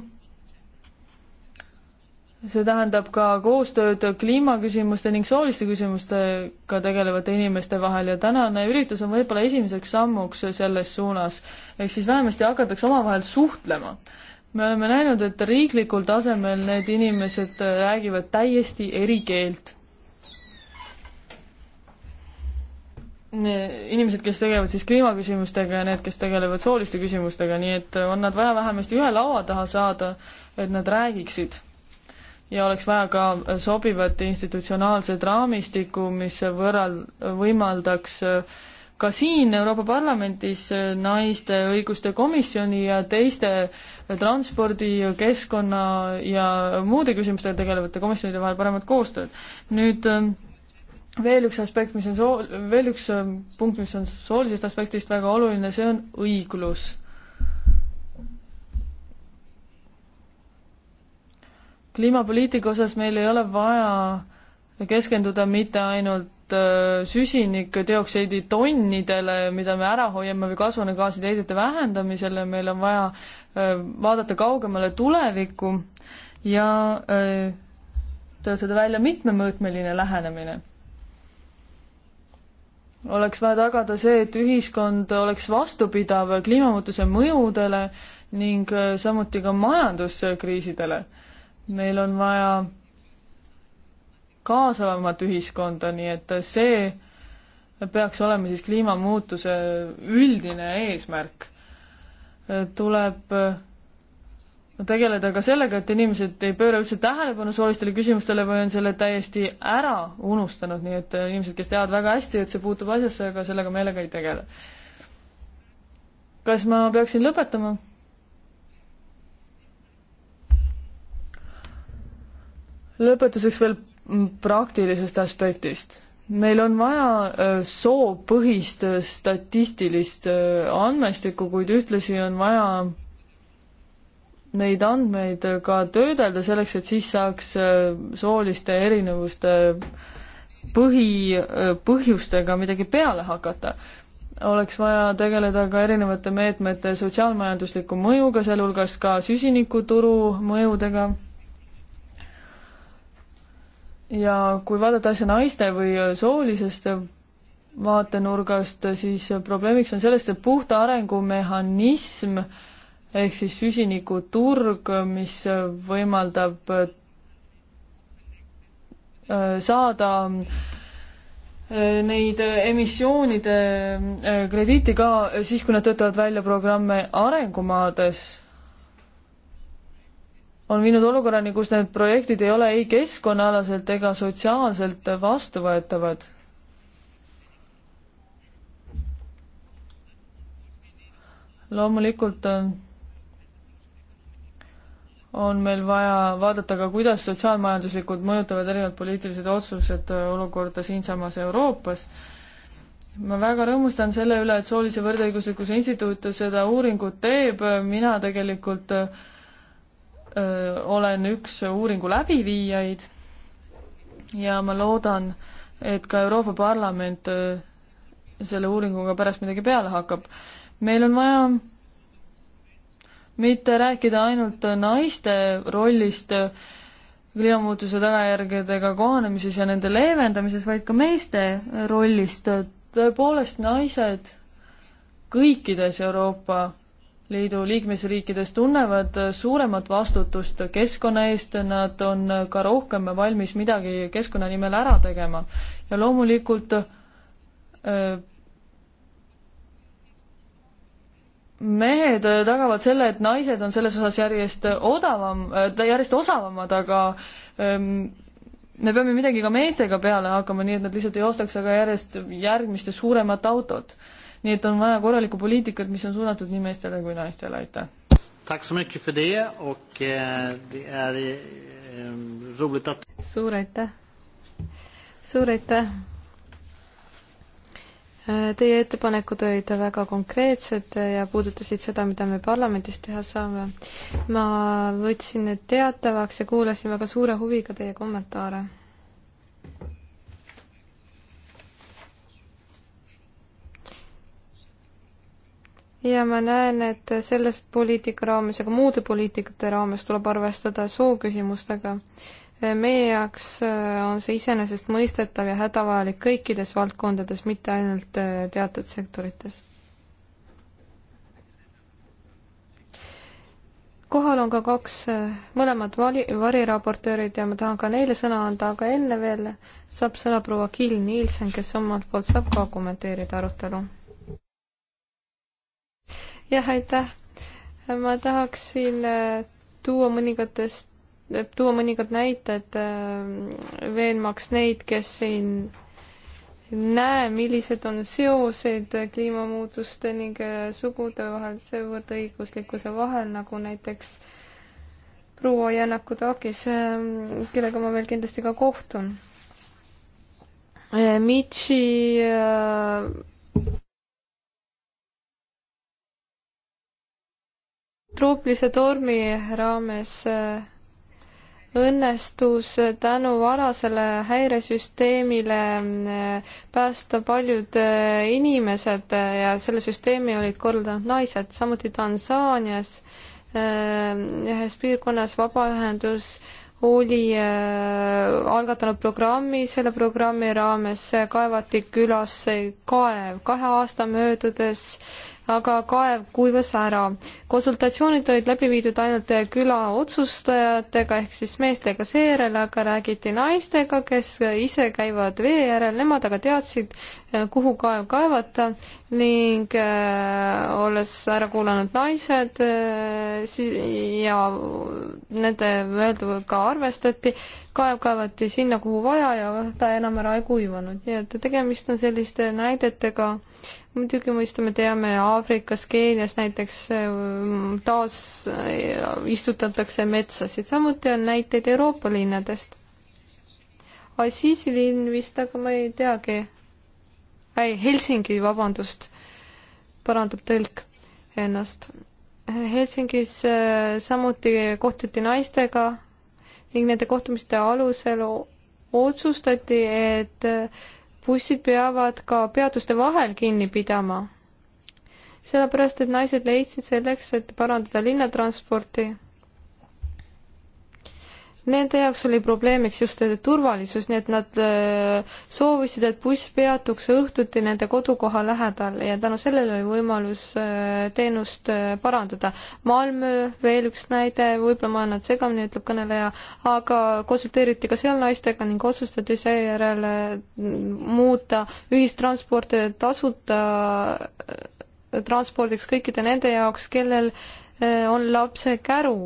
see tähendab ka koostööd kliimaküsimuste ning sooliste küsimustega tegelevate inimeste vahel ja tänane üritus on võib-olla esimeseks sammuks selles suunas. ehk siis vähemasti hakatakse omavahel suhtlema. me oleme näinud, et riiklikul tasemel need inimesed räägivad täiesti eri keelt inimesed, kes tegelevad siis kliimaküsimustega ja need, kes tegelevad sooliste küsimustega, nii et on nad vaja vähemasti ühe laua taha saada, et nad räägiksid. ja oleks vaja ka sobivat institutsionaalset raamistikku, mis võrral-, võimaldaks ka siin Euroopa Parlamendis naiste õiguste komisjoni ja teiste transpordi, keskkonna ja muude küsimustega tegelevate komisjonide vahel paremat koostööd. nüüd ähm, veel üks aspekt, mis on soo-, veel üks äh, punkt, mis on soolisest aspektist väga oluline, see on õiglus. kliimapoliitika osas meil ei ole vaja keskenduda mitte ainult äh, süsinikdioksiidi tonnidele, mida me ära hoiame või kasvuhoonegaaside heidete vähendamisele, meil on vaja äh, vaadata kaugemale tulevikku ja töötada välja mitmemõõtmeline lähenemine oleks vaja tagada see, et ühiskond oleks vastupidav kliimamuutuse mõjudele ning äh, samuti ka majanduskriisidele. meil on vaja kaasavamat ühiskonda, nii et see peaks olema siis kliimamuutuse üldine eesmärk. Äh, tuleb äh, tegeleda ka sellega, et inimesed ei pööra üldse tähelepanu soolistele küsimustele või on selle täiesti ära unustanud, nii et äh, inimesed, kes teavad väga hästi, et see puutub asjasse, aga sellega meelega ei tegele. kas ma peaksin lõpetama? lõpetuseks veel mm, praktilisest aspektist. meil on vaja äh, soopõhist äh, statistilist andmestikku, kuid ühtlasi on vaja neid andmeid ka töödelda selleks, et siis saaks äh, sooliste erinevuste äh, põhi, äh, põhjustega midagi peale hakata. oleks vaja tegeleda ka erinevate meetmete sotsiaalmajandusliku mõjuga, sealhulgas ka süsinikuturu mõjudega. ja kui vaadata asja naiste või soolisest vaatenurgast, siis probleemiks on selles, et puhta arengumehhanism äh, ehk siis süsinikuturg, mis võimaldab äh, saada äh, neid emissioonide äh, krediiti ka siis, kui nad töötavad välja programme arengumaades, on viinud olukorrani, kus need projektid ei ole ei keskkonnaalaselt ega sotsiaalselt vastuvõetavad. loomulikult on on meil vaja vaadata ka, kuidas sotsiaalmajanduslikult mõjutavad erinevad poliitilised otsused äh, olukorda siinsamas Euroopas. ma väga rõõmustan selle üle, et Soolise Võrdõiguslikkuse Instituut seda uuringut teeb, mina tegelikult öö, äh, äh, olen üks uuringu läbiviijaid ja ma loodan, et ka Euroopa Parlament öö, selle uuringuga pärast midagi peale hakkab. meil on vaja mitte rääkida ainult naiste rollist kliimamuutuse tagajärgedega kohanemises ja nende leevendamises, vaid ka meeste rollist. tõepoolest, naised kõikides Euroopa Liidu liikmesriikides tunnevad suuremat vastutust keskkonna eest, nad on ka rohkem valmis midagi keskkonna nimel ära tegema. ja loomulikult öö, äh, mehed äh, tagavad selle, et naised on selles osas järjest odavam, äh, järjest osavamad, aga ähm, me peame midagi ka meestega peale hakkama, nii et nad lihtsalt ei ostaks aga järjest järgmiste suuremat autot. nii et on vaja korralikku poliitikat, mis on suunatud nii meestele kui naistele, aitäh. Eh, eh, suur aitäh, suur aitäh Teie ettepanekud olid väga konkreetsed ja puudutasid seda, mida me parlamendis teha saame. ma võtsin need teatavaks ja kuulasin väga suure huviga teie kommentaare. ja ma näen, et selles poliitika raames ja ka muude poliitikate raames tuleb arvestada sooküsimustega. küsimustega meie jaoks äh, on see iseenesestmõistetav ja hädavajalik kõikides valdkondades, mitte ainult äh, teatud sektorites. kohal on ka kaks, äh, mõlemad vali, variraportöörid ja ma tahan ka neile sõna anda, aga enne veel saab sõna proua Kill Nielsen, kes omalt poolt saab ka kommenteerida arutelu. jah, aitäh. ma tahaksin tuua mõningatest tuua mõningad näited äh, veenmaks neid, kes ei näe, millised on seosed kliimamuutuste ning äh, sugude vahel, võrdõiguslikkuse vahel, nagu näiteks proua Jännaku Taakis, äh, kellega ma veel kindlasti ka kohtun. Mitchi troopilise tormi raames äh, õnnestus tänu varasele häiresüsteemile eh, päästa paljud eh, inimesed eh, ja selle süsteemi olid korraldanud naised, samuti Tansaanias ühes piirkonnas vabaühendus oli algatanud programmi, selle programmi raames kaevati külasse kaev. kahe aasta möödudes aga kaev kuivas ära. konsultatsioonid olid läbi viidud ainult küla otsustajatega ehk siis meestega seejärel, aga räägiti naistega, kes ise käivad vee järel, nemad aga teadsid, Äh, kuhu kaev kaevata ning äh, olles ära kuulanud naised äh, ja nende öelduga arvestati, kaev kaevati sinna, kuhu vaja ja ta enam ära ei kuivanud, nii et tegemist on selliste näidetega, muidugi mõista me teame Aafrikas, Keenias näiteks taas istutatakse metsasid, samuti on näiteid Euroopa linnadest. Assisi linn vist, aga ma ei teagi ei, Helsingi, vabandust, parandab tõlk ennast. Helsingis äh, samuti kohtuti naistega ning nende kohtumiste alusel otsustati, et äh, bussid peavad ka peatuste vahel kinni pidama. sellepärast, et naised leidsid selleks, et parandada linnatransporti Nende jaoks oli probleemiks just turvalisus, nii et nad äh, soovisid, et buss peatuks õhtuti nende kodukoha lähedal ja tänu sellele oli võimalus äh, teenust äh, parandada. Malmö veel üks näide, võib-olla ma annan segamini, ütleb kõneleja, aga konsulteeriti ka seal naistega ning otsustati seejärel muuta ühistransporti tasuta transpordiks kõikide nende jaoks, kellel on lapse käru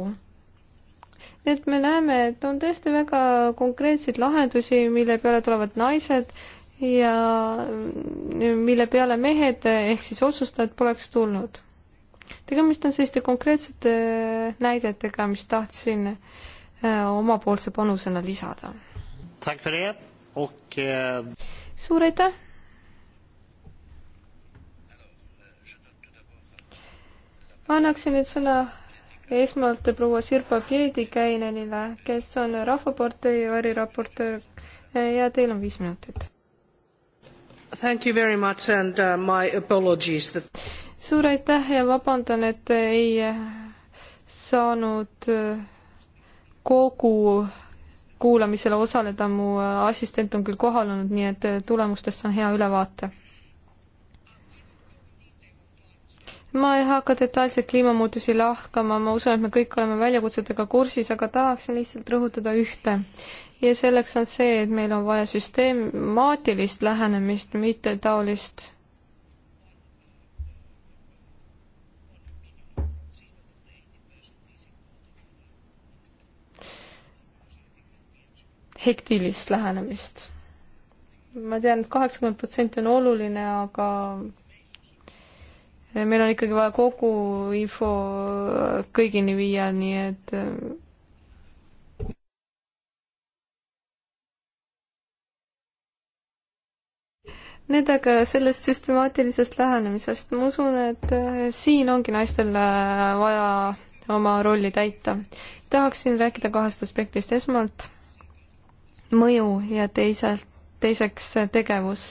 et me näeme, et on tõesti väga konkreetseid lahendusi, mille peale tulevad naised ja mille peale mehed ehk siis otsustajad poleks tulnud. tegemist on selliste konkreetsete näidetega, mis tahtsin äh, omapoolse panusena lisada. Eh, suur aitäh! annaksin nüüd sõna esmalt proua Sirpa Piedikäinenile, kes on Rahvapartei variraportöör ja teil on viis minutit. Thank you very much and uh, my apologies that suur aitäh ja vabandan, et ei saanud äh, kogu kuulamisele osaleda, mu äh, assistent on küll kohal olnud, nii et äh, tulemustest saan hea ülevaate. ma ei hakka detailselt kliimamuutusi lahkama, ma usun, et me kõik oleme väljakutsetega kursis, aga tahaksin lihtsalt rõhutada ühte. ja selleks on see, et meil on vaja süsteemaatilist lähenemist, mitte taolist hektilist lähenemist. ma tean et, et kaheksakümmend protsenti on oluline, aga meil on ikkagi vaja kogu info kõigini viia, nii et äh, Need aga sellest süstemaatilisest lähenemisest, ma usun, et äh, siin ongi naistel äh, vaja oma rolli täita. tahaksin rääkida kahest aspektist, esmalt mõju ja teisalt, teiseks tegevus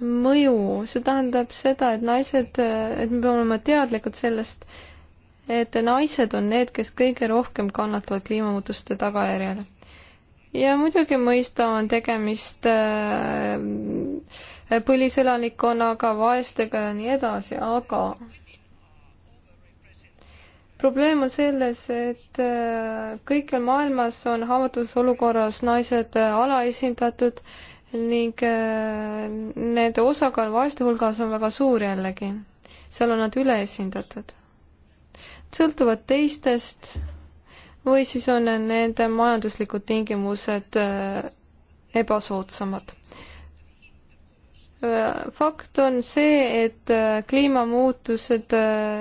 mõju, see tähendab seda, et naised, et me peame olema teadlikud sellest, et naised on need, kes kõige rohkem kannatavad kliimamuutuste tagajärjel. ja muidugi mõista on tegemist äh, põliselanikkonnaga, vaestega ja nii edasi, aga probleem on selles, et äh, kõikjal maailmas on haavatavas olukorras naised äh, alaesindatud äh, ning äh, nende osakaal vaeste hulgas on väga suur jällegi. seal on nad üleesindatud. sõltuvad teistest või siis on nende majanduslikud tingimused äh, ebasoodsamad. Äh, fakt on see, et kliimamuutused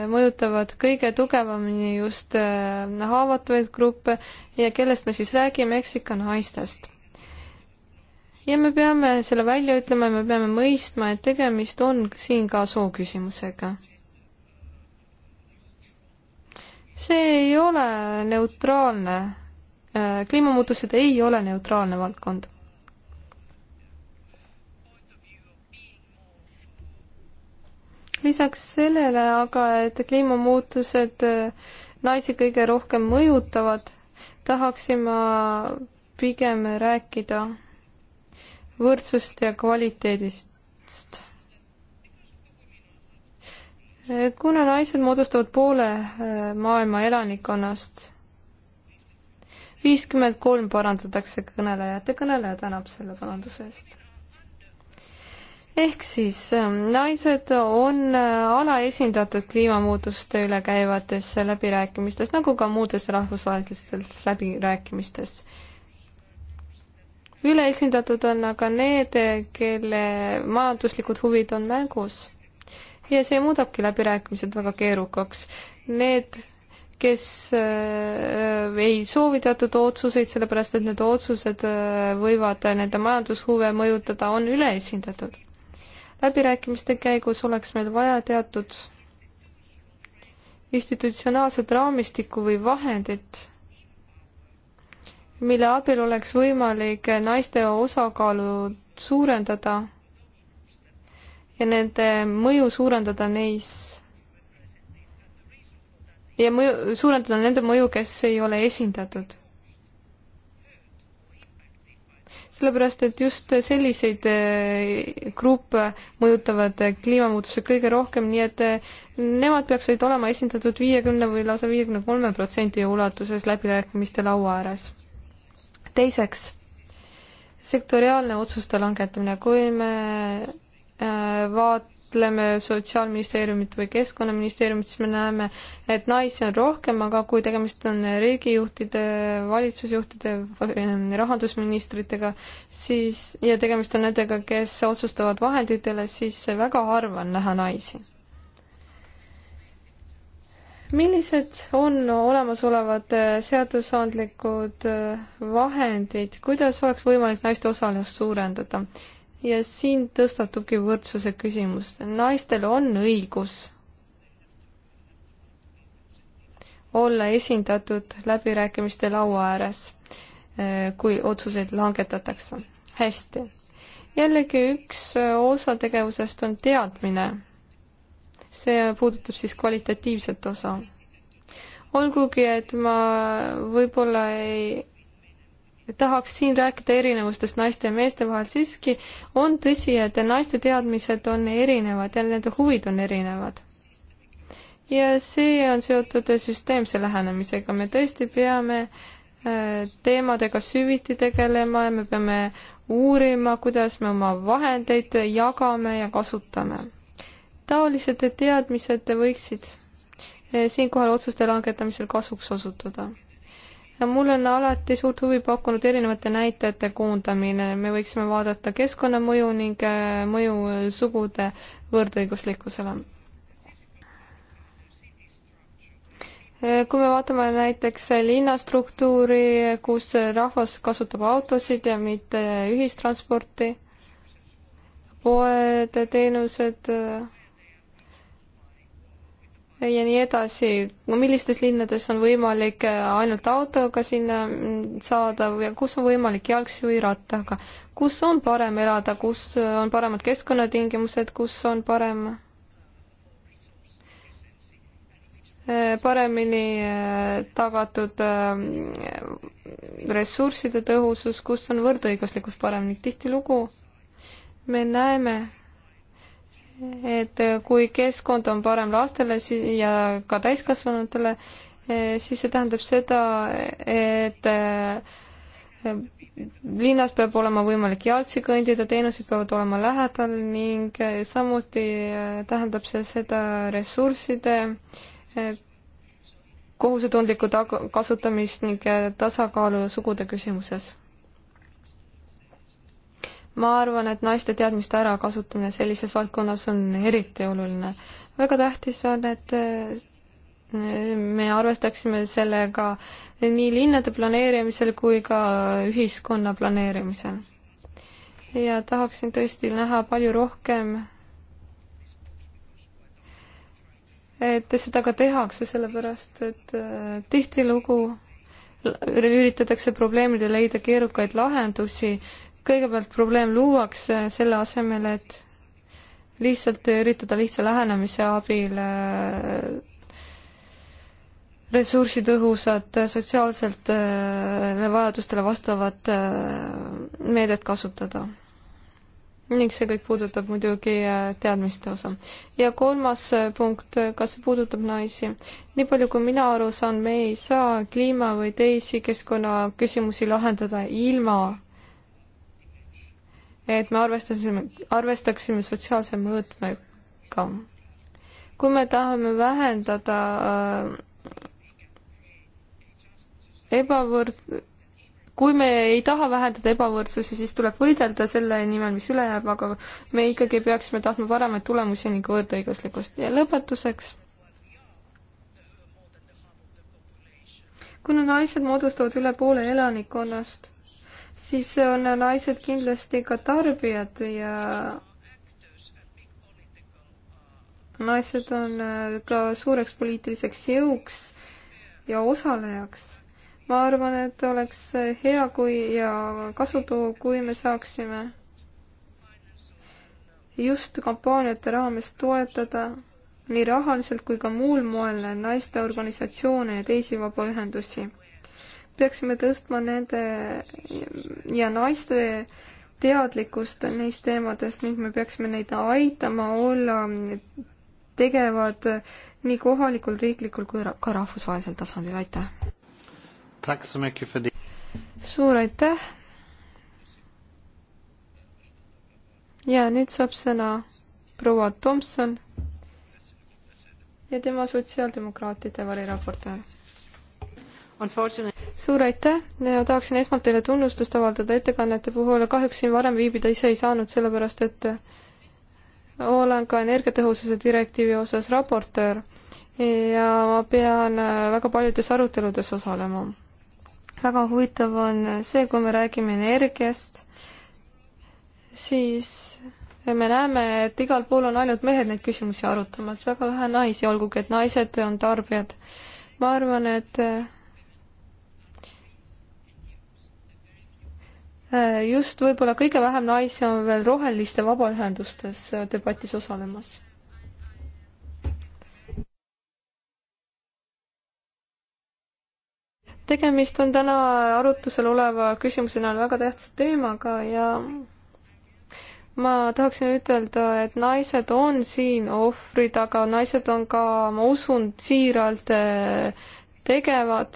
mõjutavad kõige tugevamini just haavatavaid gruppe ja kellest me siis räägime, eks ikka naistest ja me peame selle välja ütlema ja me peame mõistma, et tegemist on siin ka sooküsimusega. see ei ole neutraalne, äh, kliimamuutused ei ole neutraalne valdkond lisaks sellele aga, et kliimamuutused äh, naisi kõige rohkem mõjutavad, tahaksin ma pigem rääkida võrdsust ja kvaliteedist. kuna naised moodustavad poole äh, maailma elanikkonnast, viiskümmend kolm parandatakse kõnelejat ja kõneleja tänab selle paranduse eest. ehk siis äh, naised on äh, alaesindatud kliimamuutuste üle käivates läbirääkimistes, nagu ka muudes rahvusvahelistes läbirääkimistes üleesindatud on aga need, kelle majanduslikud huvid on mängus. ja see muudabki läbirääkimised väga keerukaks. Need, kes äh, ei soovi teatud otsuseid, sellepärast et need otsused äh, võivad nende majandushuve mõjutada, on üleesindatud. läbirääkimiste käigus oleks meil vaja teatud institutsionaalset raamistikku või vahendit mille abil oleks võimalik naiste osakaalu suurendada ja nende mõju suurendada neis ja mõju, suurendada nende mõju, kes ei ole esindatud. sellepärast, et just selliseid eh, gruppe mõjutavad kliimamuutused kõige rohkem, nii et eh, nemad peaksid olema esindatud viiekümne või lausa viiekümne kolme protsendi ulatuses läbirääkimiste laua ääres teiseks, sektoriaalne otsuste langetamine, kui me äh, vaatleme Sotsiaalministeeriumit või Keskkonnaministeeriumit, siis me näeme, et naisi on rohkem, aga kui tegemist on riigijuhtide, valitsusjuhtide, ähm, rahandusministritega, siis, ja tegemist on nendega, kes otsustavad vahenditele, siis väga harva on näha naisi millised on olemasolevad äh, seadusandlikud äh, vahendid, kuidas oleks võimalik naiste osalust suurendada? ja siin tõstatubki võrdsuse küsimus. naistel on õigus olla esindatud läbirääkimiste laua ääres, äh, kui otsuseid langetatakse. hästi. jällegi üks osa tegevusest on teadmine see puudutab siis kvalitatiivset osa. olgugi, et ma võib-olla ei tahaks siin rääkida erinevustest naiste ja meeste vahel, siiski on tõsi, et naiste teadmised on erinevad ja nende huvid on erinevad. ja see on seotud süsteemse lähenemisega, me tõesti peame äh, teemadega süviti tegelema ja me peame uurima, kuidas me oma vahendeid jagame ja kasutame taolised teadmised võiksid eh, siinkohal otsuste langetamisel kasuks osutuda. mul on alati suurt huvi pakkunud erinevate näitajate koondamine, me võiksime vaadata keskkonnamõju ning eh, mõju sugude võrdõiguslikkusele. Eh, kui me vaatame näiteks linnastruktuuri, kus rahvas kasutab autosid ja mitte ühistransporti, poed, teenused ja nii edasi. no millistes linnades on võimalik äh, ainult autoga sinna mm, saada ja kus on võimalik jalgsi või rattaga? kus on parem elada, kus äh, on paremad keskkonnatingimused, kus on parem äh, paremini tagatud ressursside tõhusus, kus on võrdõiguslikkus parem ning tihtilugu me näeme, et kui keskkond on parem lastele ja ka täiskasvanutele, eh, siis see tähendab seda, et eh, linnas peab olema võimalik jalgsi kõndida, teenused peavad olema lähedal ning eh, samuti tähendab see seda ressursside kohusetundlikku kasutamist ning tasakaalu sugude küsimuses ma arvan, et naiste teadmiste ärakasutamine sellises valdkonnas on eriti oluline. väga tähtis on, et eh, me arvestaksime sellega nii linnade planeerimisel kui ka ühiskonna planeerimisel. ja tahaksin tõesti näha palju rohkem, et seda ka tehakse, sellepärast et eh, tihtilugu üritatakse probleemidele leida keerukaid lahendusi kõigepealt probleem luuakse selle asemel, et lihtsalt üritada lihtsa lähenemise abil äh, ressursitõhusat, sotsiaalselt äh, vajadustele vastavat äh, meedet kasutada. ning see kõik puudutab muidugi teadmiste osa. ja kolmas punkt, kas see puudutab naisi? nii palju, kui mina aru saan, me ei saa kliima või teisi keskkonnaküsimusi lahendada ilma et me arvestasime, arvestaksime sotsiaalse mõõtmega. kui me tahame vähendada äh, ebavõrd-, kui me ei taha vähendada ebavõrdsusi, siis tuleb võidelda selle nimel, mis üle jääb, aga me ikkagi peaksime tahtma paremaid tulemusi ning võrdõiguslikkust. ja lõpetuseks. kuna naised moodustavad üle poole elanikkonnast siis on naised kindlasti ka tarbijad ja naised on äh, ka suureks poliitiliseks jõuks ja osalejaks. ma arvan, et oleks hea, kui ja kasutu, kui me saaksime just kampaaniate raames toetada nii rahaliselt kui ka muul moel naiste organisatsioone ja teisi vabaühendusi peaksime tõstma nende ja naiste teadlikkust neist teemadest ning me peaksime neid aitama olla tegevad nii kohalikul, riiklikul kui ka rahvusvahelisel tasandil, aitäh! suur aitäh! ja nüüd saab sõna proua Tomson ja tema sotsiaaldemokraatide variraportöör suur aitäh ja tahaksin esmalt teile tunnustust avaldada ettekannete puhul, kahjuks siin varem viibida ise ei saanud, sellepärast et olen ka energiatõhususe direktiivi osas raportöör ja ma pean äh, väga paljudes aruteludes osalema. väga huvitav on see, kui me räägime energiast, siis me näeme, et igal pool on ainult mehed neid küsimusi arutamas, väga vähe naisi, olgugi et naised on tarbijad. ma arvan, et äh, just võib-olla kõige vähem naisi on veel roheliste vabaühendustes äh, debatis osalemas. tegemist on täna arutusel oleva küsimusena väga tähtsa teemaga ja ma tahaksin ütelda, et naised on siin ohvrid, aga naised on ka, ma usun, siiralt äh, tegevad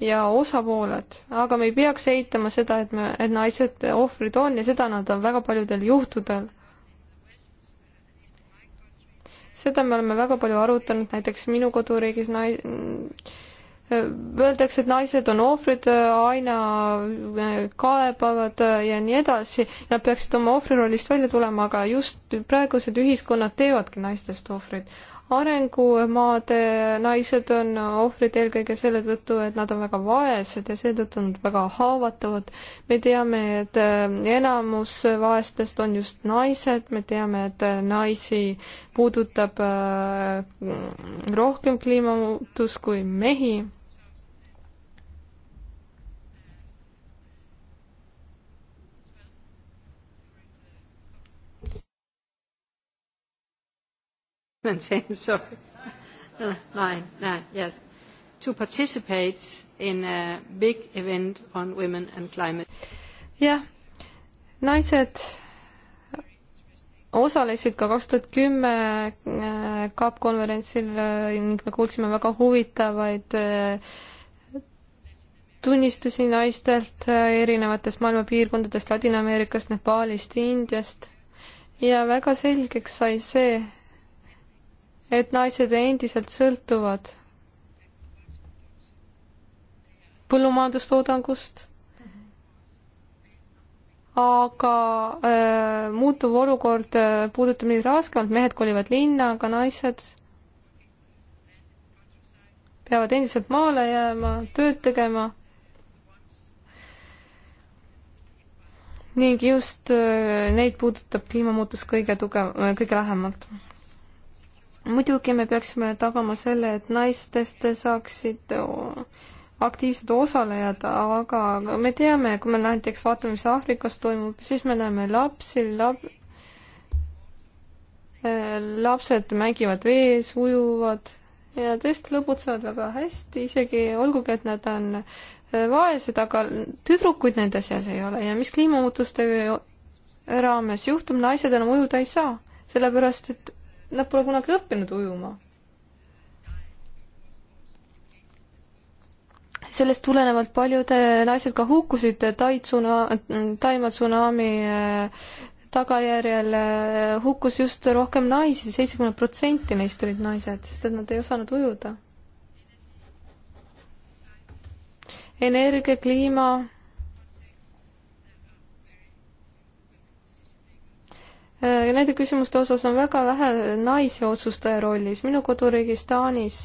ja osapooled, aga me ei peaks eitama seda, et me, et naised ohvrid on ja seda nad on väga paljudel juhtudel. seda me oleme väga palju arutanud, näiteks minu koduriigis nai-, öeldakse, et naised on ohvrid, aina kaebavad ja nii edasi, nad peaksid oma ohvrirollist välja tulema, aga just praegused ühiskonnad teevadki naistest ohvrid arengumaade naised on ohvrid eelkõige selle tõttu, et nad on väga vaesed ja seetõttu nad väga haavatavad. me teame, et äh, enamus vaestest on just naised, me teame, et äh, naisi puudutab äh, rohkem kliimamuutus kui mehi. 17, (laughs) sorry. Nine, (laughs) nine, yes. To participate in a big event on women and climate. jah, naised osalesid ka kaks tuhat kümme äh, CAP konverentsil äh, ning me kuulsime väga huvitavaid äh, tunnistusi naistelt erinevatest maailma piirkondadest, Ladina-Ameerikast, Nepaalist, Indiast ja väga selgeks sai see, et naised endiselt sõltuvad põllumajandustoodangust, aga äh, muutuv olukord äh, puudutab neid raskemalt, mehed kolivad linna, aga naised peavad endiselt maale jääma, tööd tegema. ning just äh, neid puudutab kliimamuutus kõige tugev, kõige lähemalt muidugi me peaksime tagama selle, et naistest saaksid aktiivsed osalejad, aga me teame, kui me näiteks vaatame, mis Aafrikas toimub, siis me näeme lapsi lab..., lapsed mängivad vees, ujuvad ja tõesti lõbutsevad väga hästi, isegi olgugi, et nad on vaesed, aga tüdrukuid nende seas ei ole ja mis kliimamuutuste raames juhtub, naised enam ujuda ei saa, sellepärast et Nad pole kunagi õppinud ujuma. sellest tulenevalt paljud äh, naised ka hukkusid äh, Tai tsuna-, äh, Taimaa tsunami tagajärjel hukkus just rohkem naisi, seitsekümmend protsenti neist olid naised, sest et nad ei osanud ujuda. energia, kliima Äh, nende küsimuste osas on väga vähe naisi otsustaja rollis. minu koduriigis Taanis,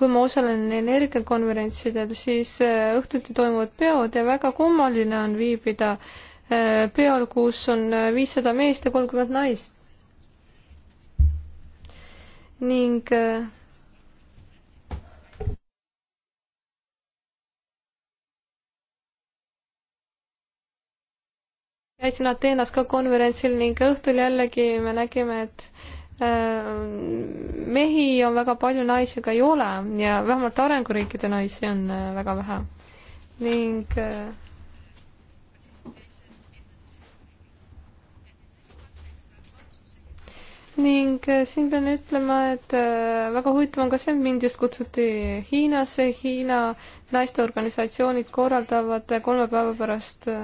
kui ma osalen energiakonverentsidel, siis äh, õhtuti toimuvad peod ja väga kummaline on viibida äh, peol, kus on viissada meest ja kolmkümmend naist. ning äh, käisin Ateenas ka konverentsil ning õhtul jällegi me nägime, et äh, mehi on väga palju, naisi aga ei ole ja vähemalt arenguriikide naisi on äh, väga vähe. ning äh, ning siin pean ütlema, et väga huvitav on ka see, et mind just kutsuti Hiinasse, Hiina naisteorganisatsioonid korraldavad kolme päeva pärast äh,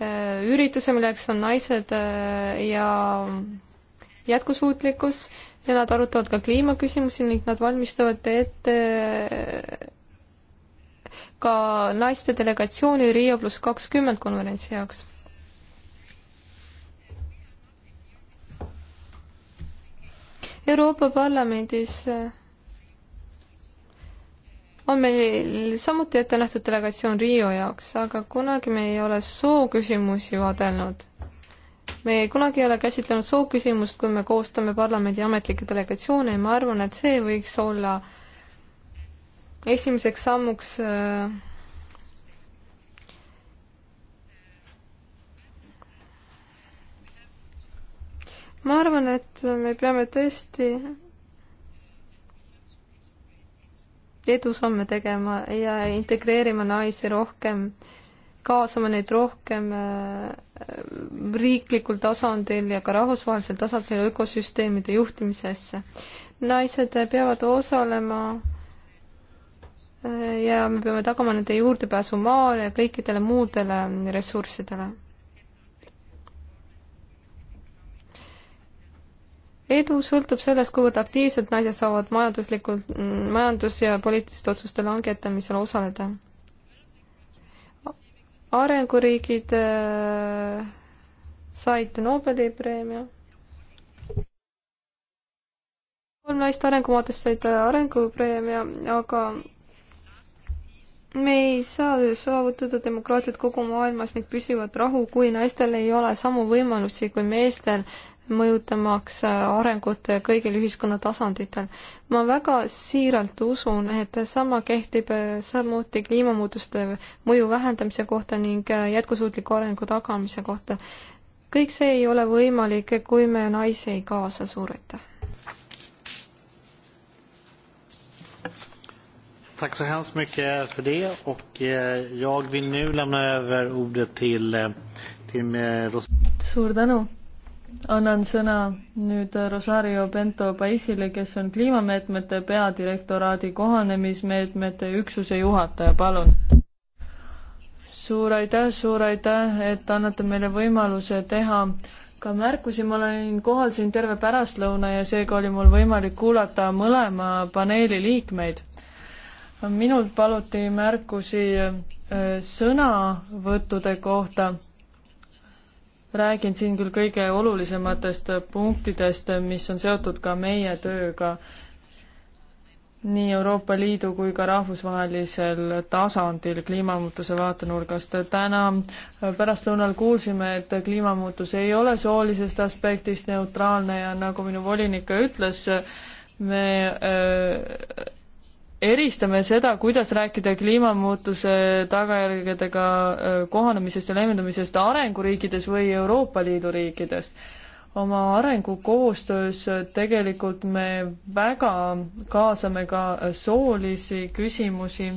Äh, ürituse, milleks on naised äh, ja jätkusuutlikkus ja nad arutavad ka kliimaküsimusi ning nad valmistavad ette äh, ka naiste delegatsiooni Riia pluss kakskümmend konverentsi jaoks. Euroopa Parlamendis on meil samuti ette nähtud delegatsioon Riio jaoks, aga kunagi me ei ole sooküsimusi vaadelnud. me ei kunagi ei ole käsitlenud sooküsimust, kui me koostame parlamendi ametlikke delegatsioone ja ma arvan, et see võiks olla esimeseks sammuks äh, ma arvan, et me peame tõesti edusamme tegema ja integreerima naisi rohkem, kaasama neid rohkem äh, riiklikul tasandil ja ka rahvusvahelisel tasandil ökosüsteemide juhtimisesse. naised peavad osalema äh, ja me peame tagama nende juurdepääsu maale ja kõikidele muudele ressurssidele edu sõltub sellest, kuivõrd aktiivselt naised saavad majanduslikult, mm, majandus- ja poliitiliste otsuste langetamisel osaleda. arenguriigid äh, said Nobeli preemia. kolm naist arengumaadest said äh, arengupreemia, aga me ei saa saavutada demokraatiat kogu maailmas ning püsivat rahu, kui naistel ei ole samu võimalusi kui meestel mõjutamaks äh, arengut kõigil ühiskonna tasanditel. ma väga siiralt usun, et sama kehtib äh, samuti kliimamuutuste mõju vähendamise kohta ning äh, jätkusuutliku arengu tagamise kohta. kõik see ei ole võimalik, kui me naisi ei kaasa, suur aitäh! Tack så hemskt mycket för det och eh, jag vill nu lämna över ordet till, eh, till eh, Ros- Suur tänu! annan sõna nüüd Rosario Bento Paisile, kes on kliimameetmete peadirektoraadi kohanemismeetmete üksuse juhataja, palun. suur aitäh, suur aitäh, et annate meile võimaluse teha ka märkusi, ma olin kohal siin terve pärastlõuna ja seega oli mul võimalik kuulata mõlema paneeli liikmeid. minult paluti märkusi äh, sõnavõttude kohta räägin siin küll kõige olulisematest punktidest, mis on seotud ka meie tööga nii Euroopa Liidu kui ka rahvusvahelisel tasandil kliimamuutuse vaatenurgast. täna pärastlõunal kuulsime, et kliimamuutus ei ole soolisest aspektist neutraalne ja nagu minu volinik ka ütles, me öö, eristame seda, kuidas rääkida kliimamuutuse tagajärgedega kohanemisest ja leevendamisest arenguriikides või Euroopa Liidu riikides. oma arengukoostöös tegelikult me väga kaasame ka soolisi küsimusi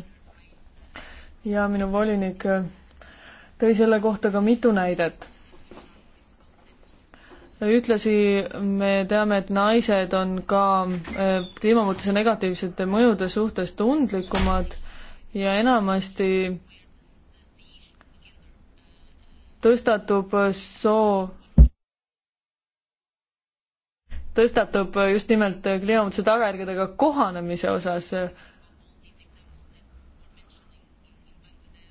ja minu volinik tõi selle kohta ka mitu näidet ühtlasi me teame, et naised on ka äh, kliimamuutuse negatiivsete mõjude suhtes tundlikumad ja enamasti tõstatub soo, tõstatub just nimelt kliimamuutuse tagajärgedega kohanemise osas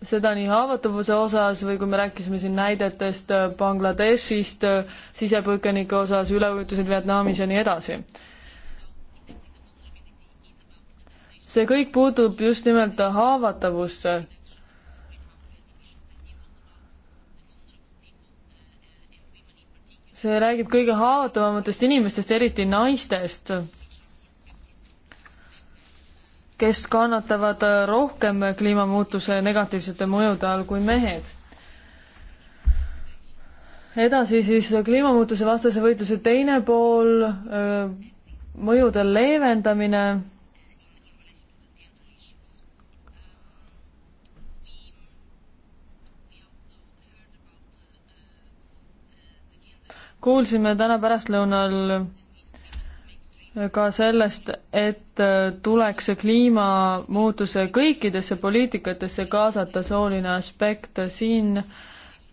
seda nii haavatavuse osas või kui me rääkisime siin näidetest äh, Bangladeshist, äh, sisepõgenike osas, üleujutused Vietnamis ja nii edasi. see kõik puutub just nimelt haavatavusse. see räägib kõige haavatavamatest inimestest, eriti naistest kes kannatavad rohkem kliimamuutuse negatiivsete mõjude all kui mehed. edasi siis kliimamuutuse vastase võitluse teine pool, mõjude leevendamine. kuulsime täna pärastlõunal ka sellest, et äh, tuleks kliimamuutuse kõikidesse poliitikatesse kaasata sooline aspekt. siin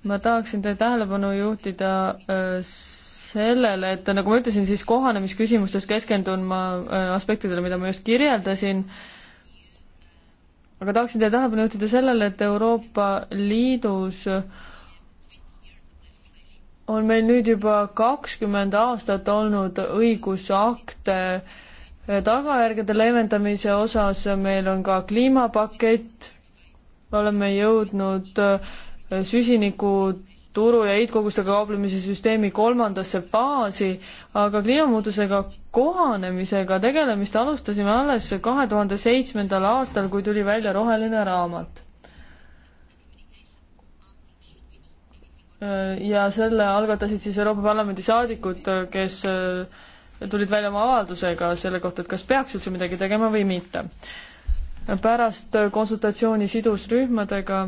ma tahaksin teie tähelepanu juhtida äh, sellele, et nagu ma ütlesin, siis kohanemisküsimustes keskendun ma äh, aspektidele, mida ma just kirjeldasin, aga tahaksin teie tähelepanu juhtida sellele, et Euroopa Liidus äh, on meil nüüd juba kakskümmend aastat olnud õigusakte tagajärgede leevendamise osas, meil on ka kliimapakett, oleme jõudnud äh, süsinikuturu ja heitkogustega kauplemise süsteemi kolmandasse faasi, aga kliimamuutusega kohanemisega tegelemist alustasime alles kahe tuhande seitsmendal aastal, kui tuli välja roheline raamat Äh, ja selle algatasid siis Euroopa Parlamendi saadikud, äh, kes äh, tulid välja oma avaldusega selle kohta, et kas peaks üldse midagi tegema või mitte. pärast konsultatsiooni sidusrühmadega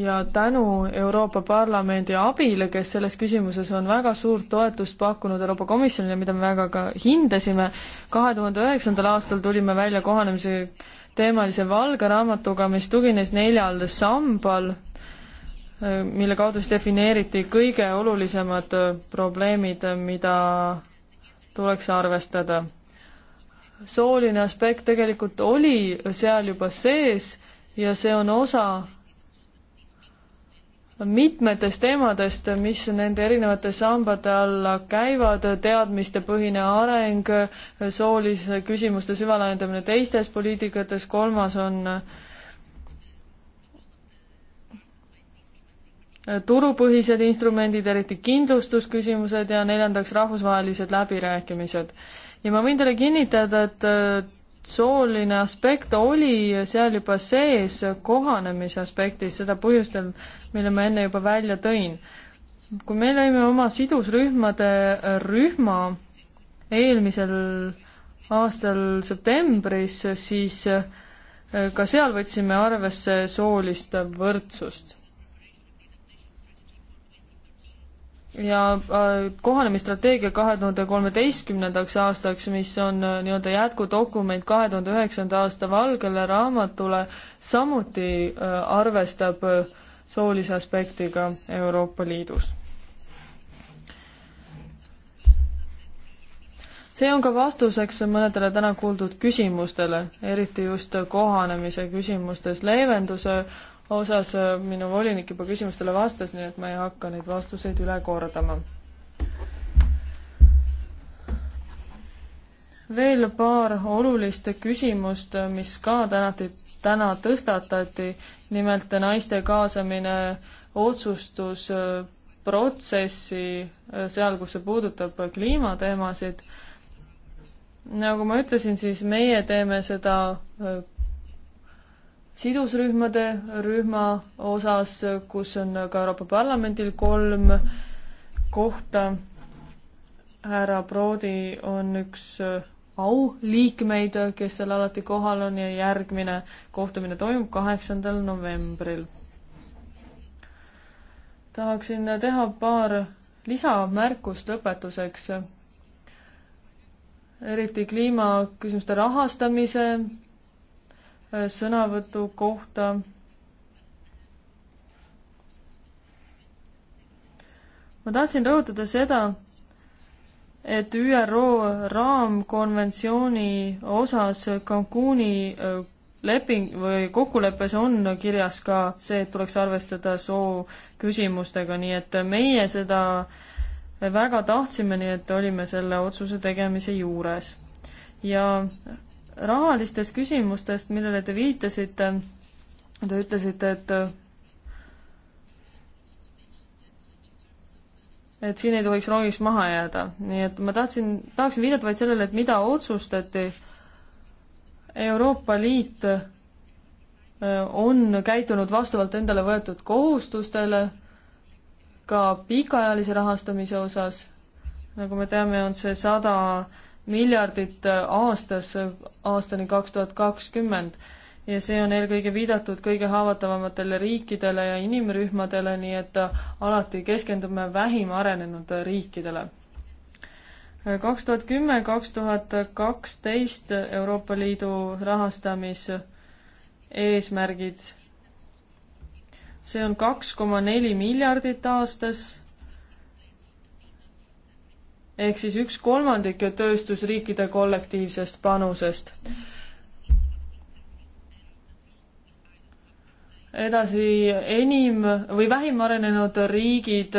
ja tänu Euroopa Parlamendi abile, kes selles küsimuses on väga suurt toetust pakkunud Euroopa Komisjonile, mida me väga ka hindasime, kahe tuhande üheksandal aastal tulime välja kohanemise teemalise valge raamatuga, mis tugines neljal sambal mille kaudu siis defineeriti kõige olulisemad äh, probleemid, äh, mida tuleks arvestada. sooline aspekt tegelikult oli seal juba sees ja see on osa mitmetest teemadest, mis nende erinevate sambade alla käivad, teadmistepõhine areng, soolise küsimuste süvalaiendamine teistes poliitikates, kolmas on äh, Äh, turupõhised instrumendid, eriti kindlustusküsimused ja neljandaks rahvusvahelised läbirääkimised. ja ma võin teile kinnitada, et äh, sooline aspekt oli seal juba sees kohanemise aspektis, seda põhjustel, mille ma enne juba välja tõin. kui me lõime oma sidusrühmade äh, rühma eelmisel aastal septembris, siis ka seal võtsime arvesse soolist võrdsust ja äh, kohanemisstrateegia kahe tuhande kolmeteistkümnendaks aastaks, mis on äh, nii-öelda jätkudokument kahe tuhande üheksanda aasta valgele raamatule, samuti äh, arvestab soolise aspektiga Euroopa Liidus. see on ka vastuseks mõnedele täna kuuldud küsimustele, eriti just kohanemise küsimustes, leevenduse osas äh, minu volinik juba küsimustele vastas, nii et ma ei hakka neid vastuseid üle kordama. veel paar olulist küsimust, äh, mis ka tänati, täna tõstatati, nimelt naiste kaasamine otsustusprotsessi äh, seal, kus see puudutab kliimateemasid. nagu ma ütlesin, siis meie teeme seda sidusrühmade rühma osas, kus on ka Euroopa Parlamendil kolm kohta. härra Brody on üks auliikmeid, kes seal alati kohal on ja järgmine kohtumine toimub kaheksandal novembril. tahaksin teha paar lisamärkust lõpetuseks. eriti kliimaküsimuste rahastamise sõnavõtu kohta. ma tahtsin rõhutada seda, et ÜRO raamkonventsiooni osas Cancuni äh, leping või kokkuleppes on kirjas ka see, et tuleks arvestada soo küsimustega, nii et meie seda väga tahtsime, nii et olime selle otsuse tegemise juures. ja rahalistest küsimustest, millele te viitasite, te ütlesite, et et siin ei tohiks rongiks maha jääda, nii et ma tahtsin, tahaksin viidata vaid sellele, et mida otsustati. Euroopa Liit eh, on käitunud vastavalt endale võetud kohustustele, ka pikaajalise rahastamise osas, nagu me teame, on see sada 100 miljardit äh, aastas äh, aastani kaks tuhat kakskümmend ja see on eelkõige viidatud kõige haavatavamatele riikidele ja inimrühmadele, nii et äh, alati keskendume vähim arenenud riikidele. kaks tuhat kümme, kaks tuhat kaksteist Euroopa Liidu rahastamiseesmärgid, see on kaks koma neli miljardit aastas ehk siis üks kolmandik tööstusriikide kollektiivsest panusest. edasi enim või vähim arenenud riigid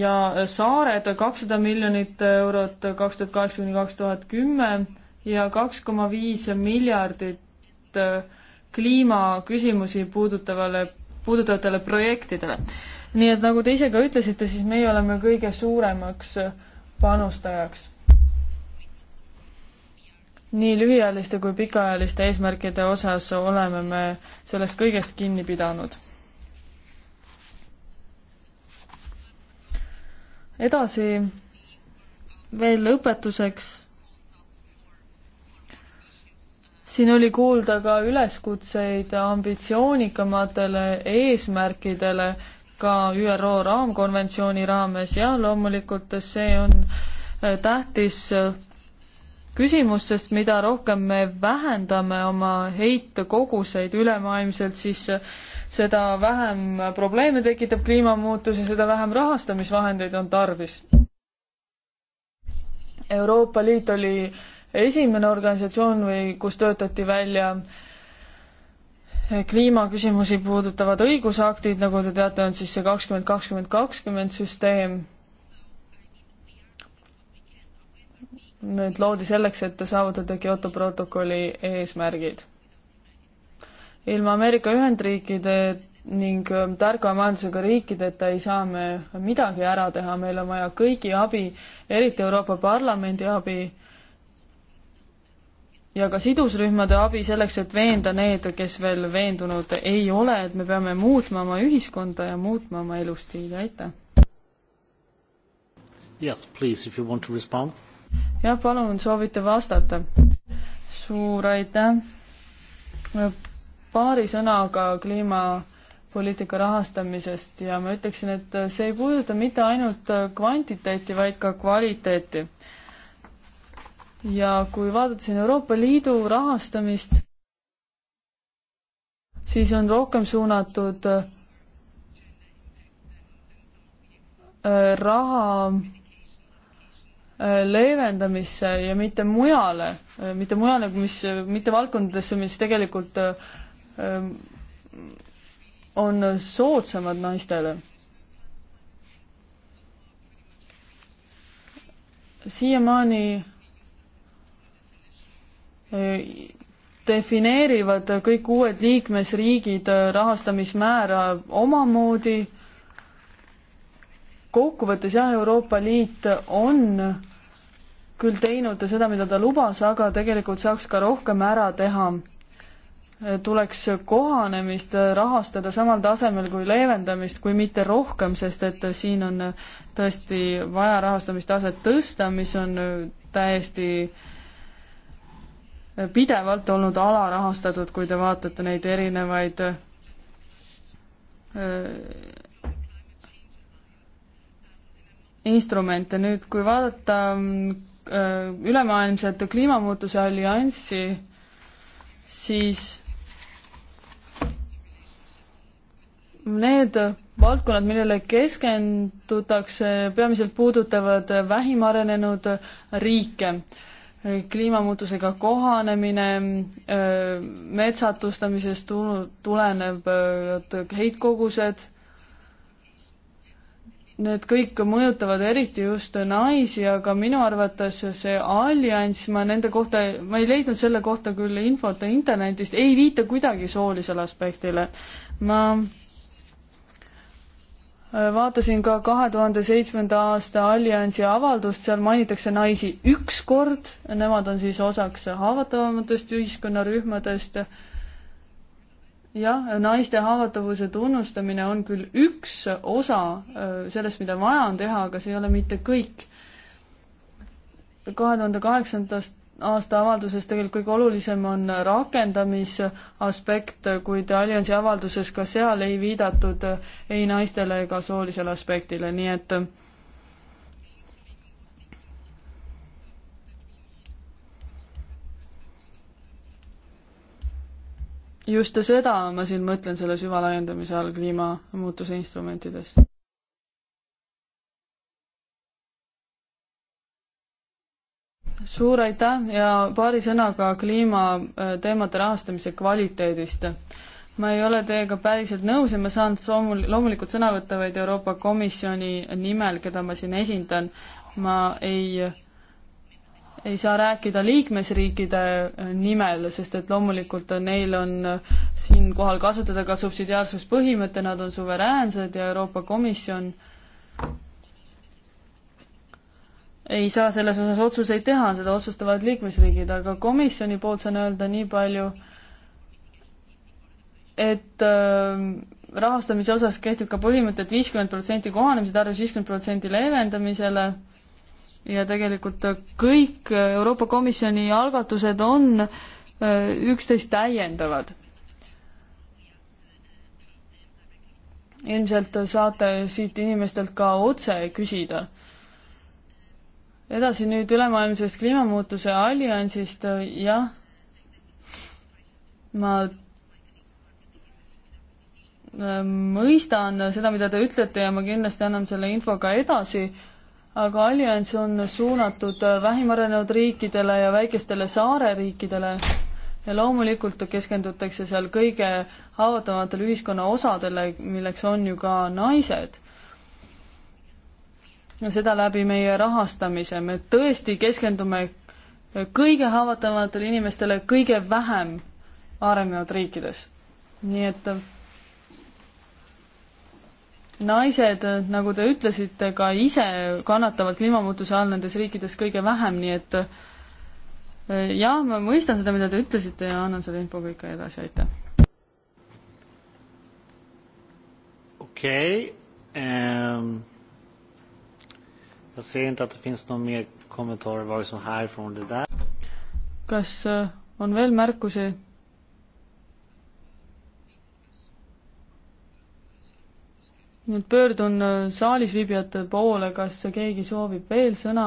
ja saared kakssada miljonit eurot kaks tuhat kaheksa kuni kaks tuhat kümme ja kaks koma viis miljardit kliimaküsimusi puudutavale, puudutavatele projektidele nii et nagu te ise ka ütlesite, siis meie oleme kõige suuremaks panustajaks nii lühiajaliste kui pikaajaliste eesmärkide osas oleme me sellest kõigest kinni pidanud. edasi veel lõpetuseks. siin oli kuulda ka üleskutseid ambitsioonikamatele eesmärkidele ka ÜRO raamkonventsiooni raames ja loomulikult see on äh, tähtis äh, küsimus, sest mida rohkem me vähendame oma heitkoguseid ülemaailmselt, siis äh, seda vähem probleeme tekitab kliimamuutus ja seda vähem rahastamisvahendeid on tarvis. Euroopa Liit oli esimene organisatsioon või kus töötati välja äh, kliimaküsimusi puudutavad õigusaktid, nagu te teate, on siis see kakskümmend, kakskümmend, kakskümmend süsteem. nüüd loodi selleks, et saavutada Kyoto protokolli eesmärgid. ilma Ameerika Ühendriikide ning targa majandusega riikideta ei saa me midagi ära teha, meil on vaja kõigi abi, eriti Euroopa Parlamendi abi ja ka sidusrühmade abi selleks, et veenda need, kes veel veendunud ei ole, et me peame muutma oma ühiskonda ja muutma oma elustiili, aitäh! Yes, please, if you want to respond. jah, palun, soovite vastata? suur aitäh! paari sõnaga kliimapoliitika rahastamisest ja ma ütleksin, et see ei puuduta mitte ainult kvantiteeti, vaid ka kvaliteeti ja kui vaadata siin Euroopa Liidu rahastamist, siis on rohkem suunatud äh, raha äh, leevendamisse ja mitte mujale, äh, mitte mujale, mis, mitte valdkondadesse, mis tegelikult on soodsamad naistele siiamaani defineerivad kõik uued liikmesriigid rahastamismäära omamoodi. kokkuvõttes jah, Euroopa Liit on küll teinud seda, mida ta lubas, aga tegelikult saaks ka rohkem ära teha. tuleks kohanemist rahastada samal tasemel kui leevendamist, kui mitte rohkem, sest et siin on tõesti vaja rahastamistaset tõsta, mis on täiesti äh, pidevalt olnud alarahastatud, kui te vaatate neid erinevaid äh, instrumente. nüüd, kui vaadata äh, ülemaailmset kliimamuutuse allianssi, siis need valdkonnad, millele keskendutakse, peamiselt puudutavad vähim arenenud riike kliimamuutusega kohanemine, metsatustamisest tulenevad heitkogused, need kõik mõjutavad eriti just naisi, aga minu arvates see allianss, ma nende kohta, ma ei leidnud selle kohta küll infot internetist, ei viita kuidagi soolisele aspektile. ma vaatasin ka kahe tuhande seitsmenda aasta alliansi avaldust, seal mainitakse naisi üks kord, nemad on siis osaks haavatavamatest ühiskonnarühmadest. jah, naiste haavatavuse tunnustamine on küll üks osa äh, sellest, mida vaja on teha, aga see ei ole mitte kõik. kahe tuhande kaheksandast aasta avalduses tegelikult kõige olulisem on rakendamise aspekt, kuid alliansi avalduses ka seal ei viidatud ei naistele ega soolisele aspektile, nii et just seda ma siin mõtlen selle süvalaiendamise all kliimamuutuse instrumentides suur aitäh ja paari sõnaga kliimateemade äh, rahastamise kvaliteedist. ma ei ole teiega päriselt nõus ja ma saan soomul-, loomulikult sõna võtta vaid Euroopa Komisjoni nimel, keda ma siin esindan. ma ei ei saa rääkida liikmesriikide äh, nimel, sest et loomulikult neil on äh, siinkohal kasutada ka subsidiaarsuspõhimõte, nad on suveräänsed ja Euroopa Komisjon ei saa selles osas otsuseid teha, seda otsustavad liikmesriigid, aga komisjoni poolt saan öelda nii palju, et äh, rahastamise osas kehtib ka põhimõte, et viiskümmend protsenti kohanemise tarvis, viiskümmend protsenti leevendamisele ja tegelikult kõik Euroopa Komisjoni algatused on äh, üksteist täiendavad. ilmselt saate siit inimestelt ka otse küsida äh, edasi nüüd ülemaailmsest kliimamuutuse alliansist, äh, jah, ma äh, mõistan seda, mida te ütlete ja ma kindlasti annan selle info ka edasi, aga allianss on suunatud äh, vähim arenenud riikidele ja väikestele saareriikidele ja loomulikult keskendutakse seal kõige haavatavamatele ühiskonna osadele, milleks on ju ka naised ja seda läbi meie rahastamise. me tõesti keskendume kõige haavatavamatele inimestele kõige vähem arenenud riikides. nii et äh, naised, nagu te ütlesite, ka ise kannatavad kliimamuutuse all nendes riikides kõige vähem, nii et äh, jah, ma mõistan seda, mida te ütlesite ja annan selle info kõik edasi, aitäh. okei okay, um.... Ähm, Jag ser inte att det finns någon mer kommentar vare sig härifrån eller där. Kas eh, on veel märkusi? nüüd pöördun eh, saalis viibijate poole, kas keegi soovib veel sõna?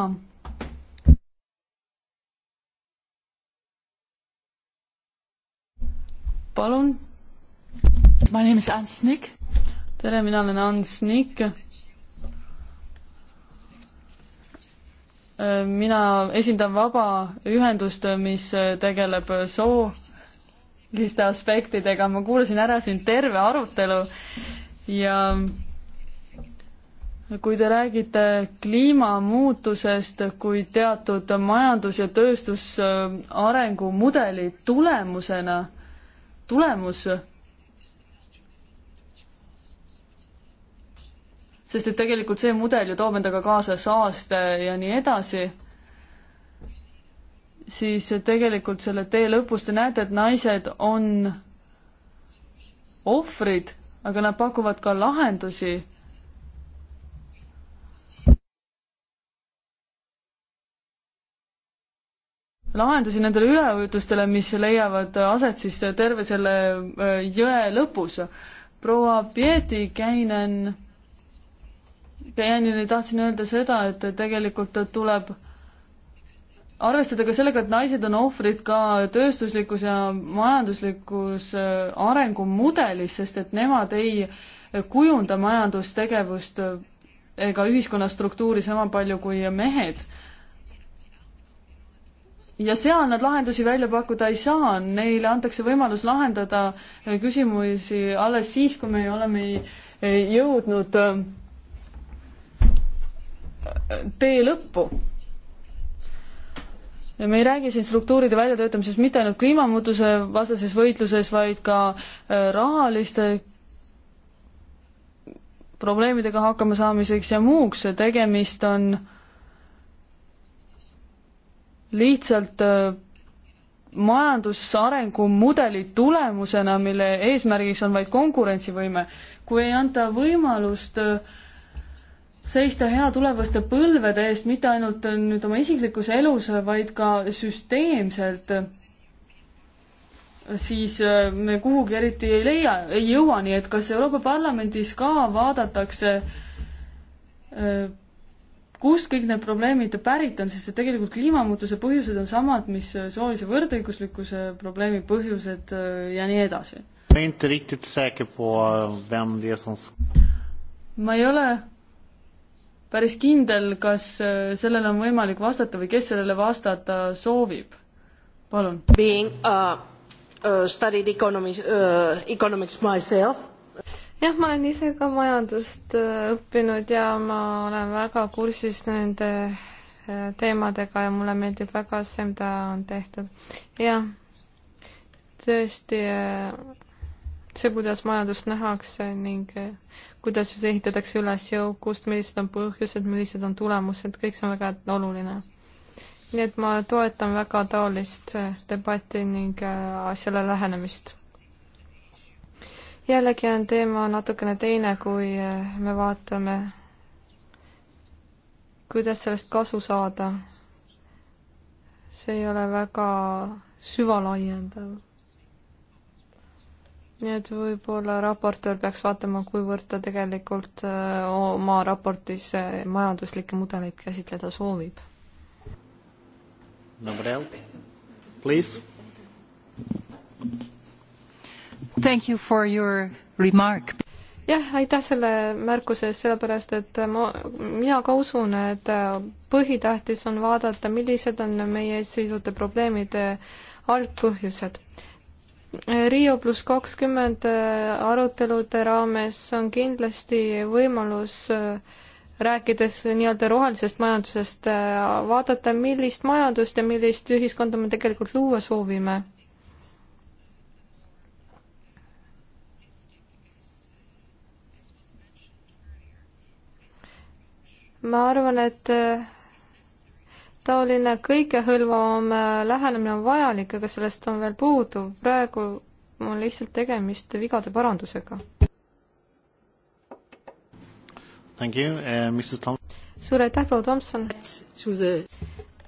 palun. My name is Ann Snik. tere, mina olen Ann Snik mina esindan vabaühendust, mis tegeleb sooliste aspektidega, ma kuulasin ära siin terve arutelu ja kui te räägite kliimamuutusest kui teatud majandus- ja tööstusarengu mudeli tulemusena, tulemus sest et tegelikult see mudel ju toob endaga kaasa saaste ja nii edasi, siis tegelikult selle tee lõpus te näete, et naised on ohvrid, aga nad pakuvad ka lahendusi lahendusi nendele üleujutustele, mis leiavad aset siis terve selle äh, jõe lõpus. proua Pieti Käinen Kajanile tahtsin öelda seda, et tegelikult tuleb arvestada ka sellega, et naised on ohvrid ka tööstuslikus ja majanduslikus äh, arengumudelis, sest et nemad ei kujunda majandustegevust äh, ega ühiskonnastruktuuri sama palju kui mehed. ja seal nad lahendusi välja pakkuda ei saa, neile antakse võimalus lahendada äh, küsimusi alles siis, kui me oleme jõudnud tee lõppu. me ei räägi siin struktuuride väljatöötamisest mitte ainult kliimamuutuse vastases võitluses, vaid ka äh, rahaliste probleemidega hakkama saamiseks ja muuks, tegemist on lihtsalt äh, majandusarengu mudeli tulemusena, mille eesmärgiks on vaid konkurentsivõime. kui ei anta võimalust äh, seista hea tulevaste põlvede eest, mitte ainult nüüd oma isiklikus elus, vaid ka süsteemselt, siis äh, me kuhugi eriti ei leia, ei jõua, nii et kas Euroopa Parlamendis ka vaadatakse, äh, kust kõik need probleemid pärit on, sest et tegelikult kliimamuutuse põhjused on samad, mis äh, soolise võrdõiguslikkuse probleemi põhjused ja nii edasi. ma ei ole päris kindel, kas äh, sellele on võimalik vastata või kes sellele vastata soovib. palun. Being uh, uh, studied economics uh,, economics myself. jah, ma olen ise ka majandust äh, õppinud ja ma olen väga kursis nende äh, teemadega ja mulle meeldib väga see, mida on tehtud. jah, tõesti see, kuidas majandust nähakse ning kuidas see ehitatakse üles jõukust, millised on põhjused, millised on tulemused, kõik see on väga oluline. nii et ma toetan väga taolist äh, debatti ning äh, asjale lähenemist. jällegi on teema natukene teine, kui äh, me vaatame, kuidas sellest kasu saada. see ei ole väga süvalaiendav nii et võib-olla raportöör peaks vaatama, kuivõrd ta tegelikult äh, oma raportis äh, majanduslikke mudeleid käsitleda soovib. Thank you for your remark. jah, aitäh selle märkuse eest, sellepärast et ma, mina ka usun, et äh, põhitähtis on vaadata, millised on meie ees seisvate probleemide algpõhjused Rio pluss kakskümmend äh, arutelude raames on kindlasti võimalus äh, rääkides nii-öelda rohelisest majandusest, äh, vaadata, millist majandust ja millist ühiskonda me tegelikult luua soovime. ma arvan, et taoline kõikehõlvavam äh, lähenemine on vajalik, aga sellest on veel puudu. praegu on lihtsalt tegemist vigade parandusega. Äh, suur aitäh, proua Tomson!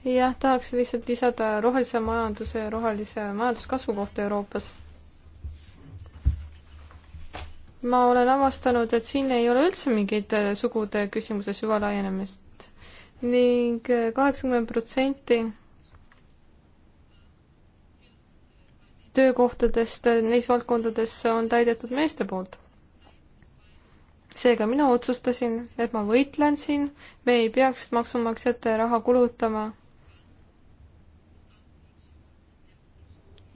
jah, tahaks lihtsalt lisada rohelise majanduse ja rohelise majanduskasvu kohta Euroopas. ma olen avastanud, et siin ei ole üldse mingit äh, sugude küsimuse süvalaienemist ning äh, kaheksakümmend protsenti töökohtadest äh, neis valdkondades on täidetud meeste poolt. seega mina otsustasin, et ma võitlen siin, me ei peaks maksumaksjate raha kulutama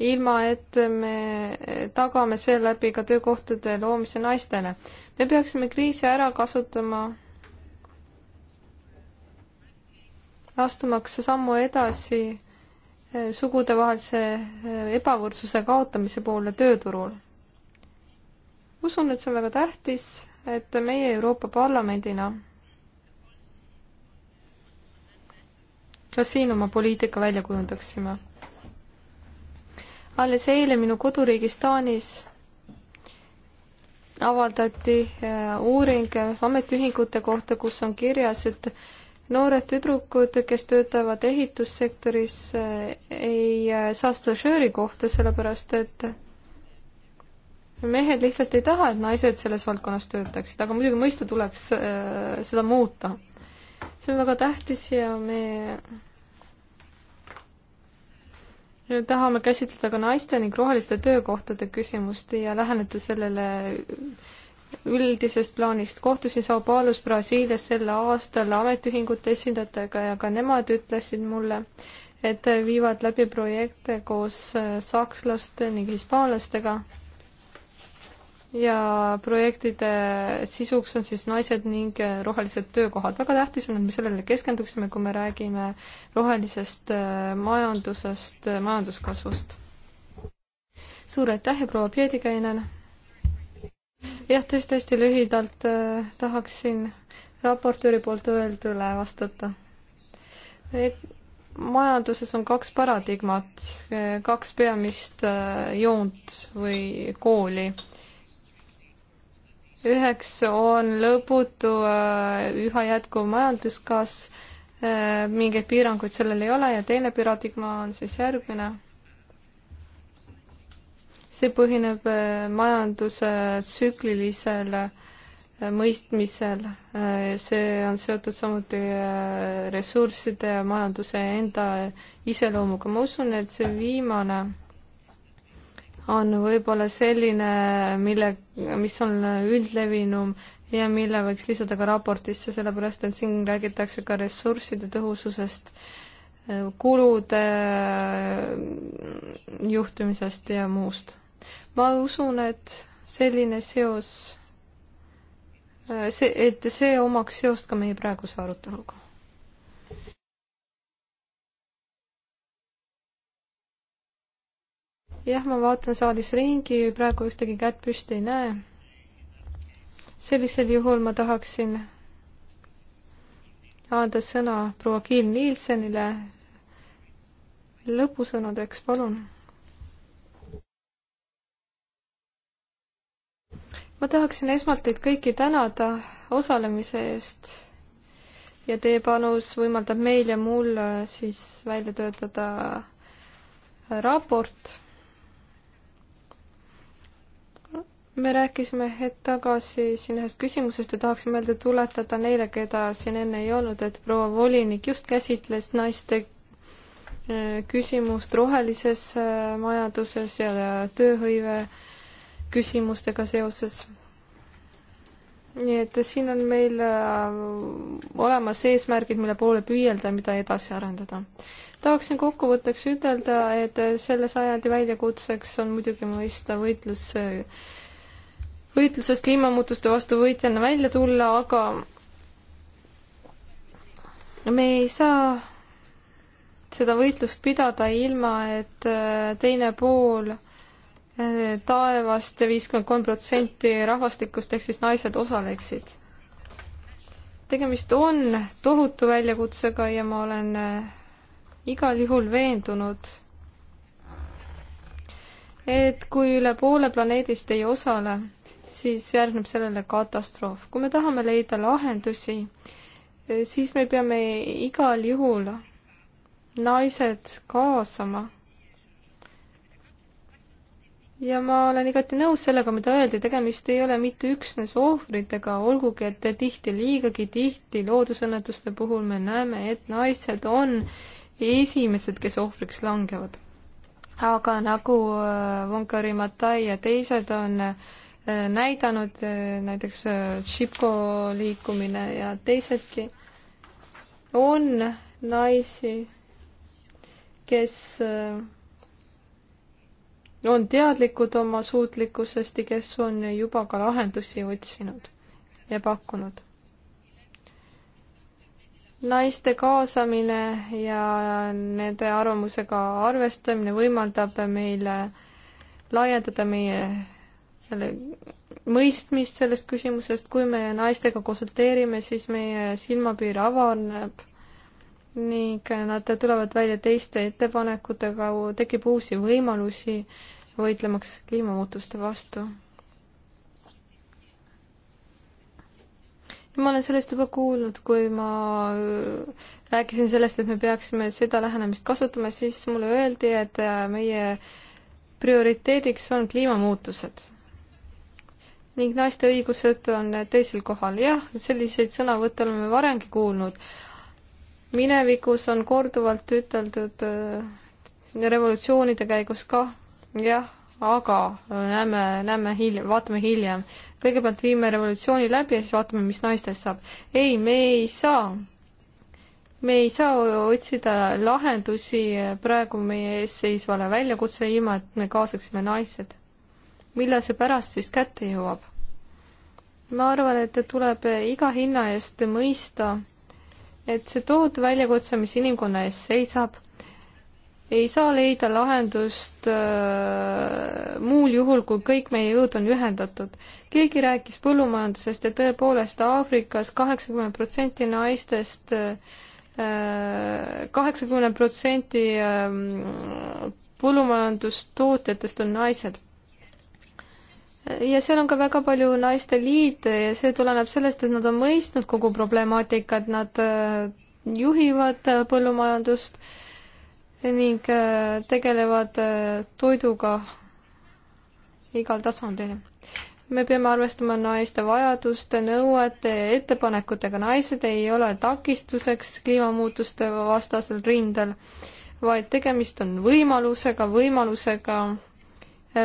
ilma et me tagame seeläbi ka töökohtade loomise naistele. me peaksime kriisi ära kasutama astumaks sammu edasi eh, sugudevahelise eh, ebavõrdsuse kaotamise poole tööturul. usun, et see on väga tähtis, et meie Euroopa Parlamendina ka siin oma poliitika välja kujundaksime. alles eile minu koduriigis Taanis avaldati eh, uuring ametiühingute kohta, kus on kirjas, et noored tüdrukud, kes töötavad ehitussektoris, ei äh, saa stažööri kohta, sellepärast et mehed lihtsalt ei taha, et naised selles valdkonnas töötaksid, aga muidugi mõista tuleks äh, seda muuta. see on väga tähtis ja me me tahame käsitleda ka naiste ning roheliste töökohtade küsimust ja läheneda sellele üldisest plaanist. kohtusin Sao Paulos Brasiilias sel aastal ametiühingute esindajatega ja ka nemad ütlesid mulle, et viivad läbi projekte koos äh, sakslaste ning hispaanlastega. ja projektide sisuks on siis naised ning äh, rohelised töökohad. väga tähtis on, et me sellele keskenduksime, kui me räägime rohelisest äh, majandusest, majanduskasvust. suur aitäh ja proua Piedikäinen! jah, tõesti hästi lühidalt äh, tahaksin raportööri poolt öeldule vastata et majanduses on kaks paradigmat, äh, kaks peamist äh, joont või kooli. üheks on lõputu äh, üha jätkuv majanduskasv, mingeid piiranguid sellel ei ole ja teine paradigma on siis järgmine see põhineb äh, majanduse tsüklilisel äh, mõistmisel, äh, see on seotud samuti ressursside ja majanduse enda iseloomuga, ma usun, et see viimane on võib-olla selline, mille, mis on üldlevinum ja mille võiks lisada ka raportisse, sellepärast et siin räägitakse ka ressursside tõhususest kulude juhtimisest ja muust ma usun, et selline seos, see, et see omaks seost ka meie praeguse aruteluga. jah, ma vaatan saalis ringi, praegu ühtegi kätt püsti ei näe. sellisel juhul ma tahaksin anda sõna proua Kiil Nielsenile lõpusõnadeks, palun ma tahaksin esmalt teid kõiki tänada osalemise eest ja teie panus võimaldab meil ja mul äh, siis välja töötada äh, raport. me rääkisime hetk tagasi siin ühest küsimusest ja tahaksin meelde tuletada neile, keda siin enne ei olnud, et proua volinik just käsitles naiste äh, küsimust rohelises majanduses ja tööhõive küsimustega seoses. nii et siin on meil äh, olemas eesmärgid, mille poole püüelda, mida edasi arendada. tahaksin kokkuvõtteks ütelda, et selle sajandi väljakutseks on muidugi mõista võitlus, võitlusest kliimamuutuste vastu võitjana välja tulla, aga me ei saa seda võitlust pidada ilma, et äh, teine pool äh, taevast viiskümmend kolm protsenti rahvastikust ehk siis naised osaleksid. tegemist on tohutu väljakutsega ja ma olen äh, igal juhul veendunud, et kui üle poole planeedist ei osale, siis järgneb sellele katastroof. kui me tahame leida lahendusi, äh, siis me peame igal juhul naised kaasama ja ma olen igati nõus sellega, mida öeldi, tegemist ei ole mitte üksnes ohvritega, olgugi et tihti, liigagi tihti loodusõnnetuste puhul me näeme, et naised on esimesed, kes ohvriks langevad. aga nagu Vonkari äh, Matai ja teised on äh, näidanud, äh, näiteks Tšipko liikumine ja teisedki, on naisi, kes on teadlikud oma suutlikkusest ja kes on juba ka lahendusi otsinud ja pakkunud. naiste kaasamine ja nende arvamusega arvestamine võimaldab meile laiendada meie selle mõistmist sellest küsimusest, kui me naistega konsulteerime, siis meie silmapiir avaneb ning nad tulevad välja teiste ettepanekutega, tekib uusi võimalusi võitlemaks kliimamuutuste vastu. ma olen sellest juba kuulnud, kui ma äh, rääkisin sellest, et me peaksime seda lähenemist kasutama, siis mulle öeldi, et äh, meie prioriteediks on kliimamuutused ning naiste õigused on teisel kohal. jah, selliseid sõnavõtte oleme varemgi kuulnud, minevikus on korduvalt üteldud äh, revolutsioonide käigus ka, jah, aga äh, näeme, näeme hiljem, vaatame hiljem. kõigepealt viime revolutsiooni läbi ja siis vaatame, mis naistest saab. ei, me ei saa. me ei saa otsida lahendusi äh, praegu meie ees seisvale väljakutsele, ilma et me kaasaksime naised. millal see pärast siis kätte jõuab? ma arvan, et tuleb iga hinna eest mõista et see tohutu väljakutse, mis inimkonna ees seisab, ei saa leida lahendust äh, muul juhul, kui kõik meie jõud on ühendatud. keegi rääkis põllumajandusest ja tõepoolest Aafrikas kaheksakümmend protsenti naistest äh, kaheksakümmend protsenti ähm, põllumajandustootjatest on naised ja seal on ka väga palju naiste liite ja see tuleneb sellest, et nad on mõistnud kogu problemaatikat, nad äh, juhivad äh, põllumajandust ning äh, tegelevad toiduga igal tasandil. me peame arvestama naiste vajaduste, nõuete ja ettepanekutega. naised ei ole takistuseks kliimamuutuste vastasel rindel, vaid tegemist on võimalusega, võimalusega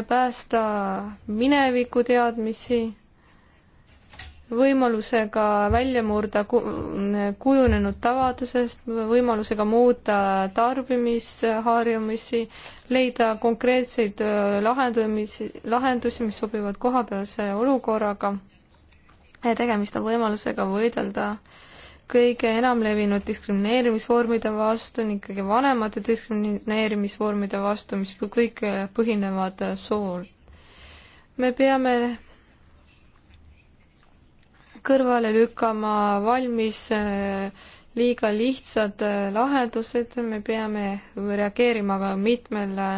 päästa mineviku teadmisi, võimalusega välja murda kujunenud tavadusest, võimalusega muuta tarbimisharjumusi, leida konkreetseid äh, lahendusi, lahendusi, mis sobivad kohapealse olukorraga. tegemist on võimalusega võidelda äh, kõige enamlevinud diskrimineerimisvormide vastu on ikkagi vanemate diskrimineerimisvormide vastu, mis kõik äh, põhinevad äh, sool. me peame kõrvale lükkama valmis äh, liiga lihtsad lahendused, me peame reageerima ka mitmele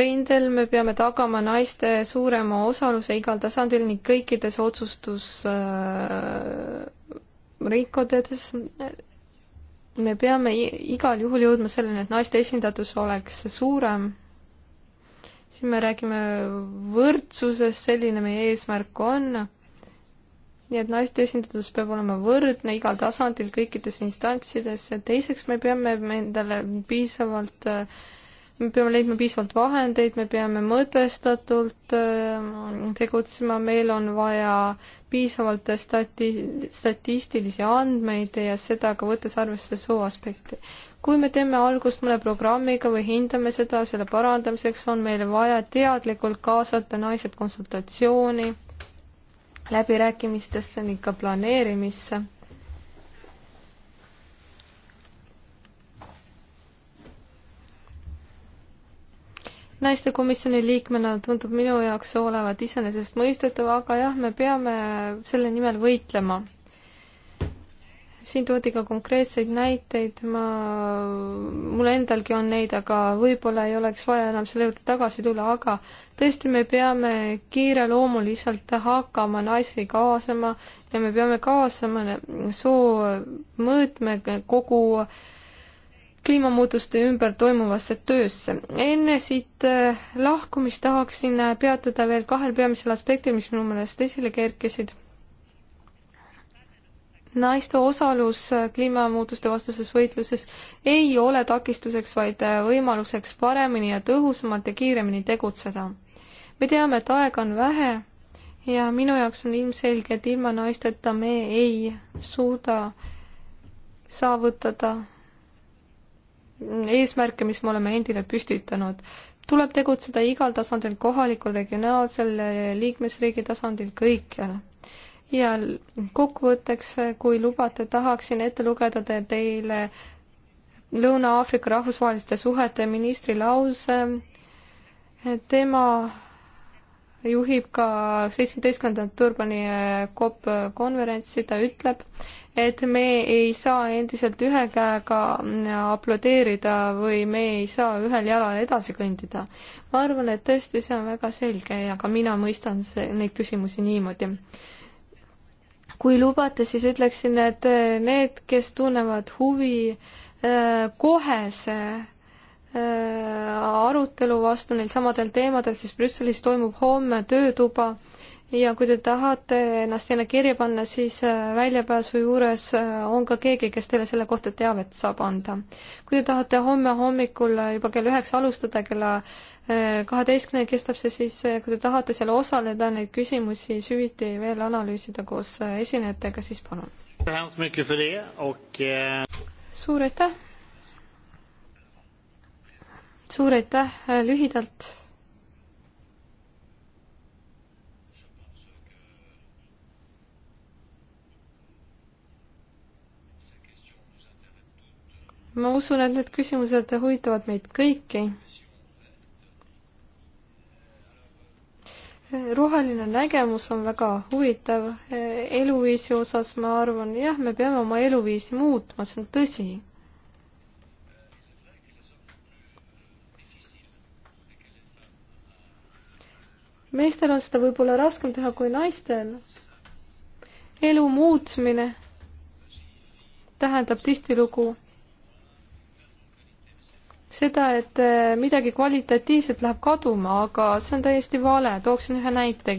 rindel me peame tagama naiste suurema osaluse igal tasandil ning kõikides otsustus äh, rikkudes me peame igal juhul jõudma selleni, et naiste esindatus oleks suurem. siin me räägime võrdsusest, selline meie eesmärk on. nii et naiste esindatus peab olema võrdne igal tasandil, kõikides instantsides ja teiseks me peame endale piisavalt, me peame leidma piisavalt vahendeid, me peame mõtestatult äh, tegutsema, meil on vaja äh, piisavalt stati-, statistilisi andmeid ja seda ka võttes arvesse soo aspekti. kui me teeme algust mõne programmiga või hindame seda selle parandamiseks, on meil vaja teadlikult kaasata naised konsultatsiooni, läbirääkimistesse ning ka planeerimisse naistekomisjoni liikmena tundub minu jaoks olevat iseenesestmõistetav, aga jah, me peame selle nimel võitlema. siin toodi ka konkreetseid näiteid, ma, mul endalgi on neid, aga võib-olla ei oleks vaja enam selle juurde tagasi tulla, aga tõesti, me peame kiireloomuliselt hakkama naisi kaasama ja me peame kaasama soo mõõtme kogu äh, kliimamuutuste ümber toimuvasse töösse. enne siit äh, lahkumist tahaksin äh, peatuda veel kahel peamisel aspektil, mis minu meelest esile kerkisid. naiste osalus äh, kliimamuutuste vastases võitluses ei ole takistuseks, vaid võimaluseks paremini ja tõhusamalt ja kiiremini tegutseda. me teame, et aega on vähe ja minu jaoks on ilmselge, et ilma naisteta me ei suuda saavutada eesmärke, mis me oleme endile püstitanud. tuleb tegutseda igal tasandil, kohalikul, regionaalsel, liikmesriigi tasandil, kõikjal. ja kokkuvõtteks, kui lubate, tahaksin ette lugeda te teile Lõuna-Aafrika rahvusvaheliste suhete ministri lause. tema juhib ka seitsmeteistkümnendat Durbani COP konverentsi, ta ütleb, et me ei saa endiselt ühe käega aplodeerida või me ei saa ühel jalal edasi kõndida. ma arvan, et tõesti see on väga selge ja ka mina mõistan see, neid küsimusi niimoodi. kui lubate, siis ütleksin, et need, kes tunnevad huvi äh, kohese äh, arutelu vastu neil samadel teemadel, siis Brüsselis toimub homme töötuba ja kui te tahate ennast sinna kirja panna, siis äh, väljapääsu juures äh, on ka keegi, kes teile selle kohta teavet saab anda. kui te tahate homme hommikul äh, juba kell üheksa alustada, kella kaheteistkümneni kestab see siis, kui te tahate seal osaleda, neid küsimusi süviti veel analüüsida koos esinejatega, siis palun. suur aitäh! suur aitäh lühidalt ma usun, et need küsimused huvitavad meid kõiki. roheline nägemus on väga huvitav eluviisi osas, ma arvan, jah, me peame oma eluviisi muutma, see on tõsi. meestel on seda võib-olla raskem teha kui naistel. elu muutmine tähendab tihtilugu seda, et eh, midagi kvalitatiivset läheb kaduma, aga see on täiesti vale, tooksin ühe näite.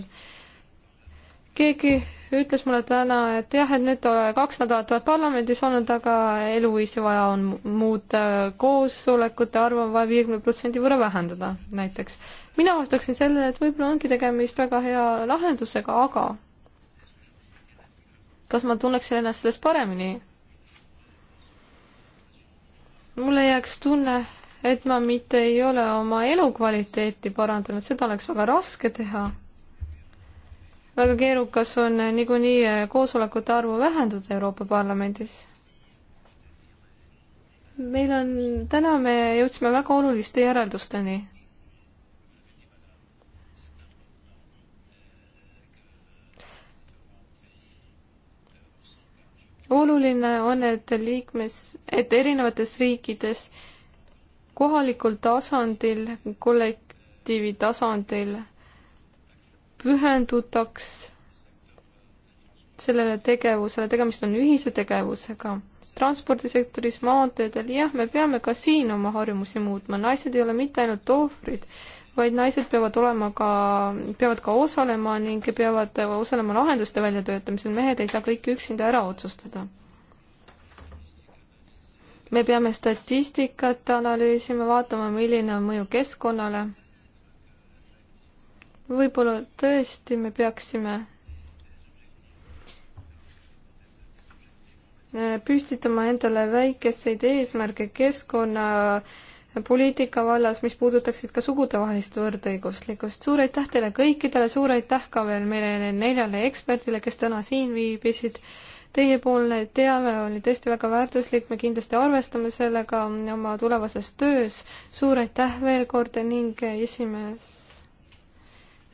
keegi ütles mulle täna, et jah, et nüüd kaks nädalat oled parlamendis olnud, aga eluviisi vaja on muuta, koosolekute arvu on vaja viiekümne protsendi võrra vähendada näiteks. mina vastaksin sellele, et võib-olla ongi tegemist väga hea lahendusega, aga kas ma tunneksin ennast sellest paremini? mulle jääks tunne, et ma mitte ei ole oma elukvaliteeti parandanud, seda oleks väga raske teha. väga keerukas on niikuinii koosolekute arvu vähendada Euroopa Parlamendis. meil on, täna me jõudsime väga oluliste järeldusteni. oluline on, et liikmes, et erinevates riikides äh, kohalikul tasandil, kollektiivi tasandil pühendutaks sellele tegevusele, tegemist on ühise tegevusega. transpordisektoris, maanteedel, jah, me peame ka siin oma harjumusi muutma, naised ei ole mitte ainult ohvrid, vaid naised peavad olema ka, peavad ka osalema ning peavad osalema lahenduste väljatöötamisel, mehed ei saa kõike üksinda ära otsustada me peame statistikat analüüsima, vaatama, milline on mõju keskkonnale. võib-olla tõesti me peaksime eh, püstitama endale väikeseid eesmärke keskkonnapoliitika eh, vallas, mis puudutaksid ka sugudevahelist võrdõiguslikkust. suur aitäh teile kõikidele, suur aitäh ka veel meile neljale eksperdile, kes täna siin viibisid Teiepoolne teave oli tõesti väga väärtuslik, me kindlasti arvestame sellega oma tulevases töös. suur aitäh veel kord ning esimees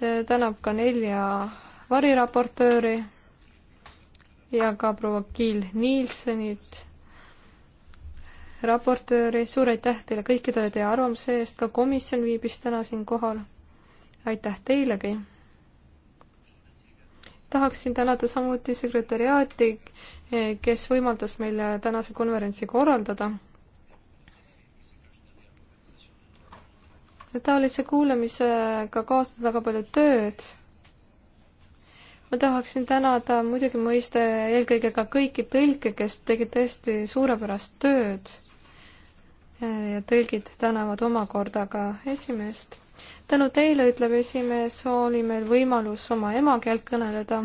eh, tänab ka nelja variraportööri ja ka proua Kiil Nielsenit raportööri, suur aitäh teile kõikidele teie arvamuse eest, ka komisjon viibis täna siin kohal. aitäh teilegi! tahaksin tänada samuti sekretäriaati, kes võimaldas meil tänase konverentsi korraldada. taolise kuulamisega kaasneb väga palju tööd. ma tahaksin tänada muidugi mõiste eelkõige ka kõiki tõlke, kes tegid tõesti suurepärast tööd. ja tõlgid tänavad omakorda ka esimeest tänu teile, ütleb esimees, oli meil võimalus oma emakeelt kõneleda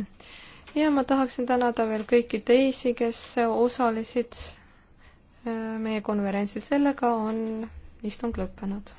ja ma tahaksin tänada veel kõiki teisi, kes osalesid äh, meie konverentsil, sellega on istung lõppenud